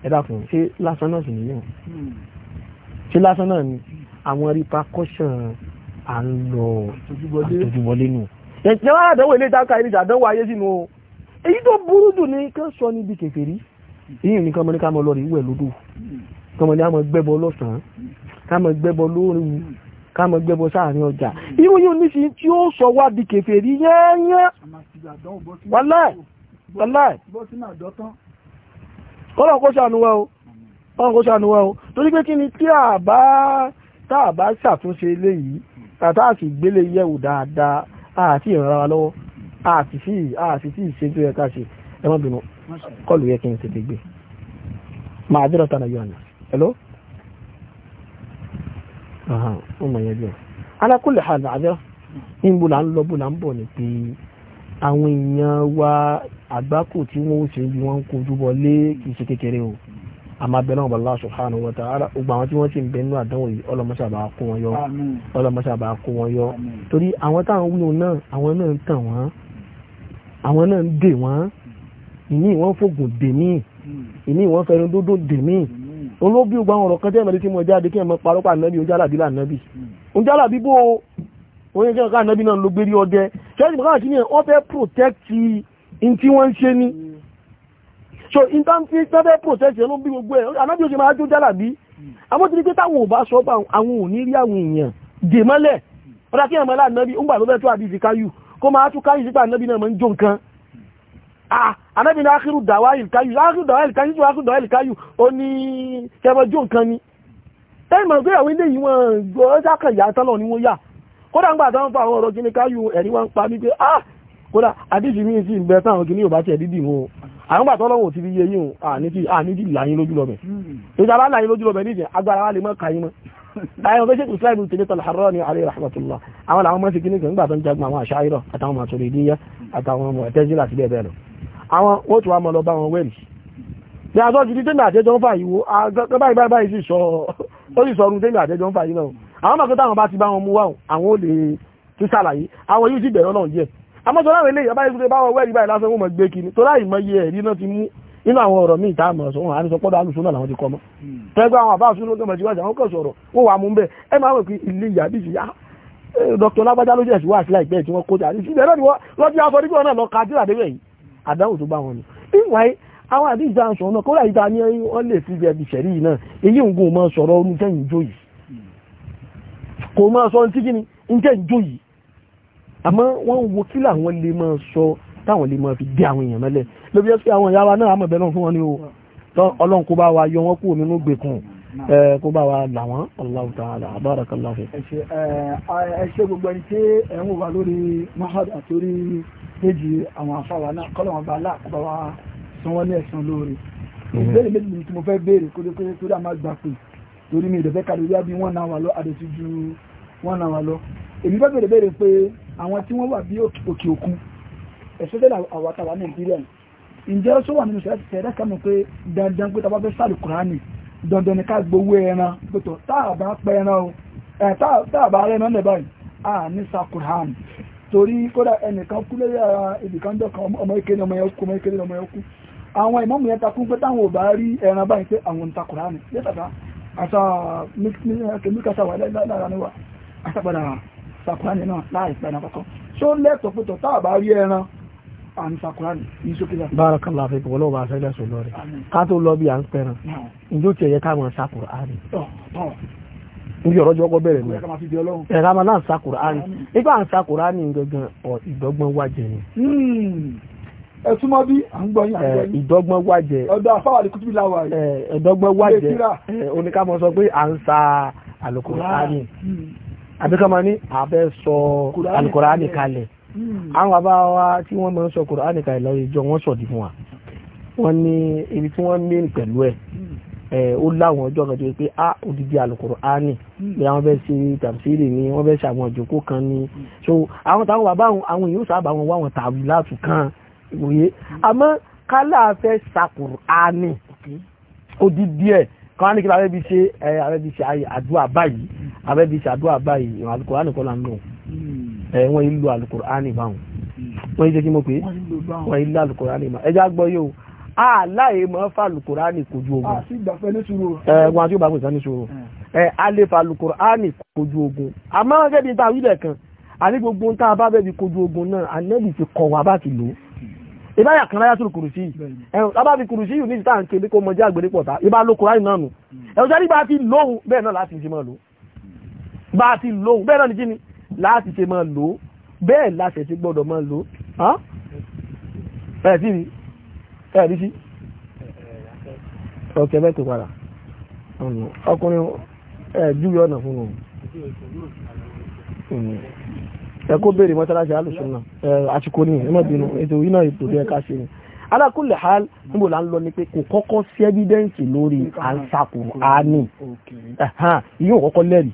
ẹ̀dàkùn ṣé lásán náà sì nìyàn ṣé lásán náà ni àwọn rípa kọ́ṣàn à ń lọ àtòjúbọlé nù ẹ̀sìnwá àdánwò ilé ìdáka ilé ìdádánwò ayé sínú o èyí tó burú jù ní kán sọ níbi kèfèrí yíyìn ní ní ká mọ lọ rí lódò kọmọ káàmọ̀ gbẹ́bọ sáàrin ọjà irú yóò ní sí tí ó sọ wá di kèfèrí yẹ́nyẹ́ wálẹ̀ wálẹ̀ kọ́lọ̀ kó ṣàánúwá o kọ́lọ̀ kó ṣàánúwá o torí pé kí ni tí àbá tàbá ṣàtúnṣe eléyìí àtàkì gbélé yẹ̀wò dáadáa àti ìrànlọ́wọ́ lọ́wọ́ àti sí àti sí ìṣẹ́jú ẹ̀ka hello ó mọ̀ yẹn bí ọ̀ alákòlè àdáyọ́ níbo là ń lọ bó là ń bọ̀ ni pé àwọn èèyàn wa àgbákò tí wọ́n ṣe bí wọ́n ń kojú wọlé kì í ṣe kékeré o àmàbẹ̀rẹ̀ ọ̀bà Allah subhanahu wa ta'ala gbogbo àwọn tí wọ́n ti ń bẹ nínú àdánwò yìí ọlọ́mọṣà bá kó wọn yọ ọlọ́mọṣà bá kó wọn yọ torí àwọn táwọn wíwọn náà àwọn náà ń tàn wọ́n àwọn náà ń dè wọ́n ìní wọ́n fògùn dè míì hmm. ìní wọ́n fẹnu dódó dè míì hmm òun ló bí gbogbo àwọn ọ̀rọ̀ kan tẹ́ ìmọ̀lẹ́ tí mo jáde kí ẹ̀ mọ parọ́pà nàbí oúnjẹ alábí là nàbí oúnjẹ alábí bó oúnjẹ kí ọ̀ká nàbí náà ló gbérí ọdẹ kẹ́sì bùkátà kí ni wọ́n fẹ́ protect in tí wọ́n ń ṣe ni so in tá ń fi fẹ́ protect ẹ̀ ló bí gbogbo ẹ̀ ànábì oṣù máa jó jálàbí àmọ́ ti ní pé táwọn ò bá sọ pé àwọn ò ní rí àwọn èèyàn dè anábì ah, ní ákírù dàwà ìlkáyù ákírù dàwà ìlkáyù tó ákírù dàwà ìlkáyù ó ní kẹfọjú nǹkan ni tẹ́lìmọ̀ pé àwọn ilé yìí wọ́n gbọ́ sákàn yà tọ́lọ̀ ni wọ́n yà kódà ń gbà tán fún àwọn ọ̀rọ̀ kíní káyù ẹ̀rí wọn pa wípé ah kódà àdìsí mi sí ìgbẹ́ táwọn kíní ò bá tiẹ̀ dídì wọn àwọn gbà tọ́lọ̀ wọn ò ti fi yé yín o àní ti láyín lójú lọ́bẹ̀ ìjà bá láyín lójú lọ́bẹ̀ níjẹ̀ agbára wa lè mọ́ kàyín mọ́ láyín ọgbẹ́ sẹ́kù islam tẹ̀lé tọ́lá àrọ́ ni alẹ́ rahmatullah àwọn làwọn mọ́ sí kíní kan gbà tó ń jagun àwọn àṣà àìrọ̀ àtàwọn màtòrò ìdíyẹ àtàwọn bẹ́ẹ̀ bẹ́ẹ̀ lọ àwọn wọ́n tún wá mọ̀ lọ bá wọn wẹ́lì ní àjọ ti tẹ́lẹ̀ àjẹjọ́ ń fà yíwo báyìí báyìí báyìí sì sọ ó sì sọrun tẹ́lẹ̀ àjẹjọ́ ń fà yí náà àwọn mọ̀ pé táwọn bá ti bá wọn mú wá àwọn ò lè ti ṣàlàyé àwọn yìí ti bẹ̀rẹ̀ náà díẹ̀ àmọ́ sọ láwọn eléyìí abáyé fúnlẹ̀ báwọn wẹ́ẹ̀rí báyìí lásán wọn mọ̀ gbé kiri tó láì mọye ẹ̀rí náà ti mú nínú àwọn ọ̀rọ̀ míì táàmù ọ̀sán wọn àrísọ pọ́dọ̀ alùsùn náà làwọn ti kọ́ mọ́ tẹ́gbẹ́ àwọn àbáṣún ló gbẹ̀mọ̀ síwájú àwọn kọ̀sọ̀ ọ̀rọ̀ wọ́n wà mú bẹ́ ẹ máa wẹ̀ pé ilé ìyàbí sí dr lágbájá ló jẹ́ sí wá sí láìpẹ́ tí wọ́n àdáwò tó bá wọn ni meanwhile àwọn àdéhùn tá à ń sọ náà kódà ìta ni wọ́n lè fi ẹbí ṣẹ̀rí yìí náà èyí ń gùn mọ́ sọ̀rọ̀ ọdún tẹ́yìn jó yìí kò máa sọ tí kí ni ń tẹ́yìn jó yìí àmọ́ wọ́n wo kí làwọn lè máa sọ táwọn lè máa fi dé àwọn èèyàn mẹ́lẹ̀ lóbi ẹ́ sí àwọn ìyá wa náà àmọ̀bẹ́ náà fún wọn ni o ọlọ́run kó bá wa yọ wọn kúrò nínú gbèkùn kó bá wa là wọ́n Allahu ta'ala barakallahu fi. ẹ ṣe gbogbo ẹni tí ẹ ń wà lórí mahad àtórí méjì àwọn afáwà náà kọ́lọ̀ wọn bá là kó bá wa san wọ́n ní ẹ̀sán lórí. ìbéèrè méjì tí mo fẹ́ béèrè kódékódé torí àmà gbà pé torí mi ìdẹ̀fẹ́ kàdé bí abí wọ́n náà wà lọ àdètí ju wọ́n náà wà lọ. èmi fẹ́ béèrè béèrè pé àwọn tí wọ́n wà bí òkè òkun ẹ̀sẹ̀ tẹ́lẹ̀ àwàtàwà Nàìjíríà ǹjẹ́ ó sọ wà nínú sẹ́ẹ̀dá kan mọ̀ pé dandan pé tabafẹ́ sàlù Kùránì dandan ni ká gbowó ẹran pẹ̀tọ̀ táàbà pẹ ẹran o táàbà rẹ̀ náà nẹ̀bá yìí a ní sakurhan torí kódà ẹnìkan kú lórí ara ibìkan jọkan ọmọ ìkéré ọmọ ẹkú ọmọ ìkéré ọmọ ẹkú àwọn ìmọ̀mù yẹn takún pé táwọn ò bá rí ẹran báyìí pé àwọn ń takurhan àṣà wà lára àṣàpadà sakurhan náà lẹ́tọ̀ pẹ̀tọ̀ táàbà rí ẹran bárakàlá fi kò lọ́wọ́ àṣẹ́lẹ̀ sọ lọ́rẹ̀ ká tó lọ bí à ń pẹran ìjó tẹ̀yẹ ká mọ̀ sàkùrù àárín níbi ọ̀rọ̀ jọ ọkọ̀ bẹ̀rẹ̀ rẹ̀ ẹ̀rá máa ń sàkùrù àárín nígbà ń sàkùrù àárín gangan ìdọ́gbọ́n wájẹ ni. ẹ túmọ̀ hmm. bí à ń gbọ́ yín àgbẹ̀ yín ìdọ́gbọ́n wájẹ ọ̀dọ̀ àfáwàlì kútùbí làwà yìí ìdọ́gbọ́n wájẹ oníkàmọ́ sọ pé à ń sa àlùkùrù àárín hmm. àbíkàmọ́ ní àbẹ́ sọ àlùkùrù kalẹ̀ àwọn bàbá wa tí wọ́n máa ń sọ Kùránì ká ìlọ ìjọ wọ́n sọ̀dí fún wa wọ́n ní ibi tí wọ́n mí pẹ̀lú ẹ̀ ó láwọn ọjọ́ kan tó yẹ pé a odidi Al-Kùránì pé àwọn bẹ́ẹ̀ ṣe tàbísírì ni wọ́n bẹ́ẹ̀ ṣe àwọn ìjòkó kan ni so àwọn táwọn bàbá àwọn èèyàn sábà wọn wá àwọn tàbí látù kan ìwòye àmọ́ kálá fẹ́ sa Kùránì odidi ẹ̀ kan ní kí abẹ́bí ṣe àdúrà báyìí abẹ́bí ṣe àdúrà báyìí ìrìn àlùkò ẹ̀wọ̀n eh, ìlú alukur'ani báwọn wọ́n yí jẹ́ kí mo pé wọ́n ìlú alukur'ani báwọn ẹjá gbọ́ yóò aláì mọ́ falukur'ani kojú ogun ẹ̀wọ̀n àti ìgbàgbọ́ ìsán ní ṣòro ẹ̀ alẹ́ falukur'ani kojú ogun àmọ́ gẹ́gẹ́ bí ta wílẹ̀ kan àní gbogbo tá a bá bẹ́ẹ̀ bí kojú ogun náà anẹ́bì ti kọ̀ wá bá ti lò ìbáyà kan láyá sórí kùrùsí ẹ̀rùn lábá eh, fi kùrùsí yìí ní ìta ń kéde kó mọjá àgbèrè pọ̀ta ìbá lókùnrin náà nù hmm. ẹ̀rùn sẹ́rí bá ti lóhun bẹ́ẹ̀ náà láti ìjímọ̀ lò bá ti lóhun bẹ́ẹ̀ náà ní kíni láti ṣe máa lò bẹ́ẹ̀ láṣẹ sí gbọ́dọ̀ máa lò ẹ̀ sí rí ẹ̀ rí sí ọ̀kẹ́ bẹ́ẹ̀ tó padà ọkùnrin ẹ̀ júwe ọ̀nà fún un hmm. ẹkó bèèrè mọ́sálásí alùsùnà àsìkò ní ẹmọ́bìnú ètò iná ètò rẹ̀ ká ṣe ala kulli hal níbo là ń lọ ní pé kò kọ́kọ́ sí ẹ́bídẹ́ǹsì lórí àǹsàkù àánì ìyóò kọ́kọ́ lẹ́rìí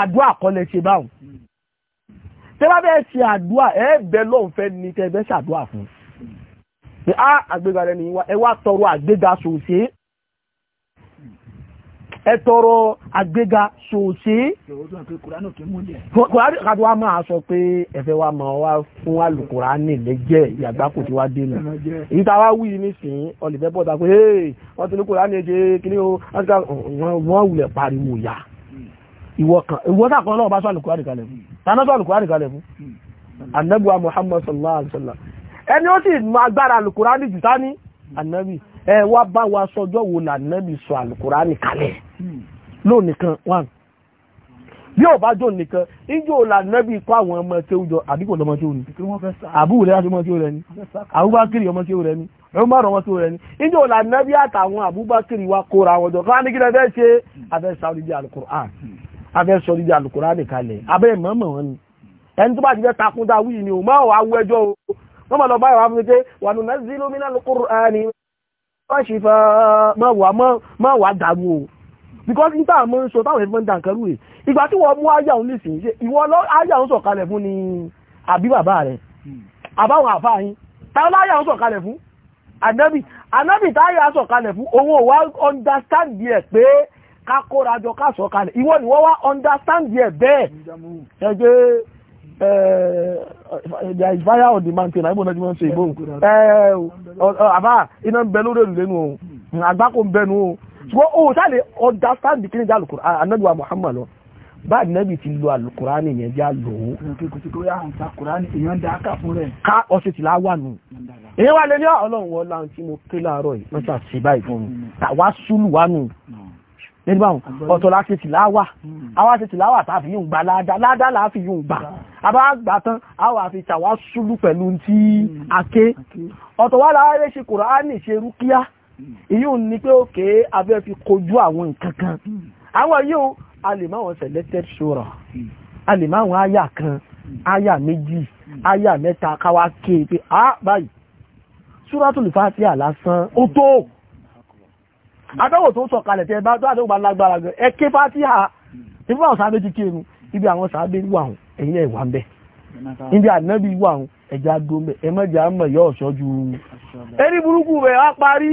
àdúrà kọ́lẹ̀ ṣe báhùn tẹ́ bá bẹ́ẹ̀ ṣe àdúrà ẹ bẹ lọ́hùn fẹ́ ni tẹ́ bẹ́ ṣàdúrà fún pé á àgbéga rẹ̀ nìyí ẹ wá tọrọ àgbéga ṣòṣe ẹ tọrọ àgbéga ṣòṣe kàdó wa máa sọ pé ẹ̀fẹ́ wa máa wá fún àlùkùránì lẹ́jẹ̀ ìyàgbá kò ti wá dènà èyí tá a wá wí nísìnyí ọlẹ́fẹ́ bọ́ta pé wọ́n ti ní kùránì ẹ̀jẹ̀ kí ni wọ́n wulẹ̀ pariwo yá ìwọ́kan ìwọ́sàkọ́ ọlọ́wọ́ bá sọ́lùkú àríkàlẹ̀ fún tánà sọ́lùkú àríkàlẹ̀ fún annabuwa muhammad sallallahu alaihi wasallam ẹni ó sì agbára alukurani jù tání annabi ẹ wá bá wa sọjọ́ wo lànàbì sọ alukurani kalẹ̀ ló nìkan wà bí ò bá jò nìkan ìjọ lànàbì kọ àwọn ọmọ tí ó jọ àbíkò lọmọ tí ó ní àbúrò rẹ ọmọ tí ó rẹ ní àbúbákiri ọmọ tí ó rẹ ní ọmọràn wọn tí ó rẹ ní ìjọ lànàbì àtàwọn àbúbákiri wa afẹ́ sọ dídí àlùkùránì kalẹ̀ abẹ́ ìmọ̀ọ́mọ̀ wọn ni ẹni tó bá ti fẹ́ takun dá wíyì ni o máa wà wẹjọ́ o wọ́n máa lọ báyọ̀ wá fún mi wà nù náà zílò mí ẹni wọ́n ṣì fẹ́ máa wà dàrú o because níta mọ́ ń sọ táwọn ẹ̀fọn dànkẹ́rù rẹ̀ ìgbà tí wọ́n mú áyà òun lè sìn ìwọ lọ áyà òun sọ̀kalẹ̀ fún ni àbí bàbá rẹ̀ àbáwọn àfáà táwọn láyà òun sọ̀kalẹ̀ fún ànábì ànábì táyà sọ̀kalẹ̀ fún òun ò understand yẹ pé ká kóra jọ ká sọ kalẹ̀ ìwọ ni wọ́n wá understand yẹ bẹ́ẹ̀ ẹgbẹ́ ẹ̀ẹ́dẹ̀ ìfáyà ọ̀dì máa ń tẹ̀lé àìbò náà ti máa ń ṣe ìbò àbá iná ń bẹ lórí èlù lẹ́nu ohun àgbákò understand kí ní jà lùkùrá anáduwa Muhammad lọ bá nẹ́bì ti lo àlùkùrá ní ìyẹn já lò ó ká ọ̀sẹ̀ tìlá wà nù èyí wà lẹ́ni ọlọ́run wọ́n láǹtí mo ké láàárọ̀ yìí wọ́n ṣàṣìbáyìí fún mi àwa súlù wà nígbàun ọ̀tọ̀ láti tìláwà àwa hmm. ti tìláwà tàbí yóò gbà ládá láàfi yóò gbà àbágbà tán àwa fi tàwà súlù pẹ̀lú tí hmm. aké ọ̀tọ̀ wá láàárẹ́ ṣe kòránì ṣe rúkíá hmm. ìyóò ní pé òkè abẹ́ fi kojú àwọn nǹkan kan àwọn yóò a lè máwọn selected sura a lè máwọn áyà kan áyà méjì áyà mẹ́ta káwá ké pé á ah, báyìí súrátùlù fàtíà lásán ó tó adáwò tó sọ kalẹ̀ tẹ́ bá tó àdéhùn bá lágbára gan ẹ ké fátíhà ibi àwọn sábẹ́ ti kírun ibi àwọn sábẹ́ wà hùn ẹ̀yìn ẹ̀ wà ń bẹ̀ ibi ànábì wà hùn ẹ̀já gbó mẹ́ ẹ mọ́jà mọ̀ yọ ọ̀ṣọ́ ju ẹni burúkú rẹ̀ wá parí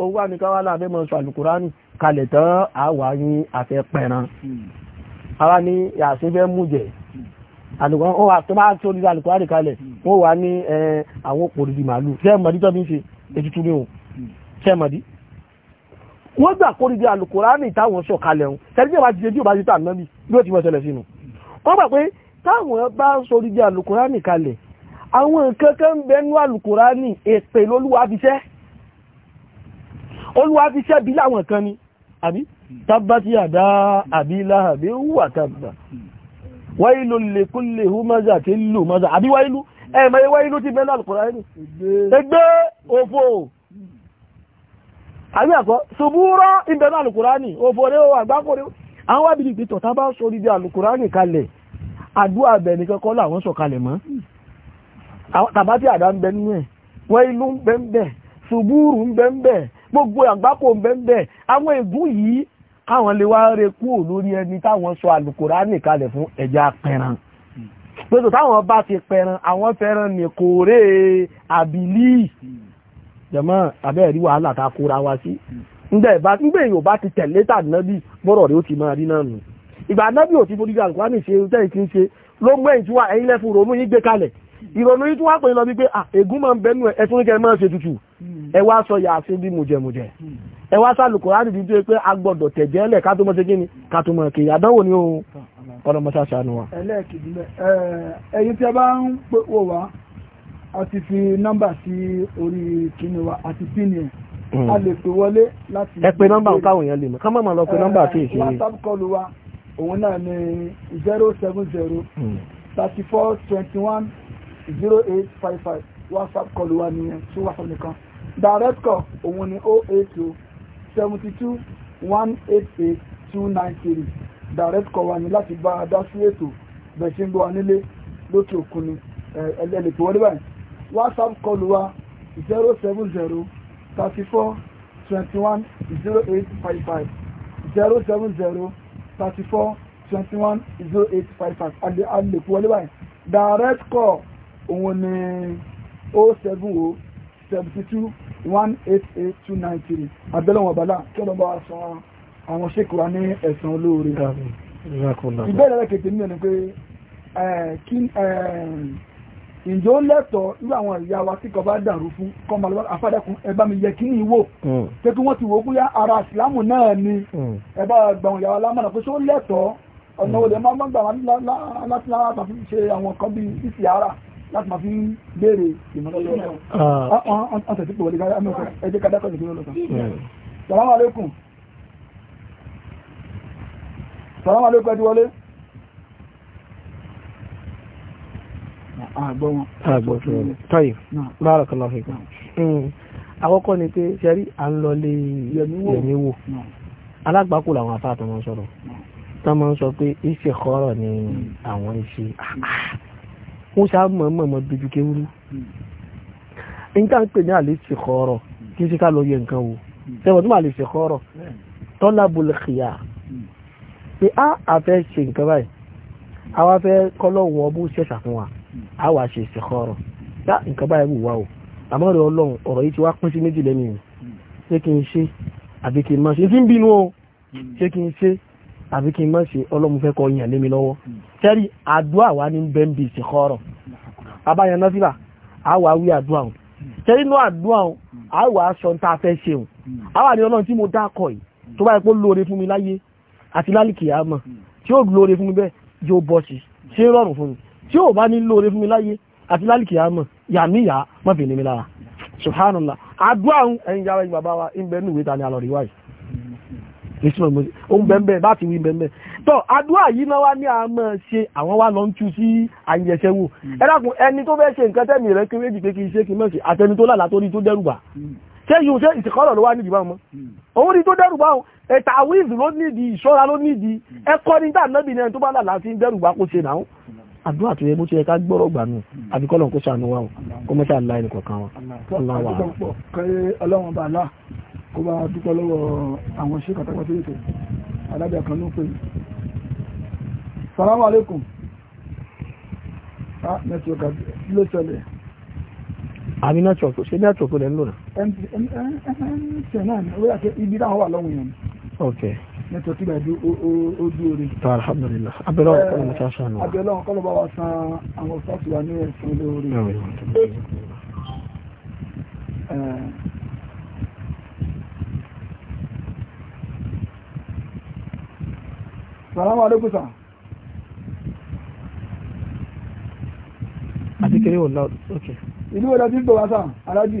òun wà ní káwá láàfẹ́ mọ́ sọ àlùkùránì kalẹ̀ tán àwà yín àfẹ́ pẹ̀ran ara ní yàtí fẹ́ mú jẹ àlùkùránì ó wà tó máa tó ní àlùkùránì kalẹ̀ wọ́n wà ní àwọn òpòrìdì màálù fẹ́ mọ̀dí tó fi ń ṣe ètùtù ní òun fẹ́ mọ̀dí wọ́n gbà kó níbi àlùkòránì táwọn sọ̀kalẹ̀ ọ̀hún tẹ́lẹ̀ níwà ti ṣe tí ò bá ti tàn náàbí bí ó ti mọ̀ ṣẹlẹ̀ sínú wọ́n gbà pé táwọn bá ń sọ níbi àlùkòránì kalẹ̀ àwọn nǹkan kan ń bẹnu àlùkòránì èpè lólúwa fi ṣẹ́ olúwa fi ṣẹ́ bí láwọn kan ni àbí tábàtì àdá àbí láhàbí wà tàbà wáyìlú lè kú lè hú mọ́zà tí lù mọ́zà àbí wáyìlú ẹ̀mọ̀ àbí àkọ́ ṣubúrọ́ ìbẹ̀rẹ̀ alùkùránì òfòrẹ́ o àgbákòrẹ́ àwọn wábìlì pé tọ̀tá bá sọ orílẹ̀ alùkùránì kalẹ̀ àdúrà bẹ̀ ní kẹ́kọ́ làwọn sọ kalẹ̀ mọ́ tàbá tí àdá ń bẹ nínú ẹ̀ wọ́n inú ń bẹ ń bẹ ṣubúrù ń bẹ ń bẹ gbogbo àgbákò jẹmọ́ abẹ́ẹ̀rí wàhálà ta kóra wa sí ǹdẹ̀ ìbá ńgbè yóò bá ti tẹ̀lé tà nábì bọ́rọ̀ rẹ̀ ó ti máa rí náà nù ìgbà nábì ò ti forí ga nǹkan ṣe tẹ́ ìkí ń ṣe ló mú ẹ̀yìn tí wà ẹ̀yìn lẹ́fún ronú yín gbé kalẹ̀ ìrònú yín tí wà pé lọ bí pé ègún máa ń bẹnu ẹtún kẹ máa ṣe tutù hmm. ẹ wá sọ yà sí bí mùjẹmùjẹ hmm. ẹ wá sálùkọ láti di pé a gbọ́dọ̀ tẹ̀jẹ́ lẹ̀ ká tó mọ́ ṣe kíni ká tó mọ́ kì í àdánwò ni ó ọlọmọṣáṣá nu wa. ẹlẹ́ẹ̀kejì a bá ń pè a ti fi nọ́mbà sí orí kíni wa àti pín yẹn hmm. a lè pè wọlé láti. ẹ pè nọ́mbà ń káwọn èèyàn lè mọ ká má máa lọ pè eh, nọ́mbà àti ìṣe. whatsapp kọlu wa òun náà ní zero seven zero hmm. thirty four twenty one zero eight five five whatsapp kọlu wa nìyẹn tí wàá nìkan direct call òun ni o oh eight two oh seventy two one eight eight two nine three direct call wa ni láti bá a dá sí ètò bẹ̀ṣẹ̀ ń gbọ́ wa nílé lókè òkun ni eh, ẹlẹ́lẹ́pẹ̀ wọlé báyìí whatsapp call wa zero seven zero thirty four twenty one zero eight five five zero seven zero thirty four twenty one zero eight five five àdé àlèkú wọlé báyìí direct call òun ni o seven o seventy two one eight eight two nine three abẹ́lẹ́wọ̀n bàlá kí ọlọ́ba wa sọ àwọn ṣèkùrà ní ẹ̀sán olóore ìbéèrè rẹ̀ kètè nínú ẹni pé kí ǹjẹ́ ó lẹ́tọ̀ọ́ irú àwọn ìyá wa tí kò bá dàrú fún kọ́mọ afádẹ́kun ẹ bá mi yẹ kí ní ìwò pé hmm. kí wọ́n ti wò ó bóyá ara ìsìlámù náà ni hmm. ẹ bá gbàwọn ìyá wa lámọ̀nà pé ṣé ó lẹ́tọ̀ọ́ ọ̀nà olè máa ń gbà láti lára tàbí ṣe àwọn kan bíi ìsì ara láti máa fi ń béèrè ìmọ̀lẹ́lẹ́ ah. ah, ah, ọ̀tẹ̀ tí kò wọlé ẹjẹ́ kadákọ̀ nìkan lọ́tọ̀ salamu alaikum salamu alaikum ẹjẹ́ wọlé àgbọ̀ wọn. àgbọ̀ tó wọn tọ́yì barakallahu fikum. Hmm. àkọ́kọ́ ni pé sẹ́rí à ń lọ lé yẹmí wò alágbàkù làwọn afá tó máa ń sọ̀rọ̀ tó máa ń sọ pé iṣẹ́ kọ́rọ̀ ni hmm. àwọn iṣẹ́ ah, ah. wọ́n ṣá mọ̀ mọ̀ mọ̀ dojú kéwúrú hmm. nígbà ń pè ní àlè ṣe kọ́rọ̀ kí ṣe ká lọ yẹ nǹkan wò sẹ́wọ̀n tó máa lè ṣe kọ́rọ̀ tọ́lá bolè pé ah, a àfẹ́ ṣe nǹkan báyìí àwa fẹ́ kọ́lọ́wọ́ bó ṣẹ̀ṣà fún wa á wàá ṣe istikhara tá nǹkan báyìí wù wá o àmọ́ rẹ̀ ọlọ́run ọ̀rọ̀ yìí ti wá pín sí méjì lẹ́nu yìí ṣé kí n ṣe àbí kí n má ṣe tí ń bínú o ṣé kí n ṣe àbí kí n má ṣe ọlọ́run fẹ́ kọ yàn lémi lọ́wọ́ tẹ́rí àdúrà wa ní bẹ́ńbì istikhara abáyan náà síbà á wàá wí àdúrà o tẹ́rí inú àdúrà o á wàá sọ tá a fẹ́ ṣe o á wà ní ọlọ́run tí mo dákọ̀ yìí tó bá yẹ kó lóore fún mi láyé àti lálìkìyà mọ̀ tí ó lóore fún mi bẹ́ẹ̀ yóò bọ́ sí ṣé rọrùn fún mi tí ó bá ní lóore fún mi láyé àti lálìkì àmọ̀ yàmíyà mọ́fì ní mi lára subhanallah àdúrà ẹ̀yìn yàrá ìgbà bá wa ń bẹ nù wíta ní alọ́ríwá yìí tọ́ àdúrà yìí náà wá ní àmọ́ ṣe àwọn wá lọ ń tú sí àyẹ̀ṣẹ́wò ẹ̀dàkùn ẹni tó fẹ́ ṣe nǹkan tẹ́mì rẹ̀ kéré jì pé kí iṣẹ́ kí mọ́ sí àtẹni tó lálàá ní tàbí àdúrà tó yẹ bó ti yẹ ká gbọ́rọ̀ gbà nù hmm. àbí kọ́ lọ́n kó sànù wa o kó mọ́ṣá àlá ẹnì kọ̀ọ̀kan wa. ọlọ́run bá aláà kó bá dúpẹ́ lọ́wọ́ àwọn iṣẹ́ kàtàkàtà ètò alábẹ́ kan ló pè é. salamu alaikum ah network kí ló ṣẹlẹ̀. àmì network ṣé network lẹ́ ń lò náà. mtn náà ni ó yà kí ibi táwọn wà lọ́wọ́ yẹn ok nítorí tí gbàdú ó dúró rí. tó alhamdulilah abẹ́lẹ́ ọ̀kọ́ ló ń ṣe aṣọ àná. abẹ́lẹ́ ọ̀kọ́ ló bá wa san àwọn fásitì wa ní eh. salamu aleykum sa. àti kéré wò lọ ok. ìlú wo la ti ń gbọ̀ wá sàn alájì.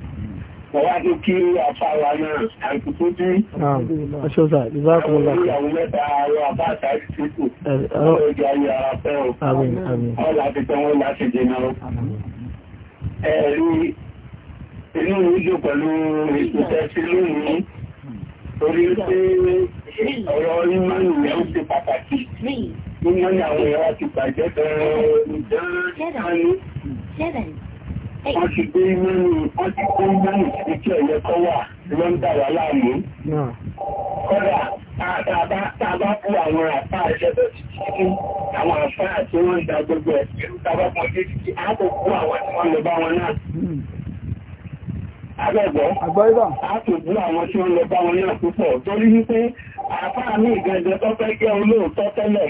Bọ̀wádé kí àfáwà náà àìkùkú dí. Aṣọ́sà, ìbákùn lọ́kọ̀. Ìyàwó mẹ́ta ayọ́ àbá àtàrí títù. Ọlọ́ ìjọ torí pé ọ̀rọ̀ ìmọ̀nì rẹ̀ ó ṣe pàtàkì. Ìmọ̀nì àwọn èèyàn ti bàjẹ́ gan-an wọ́n ti gbé nínú wọ́n ti kó nínú ìfìkẹ́ ẹ̀yẹ kọ́ wà ló ń dàwà láàmú. kọ́dà tàbá fún àwọn àpá ìṣẹ́bẹ̀ títí àwọn àpá àti wọ́n ń da gbogbo ẹ̀ tàbá fún títí àkókò àwọn tí wọ́n lọ bá wọn náà. Hmm. Agbẹ́gbọ́, àtòjú àwọn tí wọ́n lọ bá wọn náà púpọ̀ torí wípé àpá mi ìgbẹ̀jẹ̀ tó fẹ́ jẹ́ olóòótọ́ tẹ́lẹ̀.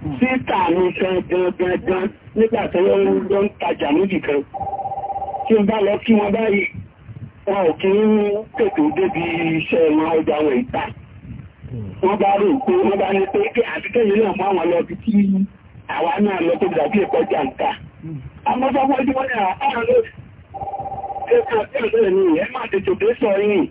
síta mi gangan nígbà tó yọ ń lọ ń tajà níbì kan tí bá lọ kí wọ́n báyìí wọn ò kí ń tètè débi iṣẹ́ wọn ọjà ìta wọ́n bá rò pé wọ́n bá ní pé kí náà mú àwọn àwa náà lọ tó dàbí ẹ̀kọ́ àwọn ní ẹ̀ sọ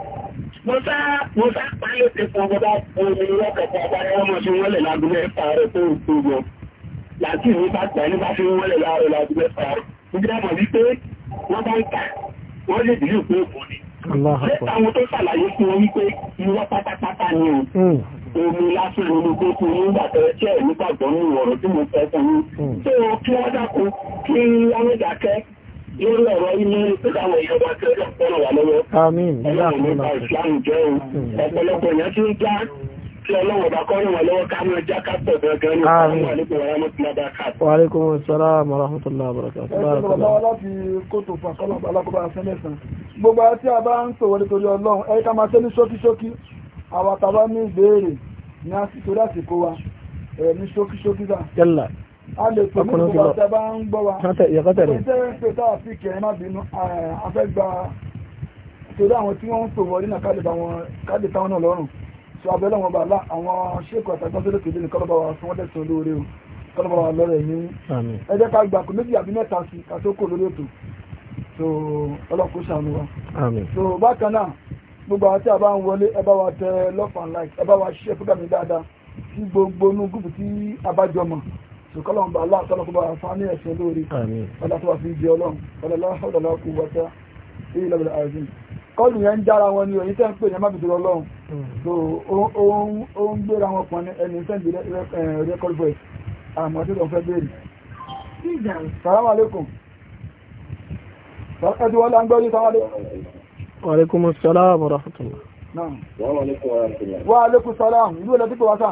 mo sá mo sá parí ti fún ọgbọ́dá omi lọ́kọ̀ọ̀kọ̀ parí wọ́n mọ̀ sí wọ́n lè lágbílẹ̀ pààrẹ tó tó yọ láti ìwé bá pẹ̀ nípa fi wọ́n lè láàrẹ lágbílẹ̀ pààrẹ nígbà mọ̀ wípé wọ́n bá ń kà wọ́n lè dìlú pé òkú ni Àwọn tó ṣàlàyé fún wọn wípé ìwọ́ pátápátá ni o, hmm. omi lásán omi tó kú nígbà tẹ́rẹ tí ẹ̀ ọ̀rọ̀ tí mo fẹ́ fún yín. Tó hmm. kí wọ́n dákun kí wọ́n dákẹ́ lórí ọ̀rọ̀ inú pẹ́tàwọn ìjọba tí ó dàpọ̀lọ̀ wà lọ́wọ́ ọlọ́run nípa ìsìláàmù jẹ́ ohun ọ̀pọ̀lọpọ̀ èèyàn tí ń já kí ọlọ́run ọba kọ́ rìn wà lọ́wọ́ ká máa já ká pọ̀ gangan ní ọ̀pọ̀lọpọ̀ wà nípa ọ̀rọ̀ mọ́tò náà bá ká. wa alaikum assalam wa rahmatullahi wa barakatuh. ọlọ́run láti kótó fàkọ́lọ̀ alákọ̀ọ́bá sẹ́lẹ̀sán gbogbo àti àbá ń sòwò nítorí ọlọ́run ẹ̀yí ká máa ṣe ní ṣókíṣókí àwọn àtàwọn ní ìbéèrè ní àsìkò láti kó wa ní ṣókíṣókí dà a lè pè ní gbogbo ọ̀tẹ́ bá ń gbọ́ wa ìpèsè ń pè táà sí kẹrẹ má bínú afẹ́gbà torí àwọn tí wọ́n ń pè wọlé náà káàdì táwọn náà lọ́rùn so abẹ́lẹ̀ wọn bá àwọn ṣéèkọ̀ àtàgbọ́n tó lè kéde ní kọ́lọ́bà o kọ́lọ́bà wa lọ́rọ̀ ẹ̀yìn ẹ jẹ́ ká gbà kó méjì àbí mẹ́ta sí kàtókò lórí ètò so ọlọ́kù ṣàánú wa so bákan love and like ẹ bá wa ṣe fúgàmì dáadáa sí gbogbo inú gúùpù tí a ṣùkọ́lọ́n bá aláàtọ́lọ́kọ́bá fáni ẹ̀ṣẹ́ lórí ọlọ́tọ́wà fi jẹ́ ọlọ́run ọlọ́láhọ́lọ́lákú wọ́ta ilẹ̀ ààrin kọlù yẹn jára wọn ni òyìn tẹ́ ń pè ní mábìtìrọ ọlọ́run hmm. so ó ń gbéra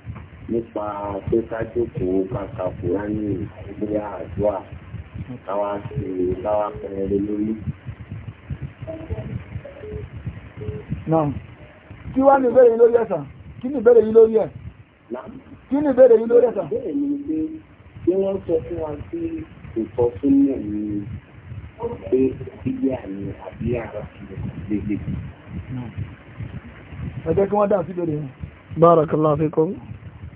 nípa pé ká jókòó ká ka kùránì ìgbéyà àdúrà káwá sí káwá pẹrẹ lórí. náà kí wá ní ìbéèrè yìí lórí ẹ̀sà kí ní ìbéèrè yìí lórí ẹ̀ kí ní ìbéèrè yìí lórí ẹ̀sà. bẹ́ẹ̀ ni pé wọ́n sọ fún wa sí ìtọ́sílẹ̀ ni pé ìgbéyà ni àbí ara ti lè lè. ẹ jẹ́ kí wọ́n dáhùn sí ìbéèrè yẹn. bárakàlá fi kọ́.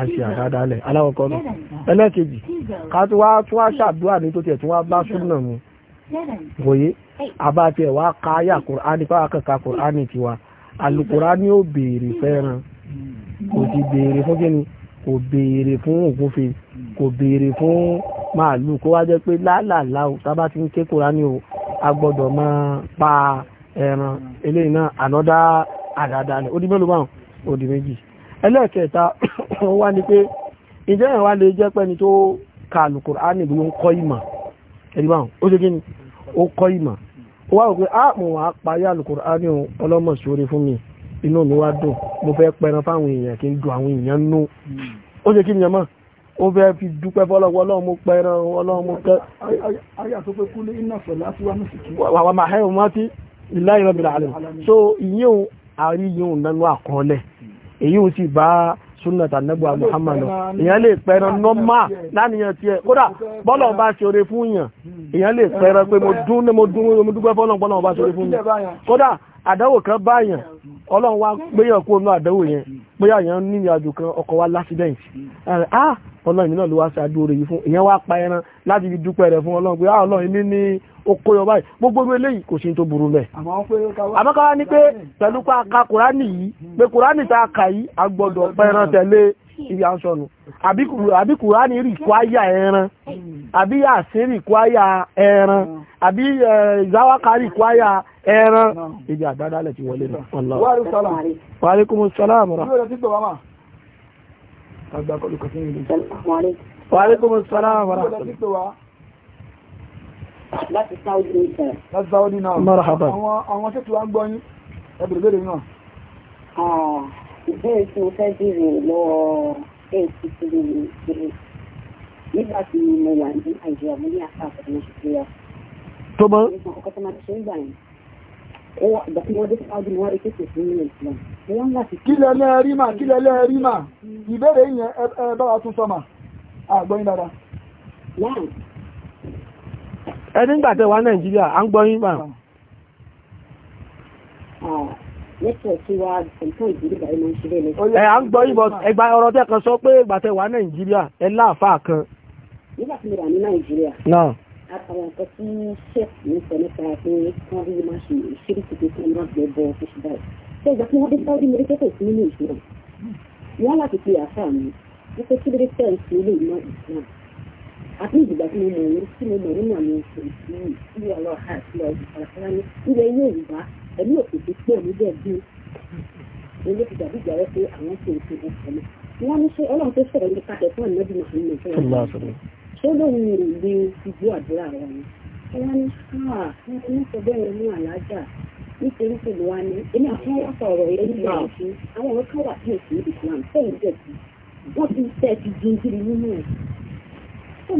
àṣì àdádálẹ̀ aláwọ̀kọ́ nù ẹlẹ́kejì ká tí wá tún wá ṣàdúrà ní tó tiẹ̀ tún wá bá súnà mu wòye àbá tiẹ̀ wá ká ayà kùránì fáwọn akẹ́kọ̀ọ́ kùránì tiwa alùkùránì ò béèrè fẹ́ràn kò ti béèrè fún kíni kò béèrè fún ògúnfe kò béèrè fún màálù kó wá jẹ́ pé lálàlá o ti ń ké kùránì o a gbọ́dọ̀ máa pa ẹran eléyìí náà ànọ́dá àdádálẹ̀ ó ó di méjì ẹlẹ́ẹ̀kẹta [coughs] wọ́n wá ní pé ìjẹ́ ìwà lè jẹ́ pẹ́ni tó ka Al-Kùránì bí wọ́n kọ́ ìmọ̀ ẹ̀dìmọ̀ ó ṣe kíni ó kọ́ ìmọ̀ ó wá òpin ààmù ah, wà parí Al-Kùránì ọlọ́mọ̀ sórí fún mi inú mi wá dùn mo fẹ́ pẹran fáwọn èèyàn kí n du àwọn èèyàn nú ó ṣe kíni yẹmọ́ ó fẹ́ fi dúpẹ́ fọ́lọ́wọ́ ọlọ́run mo pẹran ọlọ́run mo èyí ò sì bá súnnàtà nẹ́gbà muhammadu èyàn lè pẹ̀rẹ̀ nọ́mà láníyàn tí ẹ kódà bọ́lọ̀ bá ṣe oore fún yàn èyàn lè pẹ̀rẹ̀ pé mo dún ní mo dún mo dúpẹ́ fọ́lọ̀ bọ́lọ̀ bá ṣe oore fún yàn kódà àdáwò kan báyàn ọlọ́run wá gbéyàn kó nú àdáwò yẹn bóyá yẹn ní ìrìnàjò kan ọkọ̀ ah, wá lásìdẹ̀ǹtì ọlọ́run ìmìnà Okoyo bayi, yọ báyìí gbogbo orí eléyìí kò sí tó burú mẹ́ àmọ́káwá ní pé pẹ̀lú pa ka kùránì yìí pé kùránì ta kà yìí a gbọ́dọ̀ pẹran tẹ̀lé ibi àṣọnù àbí kùránì rí kwáyà ẹran àbí yàsín rí kwáyà ẹran àbí ìzáwákárì kwáyà ẹran ibi àdádálẹ̀ ti wọlé náà. wa alaikumus salam wa rahmatullah láti Saudi nìkan. láti Saudi náà marhaba àwọn tó ti wá gbọ́ yín ẹbẹ̀rẹ̀ bẹ̀rẹ̀ náà. ìbéèrè tí mo fẹ́ béèrè lọ́wọ́ èsì tí mo lè ṣe nígbà tí mo wà ní Nàìjíríà mo ní àṣà àpapọ̀ Nàìjíríà. tó bá. ọkọ tó máa ṣe ń gbà yẹn. ó wà ìgbà tí wọ́n dé Saudi ni wọ́n rí kéèké sí nílẹ̀ Islam. kílẹ̀ lẹ́ẹ̀rí mà kílẹ̀ lẹ́ẹ̀rí mà ìbéèrè yẹn ẹ bá wa tún sọ mà àgbọ̀yìn dáadáa ẹni gbàtẹ̀ wá nàìjíríà à ń gbọ́ yín bá. ẹ à ń gbọ́ yín bọ́ ẹgbà ọ̀rọ̀ tẹ́ kan sọ pé gbàtẹ̀ wá nàìjíríà ẹ láàfáà kan. nígbà tí mo wọ́n láti pe àṣà mi wípé kí ló dé sẹ́ǹsì ilé ìmọ̀ ìṣúná àti ìdìgbà tí mo mọ̀ ní tí mo mọ̀ nínú àwọn oṣù tí ilé ọlọ́ọ̀ká àti ọ̀dùn farafara ní ilẹ̀ Yorùbá ẹ̀mí òkùnkùn pọ̀ níbẹ̀ bí ilé ti dàbí ìjà rẹ pé àwọn tó ti ń sọ mọ́. wọ́n ní ṣé ọlọ́run tó sọ̀rọ̀ nípa ẹ̀ fún ànábì Muhammad ṣé wa ni. wọ́n ní ṣáà wọ́n sọ wọn wá àwọn ọ̀rọ̀ kan wà sí òfin Islam fẹ́ẹ̀ jẹ̀ sí wọ́n ti fẹ́ẹ̀ ti dín nínú ẹ̀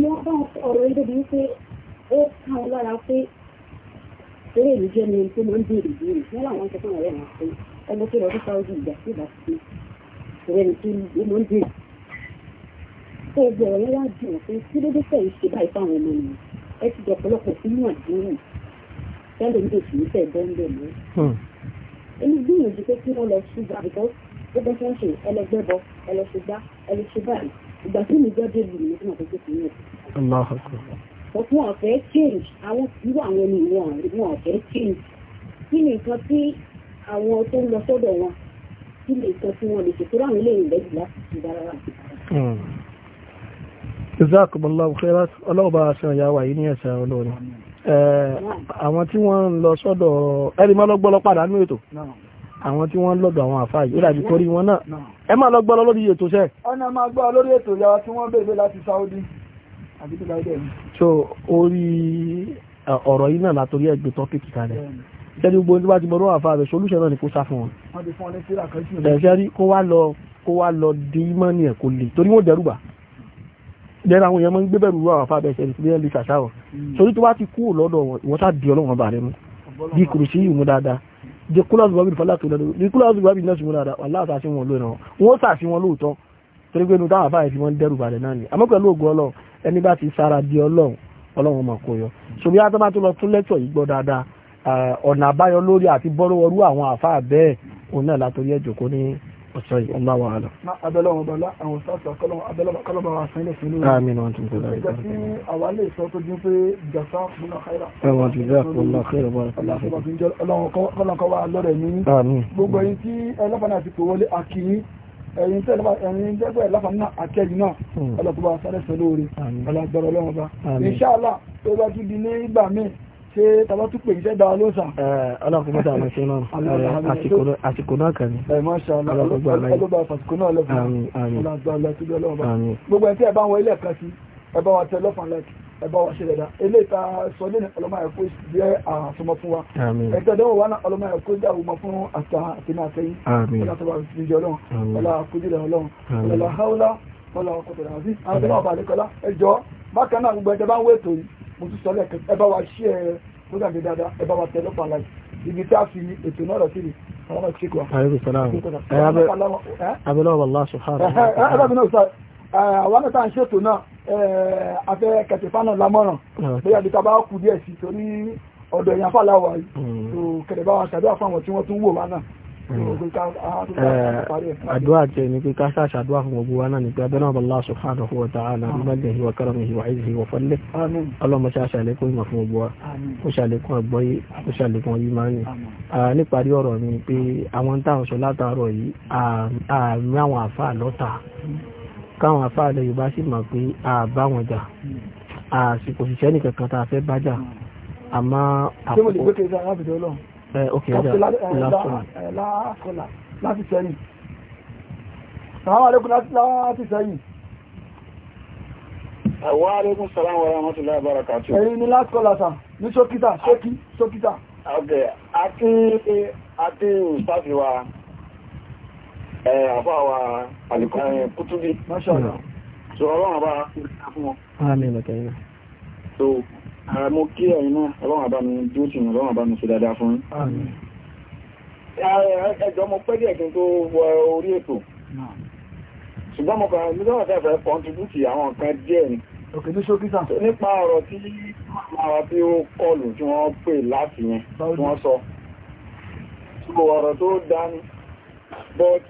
mọ́kàn ọ̀rọ̀ ìdíbi wípé ó ká ọ lára pé eré ìlú jẹ́ ni tó máa ń béèrè béèrè wọ́n làwọn sọ fún ọ̀rẹ́ wọn pé ọmọ tó lọ sí Saudi ìgbà tí ìgbà tí ọ̀rẹ́ mi tó máa ń béèrè. tó gbọ́ ọ̀rẹ́ wá jù ọ́ pé kí ló dé fẹ́ ìṣe báyìí fáwọn ọmọ mi ẹ ti jọ ọ̀pọ̀lọpọ̀ sínú àdéhùn tẹ́lẹ̀ ní oṣù ní fẹ́ bọ́ńdẹ̀ lọ. èmi gbìyànjú pé kí wọ́n lọ ṣúgbà bíkọ́ ó bẹ́ fẹ́ ṣe ẹlẹgbẹ́bọ ẹlẹ́ṣugbá ẹlẹ́ṣugbá yìí ìgbà tí mi gbọ́ dé lùmí tí mo fẹ́ kékeré yẹn. ọ̀pọ̀ ọ̀fẹ́ change àwọn irú àwọn ẹni ìwọ̀n ìwọ̀n ọ̀fẹ́ change kí ni nǹkan tí àwọn tó ń lọ sọ́dọ̀ wọn kí ni nǹkan tí wọ́n lè ṣètò láwọn ilé ìrìn lẹ́yìn láti ṣe dára wà. Hmm. Jazakumullahu khairan ọlọ́ọ̀bá aṣọ ìyàwó yìí ní ẹ̀sẹ̀ olórin. Àwọn tí wọ́n ń lọ sọ́dọ̀ ẹ̀rí mọ́ lọ́gbọ́lọ́ padà nínú ètò àwọn tí wọ́n lọ́dọ̀ àwọn àfáà yìí ó dàbí kórí wọn náà ẹ máa lọ gbọ́ lọ lórí ètò sẹ́ ọ̀nà máa gbọ́ lórí ètò yàrá tí wọ́n bèèrè láti Saudi àbí tó láì dẹ̀yìn. so orí ọ̀rọ̀ yìí náà látòrí ẹgbẹ́ tọ́pìkì kalẹ̀ sẹ́ni gbogbo tí wọ́n ti mọ̀rọ̀ àfáà rẹ̀ solúṣẹ̀ náà ni kó sá fún wọn. ẹ̀ṣẹ́ rí kó wá lọ kó wá lọ di mọ́ni ẹ̀ kó le torí wọ́n dẹrùbà dẹ́ra àwọn èèyàn máa ń gbé bẹ̀rù àwọn àfáà bẹ̀ṣẹ̀ ní ilé ṣàṣàwọ̀ hmm. torí tó wá ti kú lọ́dọ̀ wọn ìwọ́n sá di ọlọ́wọ́n bàrẹ̀ mú bí kùrùsí yìí mú dáadáa the kúlọ̀sì bọ́bí fọláàtò lẹ́nu the kúlọ̀sì bọ́bí náà ṣùgbọ́n dáadáa wàhálà àtàṣí wọn lónà wọn sàṣí wọn lóòótọ́ torí pé inú táwọn àfáà fi wọ́n dẹ́rù bàdẹ̀ náà ni àmọ́ pẹ̀lú ògùn ọlọ́run ẹni bá ti sára di ọlọ́run ọlọ́run mọ̀ kó yọ ṣòbí atọ́má tó lọ tún lẹ́tọ̀ yìí gbọ́ dáadáa ọ̀nà àbáyọ lórí àti bọ́rọ̀wọ́rú àwọn àfáà bẹ́ẹ̀ òun náà látọrí ẹ̀jọ̀ kó ní ọ̀sọ̀ yìí ọlá wa àlọ́. abẹ́lẹ́wọ̀n bọ́lá àwọn sáàtì àkọlọ́wọ́ abẹ́lẹ́wọ̀n kọlọ́wọ́ àṣẹ́lẹ̀ fún lórí. àmín wọn tún tẹ̀lé. ìgbà tí àwa lè sọ tó dín pé jàsá fúnà káyà. ẹwọn tún tẹ̀lé àkọlọ́ káyà bọ́lá. ọlọ́run kọ́ wa lọ́rẹ̀ ní. àmín. gbogbo ẹyin tí ẹlọ́fàánà ti pè wọlé akíyín ẹyin tẹ́gbẹ́ ẹlọ́fàánà akẹ́yìn náà hmm. ọlọ́kùnrin wa sáré sọ lórí ọlọ́gbọ̀rọ̀ ọlọ́run bá. inṣáàlà tó bá tún di ní ìgbà míì ṣe tàbá tó pè iṣẹ́ dáa lóòsà. ọlọ́pàá mọ́ta àwọn ṣe náà àsìkò náà kàn ní. gbogbo ẹ̀ tí ẹ bá wọn ilé ẹ̀ka sí ẹ bá wọn tẹ lọ́fàn lẹ́kì ẹ bá wọn ṣe dada ilé ìta sọ ní ọlọ́mọ ẹ̀kọ́ jẹ́ àsomọ fún wa ẹ̀tẹ́ ìdánwò wa náà ọlọ́mọ ẹ̀kọ́ jẹ́ àwọn ọmọ fún àtà àti náà sẹ́yìn ọlọ́tọ̀bà ìjọ ọlọ́run ọlọ́kùnjẹ́ ọlọ́run ọlọ́hàúlá ọlọ́kùnjẹ́ ọlọ́run àti náà bàálẹ́kọ́lá ẹjọ́ bákan náà gbogbo ẹjẹ bá ń wé ètò yìí mo tún ẹ bá wa ṣí ẹ program yìí dáadáa ẹ bá wa tẹ lọ́pàá láì ibi tí a fi ètò náà lọ sí rè àwọn ọmọ ìṣèkù wa. àyẹ̀wò sàlámù abẹ́lẹ́ ọ̀bà lásù àwọn náà tá ṣètò náà afẹ́ kẹtẹ̀fà náà lámọ̀ràn bóyá bí ta bá kú díẹ̀ sí torí ọ̀dọ̀ ìyànfà láwàá yìí kẹtẹ̀fà tàbí àfàwọn tí wọ́n tún wò wá náà Mm. Ah, eh, àdúrà tẹ ní pé ká sáàṣà àdúrà fún gbogbo wa náà ní pé abẹ́nà Allah subhanahu wa ta'ala mọ́jẹ̀hì wa karamihi wa ìzìhì wa fọ́lẹ̀ ọlọ́mọ ṣe àṣàlékún ìmọ̀ fún gbogbo wa ó ṣàlékún àgbọ́yé ó ṣàlékún ọyí máa ń ní. níparí ọ̀rọ̀ mi pé àwọn táwọn sọ látàárọ̀ yìí àmì àwọn àfa lọ́ta mm. káwọn Eh, okay, láti sẹ́yìn. Àwọn àrékún láti sẹ́yìn. Àwọn àrékún sàrán wọ́n rámọ́ tó láàbára kàtù. Èyí ni láti kọ́lá sàn ní ṣókítà, ṣókí, ṣókítà. Okay, àti àti ìsáfíwà eh, àfáwà àlùkọ́rin eh, kútúbí. Máṣọ́lá. So, ọlọ́run bá fún wọn. Àmín, mẹ́kẹ̀ẹ́ mo kí ẹ̀yin náà ọlọ́run àbá mi dúró tì ọlọ́run àbá mi ṣe dáadáa fún yín ẹjọ́ mo pẹ́ díẹ̀ kí n tó wọ orí ètò ṣùgbọ́n mo kàn ní sọ́wọ́ sẹ́fẹ̀ẹ́ kọ́ntribútì àwọn nǹkan díẹ̀ ni òkè ní ṣókítà nípa ọ̀rọ̀ tí màmá tí ó kọlù tí wọ́n pè láti yẹn tí wọ́n sọ ṣùgbọ́n ọ̀rọ̀ tó dání but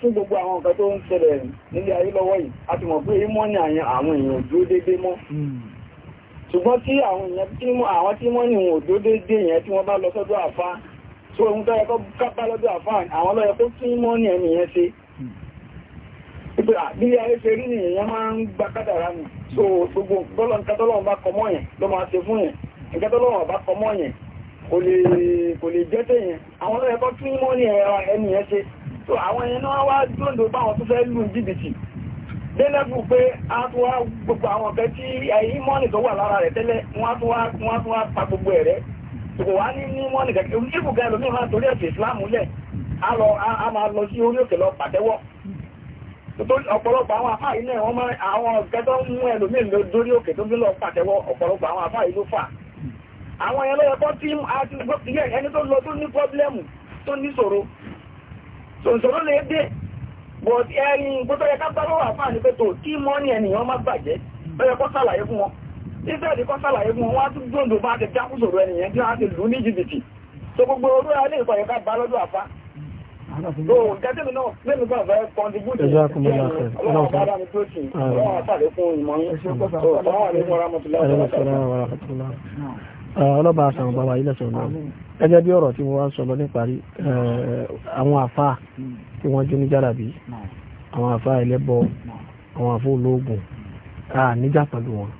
fún gbogbo àwọn nǹkan tó ń ṣẹlẹ̀ nílé ayé lọ́wọ́ yìí a ti mọ̀ pé ìmọ̀ ní àwọn èèyàn dúró déédéé mọ́ hmm ṣùgbọ́n tí àwọn èèyàn tí àwọn tí wọ́n ní wọn òdó dédé yẹn tí wọ́n bá lọ sọ́dọ̀ àfá tó ohun tó yẹ kó kápá lọ́dọ̀ àfá àwọn lọ́yẹ kó tún mọ́ ní ẹni yẹn ṣe bí ayé ṣe rí nìyẹn máa ń gba kádàrá nù so gbogbo bọ́lọ̀ nǹkan tọ́lọ́run bá kọmọ́ yẹn ló máa ṣe fún yẹn nǹkan tọ́lọ́run bá kọmọ́ yẹn kò lè jẹ́ tẹ̀yẹn délẹ́gù pé a tún wá gbogbo àwọn ọ̀fẹ́ tí ẹ̀yìn mọ́nì tó wà lára rẹ̀ tẹ́lẹ̀ wọ́n wá pa gbogbo ẹ̀ rẹ̀ kò wá ní ní mọ́nì kẹ́kẹ́ oníṣègùn gan ẹlòmíì máa torí ìsìláàmù lẹ̀ a máa lọ sí orí òkè lọ pàtẹ́wọ́ ọ̀pọ̀lọpọ̀ àwọn àfáà awọn but ẹni gbogbo ẹ̀ká bábọ́ wà fáà ní pé tó kí mọ́ní ènìyàn má bàjẹ́ bẹ́ẹ̀ kọ́ sàlàyé fún wọn israeli kọ́ sàlàyé fún wọn wá tún gbòǹdò bá ti já fúsòrò ènìyàn tí wọ́n ti lù ní jìbìtì tó gbogbo orú alẹ́ ìpàyẹ̀ká bá lọ́dọ̀ àfá Ọlọ́run bá dá mi tó ṣe, ọlọ́run àtàlẹ́ fún ìmọ̀ yín ọlọ́ba àṣàwọn bàbá ilẹ̀ sọ̀rọ̀ ẹgẹ́ bí ọ̀rọ̀ tí mo wá sọ lọ níparí àwọn àfá tí wọ́n jó ní àwọn àfá ẹlẹ́bọ àwọn àfó olóògùn a níjà pẹ̀lú wọn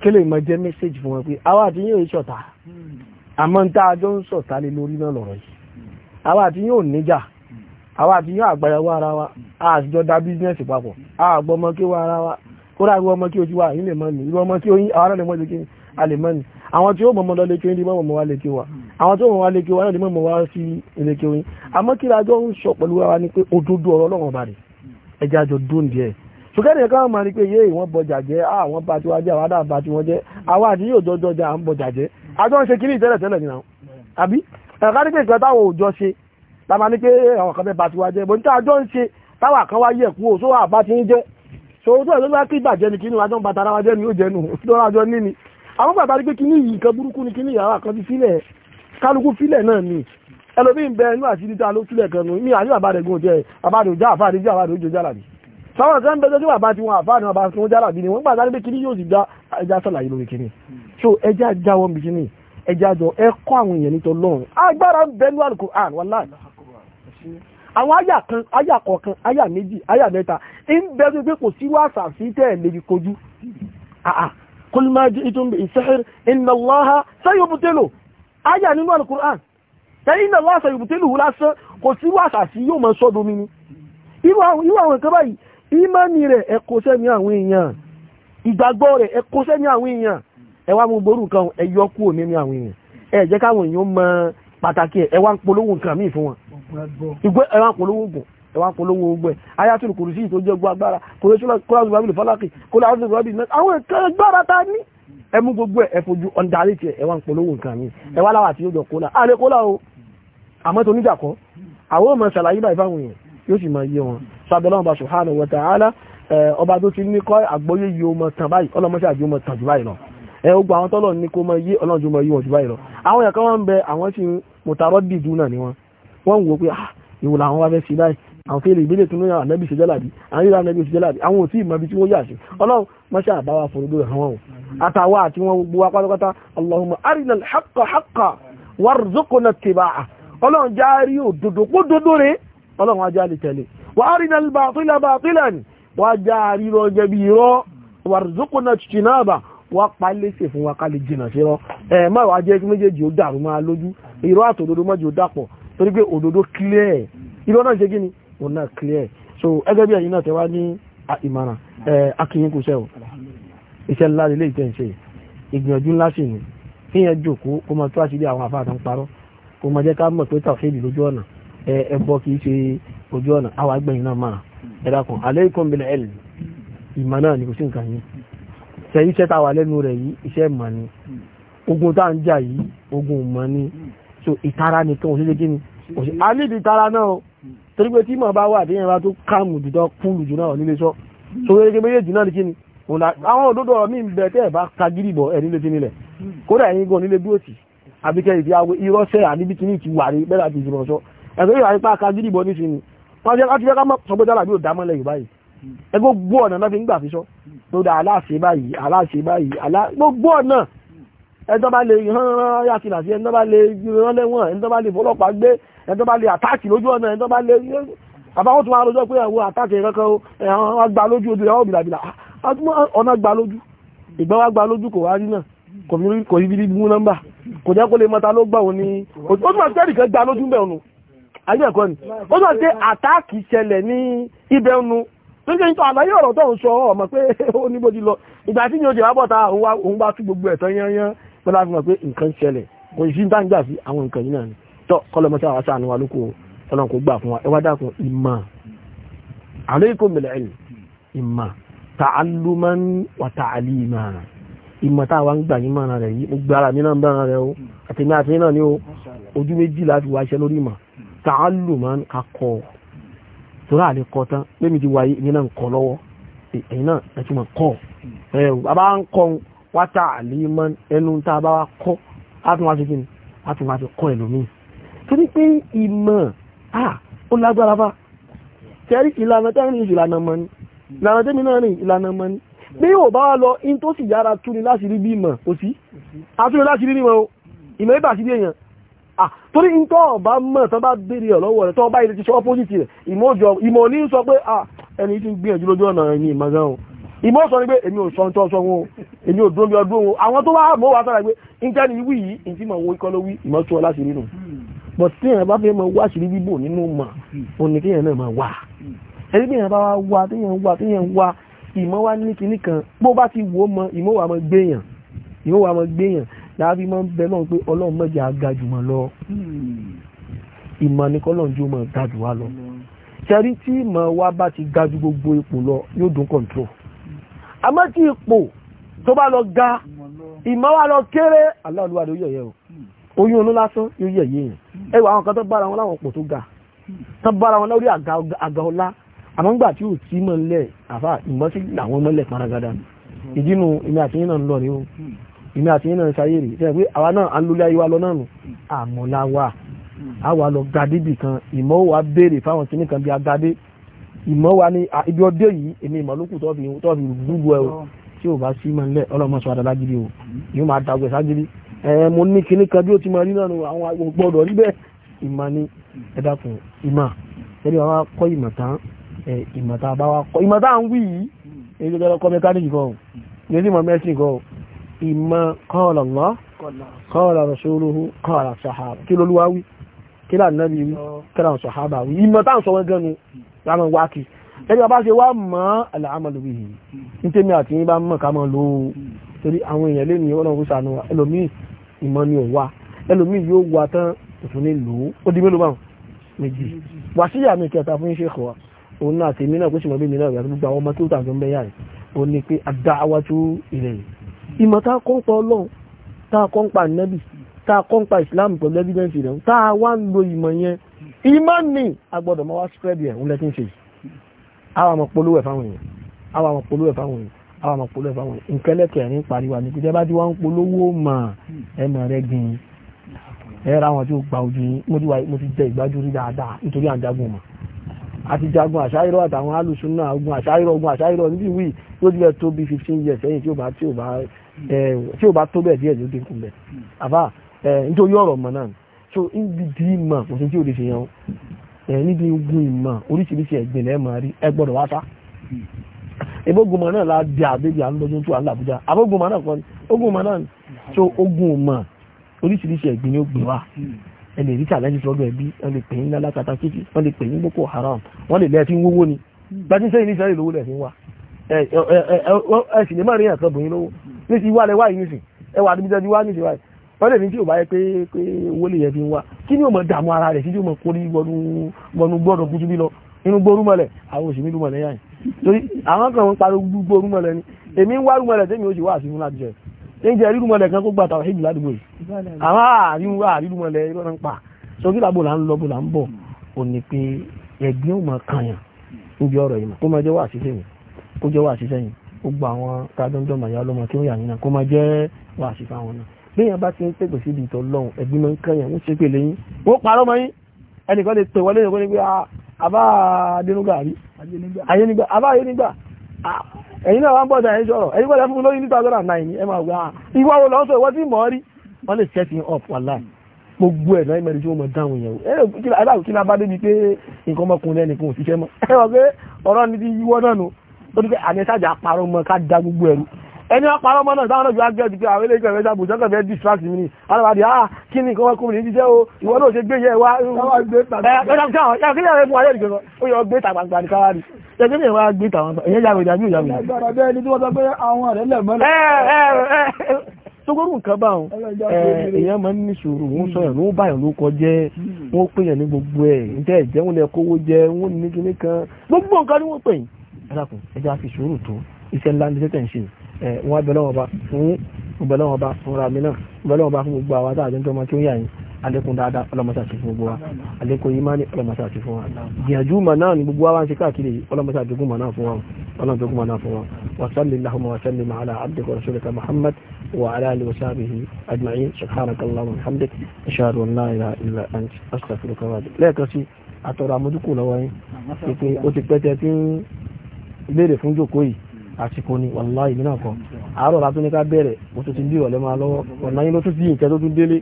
kí lè mọ jẹ́ mẹ́sẹ̀jì fún wọn pé àwa àti yóò ṣọ̀tá hmm. àmọ́ ń tá a jọ ń ṣọ̀tá lé lórí náà lọ̀rọ̀ yìí hmm. àwa àti yóò níjà hmm. àwa àti yóò àgbàyàwó ara wa a àtijọ́ dá bísínẹ́sì papọ̀ a àgbọ́ ọmọ kí wa ara wa kódà irú ọmọ kí o ti wà yín lè mọ́ ni ọmọ kí o yín àwọn lè mọ́ a lè mọ́ àwọn tí ó mọ̀mọ́ lọ lékewé ní mọ̀mọ́ wá lékewé wa àwọn tí ó mọ̀mọ́ wá lékewé wa náà ní mọ̀mọ́ wá sí lékewé àmọ́ kí lájọ́ ń sọ pẹ̀lú wa ni pé òdodo ọ̀rọ̀ ọlọ́run bá rè ẹjẹ́ àjọ dóun díẹ̀ ṣùgbọ́n ẹ̀ka wọn máa ní pé yé ìwọ̀n bọjà jẹ́ àwọn bá ti wá jẹ́ àwọn àdá bá ti wọ́n jẹ́ àwọn àti yóò jọjọ jẹ́ à ń bọjà jẹ́ àjọ ń ṣe kiri ìtẹ́lẹ̀ tẹ́lẹ̀ nìyà àbí ẹ̀ka ní pé ìkan táwọn òjọ ṣe la máa ní pé àwọn kan fẹ́ bá ti wá jẹ́ bóńtà àjọ ń ṣe táwọn kan wá yẹ kú o sówó àbá ti ń jẹ́ so tó ẹ̀ ló bá kí ìbàjẹ́ ni kí ni wájọ́ ń bàtà ara wájẹ́ ni ó jẹ́ nù lọ́wọ́ àjọ ní ni àwọn bàbá rí pé kíní yìí nǹkan burúkú ni kíní yàrá kan ti sílẹ̀ kálukú sílẹ̀ náà ni ẹlòmí ń bẹ inú àti títa ló sílẹ̀ kan nù ní àní bàbá rẹ̀ gùn jẹ́ bàbá rẹ̀ òjá àfáà rẹ̀ jẹ́ bàbá rẹ̀ òjò jálàbí sáwọn kan bẹ́jọ́ tí bàbá ti wọn àfáà rẹ̀ bàbá tó jálàbí ni wọ́n gbà sáré pé kíní yóò sì dá ẹja sàlàyé lórí kíní so ẹja já wọn bí kíní ẹja jọ ẹ kọ́ àwọn èèyàn nítọ́ lọ́run agbára ń bẹ ní Al-Qur'an wallahi àwọn àyà kan àyà kọ̀ọ̀kan àyà méjì àyà mẹ́ta ń bẹ pé kò sí wàsà sí tẹ́ẹ̀ lè fi kojú قل ما جئتم A ان الله سيبطله ايا nínú القران inna Allah sayubtiluhu lásán kò sí wàṣà sí yóò mọ́ sọ́dọ̀ mi ni irú àwọn nǹkan báyìí ìmánì rẹ̀ ẹkọ́ṣẹ́ ẹwà mú ború ẹyọ àwọn èèyàn ẹ jẹ́ káwọn èèyàn pàtàkì ẹwà ń polówó nǹkan fún wọn ìgbẹ́ ẹwà ń polówó ẹwà polówó ogbẹ̀ ayatul kùrùsí tó jẹ́ gbọ́ agbára kólásù bábìlì fọ́lákì kólásù bábìlì mẹ́ta àwọn ẹ̀kẹ́ agbára ta ní ẹmú gbogbo ẹ̀ fojú ọ̀ndàrí tiẹ̀ ẹwà polówó nǹkan mi ẹwà láwà tí ó jọ kólà àlẹ́ kólà o àmọ́ tó níjàkọ́ àwọn ọmọ ṣàlàyé báyìí fáwọn èèyàn yóò sì máa yé wọn sábẹ́lá ọba subhanahu wa ta'ala ọba tó ti ní kọ́ àgbọ́yé yìí ó mọ tàn báyìí ọlọ́mọṣẹ́ àjò mọ tàn jù báyìí lọ ẹ ó gba àwọn tọ́lọ̀ ní kó mọ yé ọlọ́run jù mọ yé wọn jù báyìí lọ àwọn ẹ̀kan wọn ń bẹ àwọn tí mùtàrọ́ dìdú náà ni wọn wọ́n ń wò pé ah ìwòlà àwọn wá fẹ́ sí báyìí àwọn fèèrè ìbílẹ̀ tó lóyún ànábì ṣe jálàbí àwọn yóò ànábì ṣe jálàbí àwọn ò tí ì mọ ibi tí wọ́n yà sí ọlọ́run mọ́ṣẹ́ àbáwá forodó rẹ̀ hàn wọ́n àtàwà àti wọn gbogbo wa pátápátá allahumma arina al-haqqa haqqa warzuqna ittiba'a ọlọ́run já rí òdodo pó dodo rẹ̀ ọlọ́run ajá lè tẹ̀lé wa arina al-batila batilan ni wọ́n já rí rọ jẹbi irọ́ warzuqna ijtinaba wọ́n palẹ́ sí òun náà clear so ẹgẹ́ bí ẹ̀yin náà tẹ́wá ní ìmọ̀ràn akínyín kù sẹ́wọ̀ iṣẹ́ ńlá lè tẹ̀ ń ṣe ìgbìyànjú ńlá sì ni kíyàn jòkó kó máa tó àṣírí àwọn àfáàtàn parọ́ kó máa jẹ́ ká mọ̀ pé tàfíìlì lójú ọ̀nà ẹbọ kìí ṣe ojú ọ̀nà àwọn agbẹ̀yìn náà máa ẹ̀dàkùn aleikum bil ilm ìmọ̀ náà ni kò sí nǹkan yìí ṣe iṣẹ́ tá a wà lẹ́nu rẹ̀ yìí iṣẹ́ ìmọ̀ ni ogun tá à ń jà yìí ogun ìmọ̀ ni so ìtara nìkan òṣèlú kí ni òṣèlú a níbi ìtara náà torí pé tí mọ̀ bá wà déyàn bá tó kàmù jùdọ́ kúlù jù náà nílé sọ so wọ́n gẹ́gẹ́ méjèèjì náà ní kí ni àwọn òdòdó ọ̀rọ̀ míì bẹ̀ tẹ́ bá kagirìbọ̀ ẹ̀ nílé tí nílẹ̀ kódà ẹ̀yìn gan nílé dúró sí àbíkẹ́ ìdí awo irọ́sẹ̀ àníbí tí ní ti wà rí bẹ́ẹ̀ láti ìjìnà sọ ẹ̀sọ́ yóò wáyé pa kagirìbọ̀ ní sinmi wọ́n jẹ́ láti fẹ́ká sọ pé dálà bí ó dá mọ́lẹ̀ yìí báyìí ẹ gbogbo ọ̀nà náà fi ń gbà fi sọ tó da aláṣẹ báyìí aláṣẹ báyìí gbogbo ọ̀nà ẹ̀dọ́ bá lè rán yàtìlà sí ẹ̀dọ́ bá lè rán lẹ́wọ̀n ẹ̀dọ́ bá lè fọlọ́pàá gbé ẹni tó bá lè àtàkì lójú ọ̀nà ẹni tó bá lè àbáwọn tó wá lójọ́ pé ẹ̀wọ́ àtàkì kankan ẹ̀wọ́n gbà lójú ojú ẹ̀wọ́ bìlàbìlà ọ̀nà gbà lójú ìgbà wá gbà lójú kò wá rí náà kò rí bí mú nọ́mbà kò jẹ́ kó lè mọ́ta ló gbà wọn ní ó túnmọ̀ sí ẹ̀rì kan gbà lójú bẹ̀ ni ó túnmọ̀ sí àtàkì ṣẹlẹ̀ ní ibẹ̀ ọ̀nù tó ṣe ń tọ́ àlàyé ọ̀rọ̀ tó ń sọ ọmọ pé [laughs] ó ní bó ti lọ ìgbà tí tọ́ kọlọmọsí àwọn sáà níwá lókò ọlọ́run kò gbà fún wa ẹ wá dákun ìmọ̀ alaykum bil ilm ìmọ̀ ta'alluman wa ta'alima ìmọ̀ tá àwọn gbà yín mọ́ra rẹ̀ yìí mo gbára mi náà bára rẹ̀ o àtẹ̀mí àti náà ni o ojú méjì láti wá iṣẹ́ lórí ìmọ̀ ta'alluman ti wáyé èmi torí pé ìmọ̀ ah ó lágbára bá tẹ́rí ìlànà tẹ́rin ìlànà mọ́ ni ìlànà tẹ́mi náà rìn ìlànà mọ́ ni bí ò bá wá lọ in tó sì yára túni láti rí bí ìmọ̀ kò sí àtúnlẹ̀ láti rí nímọ̀ ìmọ̀ ìbà sí èèyàn torí in tó ọba mọ̀ tó bá béèrè ọ̀ lọ́wọ́ rẹ̀ tó bá ilé ti sọ opposite rẹ̀ ìmọ̀ ní sọ pé ẹni tí ń gbìyànjú lójú ọ̀nà ẹni ìmọ̀gán o ìmọ̀ sọ ní pé èmi ò sọ tó sọ wọn o èmi ò dúró bí ọdún wọn àwọn tó wá mọ̀ wá sára pé nǹkan ni wí yìí ìtìmọ̀ wọn ikọ́ ló ìmọ̀ tó ọ láti rí nù but téèyàn bá fẹ́ mọ wá àṣírí bíbò nínú mọ̀ òní kéèyàn náà máa wà ẹni bí èèyàn bá wá wá téèyàn wá téèyàn wá ìmọ̀ wá ní kinní kan bó bá ti wò ó mọ ìmọ̀ wà mọ gbéyàn ìmọ̀ wà mọ gbéyàn láàbí mọ́ bẹ náà pé ọlọ́run mọ́jà agajù mọ́ lọ ìmọ̀ ni kọ́lọ́run jó mọ́ gajù wá lọ ṣẹ́rí tí ìmọ̀ wa bá ti gajù gbogbo ipò lọ yóò dún control àmọ́ tí ipò tó bá lọ ga ìmọ̀ wa lọ kéré aláàlúwa ló yẹ̀yẹ́ o oyún oló lásán yóò yẹ̀ yìí ẹwà àwọn kan tó bára wọn láwọn pò tó ga tó bára wọn lórí àga ọlá àmọ́ ńgbà tí ò tí mọ̀ ńlẹ̀ àfà ìmọ̀ sí àwọn mọ́lẹ̀ paragada ìdínú ìmẹ́ àti yínà ń lọ ní o ìmẹ́ àti yínà ń sáyé rí ṣe pé àwa náà à ń lólé ayé wa lọ náà nù àmọ́láwà àwa lọ gadébì kan ìmọ̀ wa béèrè fáwọn kìnnì kan bí agadé ìmọ̀ wa ní ibi ọdẹ yìí èmi ìmọ̀ lókù tó fi ẹ o tí ò bá sí mọ̀ ńlẹ̀ ọlọ́mọ sọ adálágídí o yóò máa dàgbẹ̀ ẹ mo ní kinní kan bí ó ti máa rí náà àwọn àgbọ̀gbọ̀dọ̀ rí bẹ́ẹ̀ ìmọ̀ ni ẹ dákun ìmọ̀ ẹni wàá kọ́ ìmọ̀ tán ìmọ̀ tá a bá wa kọ́ ìmọ̀ tá à ń wí yìí èyí ló kọ́ mẹkáníìkì kan ní ẹni mọ̀ mẹ́sìn kan ìmọ̀ qala Allah qala rasuluhu qala sahaba kí lolúwa wí kí là nàbí wí kí ni láwọn wá ìmọ̀ ni ò wá ẹlòmíì yóò wá tán òtún ní lò ó ó di mélòó báwọn méjì wàṣíyà mi kẹta fún iṣẹ́ ìkọ̀wá òun náà àti èmi náà kó sì mọ̀ bí mi náà yàtọ̀ gbogbo àwọn ọmọ tó tàbí ọmọ ẹ̀yà rẹ̀ ó ní pé adáwájú ilẹ̀ yìí ìmọ̀ tá a kọ́ ń pa ọlọ́run tá a kọ́ ń pa nẹ́bì tá a kọ́ ń pa ìsìláàmù pẹ̀lú evidence rẹ̀ tá a wá ń lo ìmọ̀ yẹn ìmọ̀ ni a gbọ́dọ̀ máa wá spread yẹn òun lẹ́tí ń ṣe yìí àwọn àmọ̀ àwọn àmọ̀ fáwọn èèyàn àwọn ọmọ polówó ẹ̀fọ́ àwọn nǹkan lẹ́kẹ̀ẹ́rin pariwo àmì ìjẹ́ bá ti wá ń polówó mà ẹ̀mọ̀ rẹ gbìn ẹ̀rọ àwọn tí ó gba ojú yín mo ti wà mo ti jẹ ìgbájú rí dáadáa nítorí à mà àti jagun àṣáyírọ̀ àtàwọn alùsùnà ogun àṣáyírọ̀ ogun àṣáyírọ̀ níbi ìwì tó ti tó bí fifteen years ẹ̀yìn tí ó bá tí ó bá tí ó bá tó bẹ́ẹ̀ díẹ̀ ló dínkù bẹ́ẹ̀ àbá nítorí ọ̀rọ̀ mọ̀ náà so níbi dí ìmọ̀ kò sí tí ò lè ṣe yẹn o níbi ogun ìmọ̀ oríṣiríṣi ẹ̀gbìn lẹ́ẹ̀ rí ẹ wá sá ebógun mọ̀ náà la di àbẹ́bí àlọ́jọ́ tó àlọ́ àbújá àbógun mọ̀ náà kọ́ ni ogun mọ̀ náà ni so ogun mọ̀ oríṣiríṣi ẹ̀gbìn ni ó gbé wa ẹ lè rí challenge lọ́dọ̀ ẹbí wọ́n lè pè yín lálá katakiti wọ́n lè pè yín haram wọ́n lè lẹ́ẹ̀fí ni gbajú sẹ́yìn ní ìsẹ́yìn lówó lẹ́ẹ̀fí ń wá ẹ sì lè má rí ẹ̀kan bòyín lówó ní ti wá lẹ́wà yìí nìsín ẹ wà níbi wá nìsín wáyé wọ́n lè ní tí ò bá yẹ pé torí àwọn kan ń pariwo gbogbo orúmọlẹ̀ ni èmi ń wá rúmọlẹ̀ tẹ́mi ó sì wá àfihàn láti jẹ ní jẹ rírúmọlẹ̀ kan kó gbà tàwọn èjì ládùúgbò yìí àwọn àárín àrírúmọlẹ̀ irọ́ náà ń pa sókè làbò là ń lọ bò là ń bọ̀ ò ní pé ẹ̀gbin ò mọ̀ kàyàn níbi ọ̀rọ̀ yìí kó máa jẹ́ wà síṣẹ́ yìí kó jẹ́ wà síṣẹ́ yìí ó gba àwọn tádọ́ndọ́ màyá lọ́mọ tí ó yà nínú kó máa jẹ́ wà sí fáwọn náà bí èèyàn bá ti ń pèpè síbi ìtọ́ lọ́hùn ẹ̀gbin máa ń kàyàn ń ṣe pé lẹ́yìn wọ́n parọ́ mọ́ yín ẹnìkan lè pè wọlé ìrìn kó ní pé àbá ah, adénúgàrí ayé nígbà abáyé nígbà náà wá ń bọ̀ dáyé sọ̀rọ̀ ẹ̀yin gbọ́dọ̀ fún lóyún ní 2009 ẹ máa gbà ìwọ wo lọ́sọ̀ tí mọ̀ rí wọ́n lè set you up wallahi gbogbo ẹ̀ náà mẹ́rin tí wọ́n mọ̀ dáhùn yẹn o kí [laughs] ẹni ọparọ́ mọ́nà ìbáwọn náà ju agbẹ́jù pé àwọn eléjọ́ ẹ̀rẹ́sà bùsọ́ kẹfẹ́ fẹ́ distract mi ni alábàdì ah kí ni kọ́wọ́ kúmìnì jíjẹ́ o ìwọ náà ṣe gbé yẹ wá sogoro nǹkan bá wọn èèyàn máa ń ní sùúrù wọn hmm. sọ̀rọ̀ ló báyìí ló kọ jẹ́ hmm. wọn pèèyàn ní gbogbo ẹ̀ níta ẹ̀jẹ̀ wọn lè kówó jẹ wọn ní kíní kan gbogbo nǹkan ni wọn pè yín àfi sùúrù tó iṣẹ́ ńlá ní sẹ́tẹ̀ ń ṣe Eh, wọn abẹ́lọ́wọ̀n ọba fún ọbẹ̀lọ́wọ̀n ọba fúnra mi náà ọbẹ̀lọ́wọ̀n ọba fún gbogbo àwọn àtàwọn àjọjọ́ ọmọ tí ó yà yín alẹ́kùn dáadáa ọlọ́mọṣà ti fún gbogbo wa alẹ́kùn ìmánì ọlọ́mọṣà ti fún wa gbìyànjú mà náà ni gbogbo wa ń ṣe káàkiri ọlọ́mọṣà jogún mà náà fún wa ọlọ́mọṣà mà náà fún wa wasalli allahumma wasalli ala abdika rasulika muhammad wa ala alihi wa sahbihi ajma'in subhanaka hamdik ashhadu illa anta astaghfiruka wa atubu lẹ́ẹ̀kan sí àtọ̀rọ̀ àmójúkù lọ́wọ́ yín pé ó ti pẹ́ tẹ́ tí ń léèrè fún àsìkò ni wàláhì mí náà kọ àárọ̀ la tún ní ká bẹ̀rẹ̀ mo tún ti dí ìrọ̀lẹ́ máa lọ́wọ́ ọ̀nà yín ló tún sí ìkẹ́ tó tún délé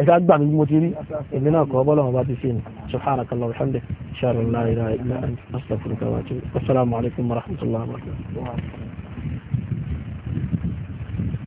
ẹ̀ka gbà mí mo ti rí èmi náà kọ bọ́lá wọn bá ti ṣe ni subhanakallah alhamdulilayi ṣàrọ̀ ńlá ìlà ìlà astaghfiruka wa atubu assalamu alaikum wa rahmatullahi wa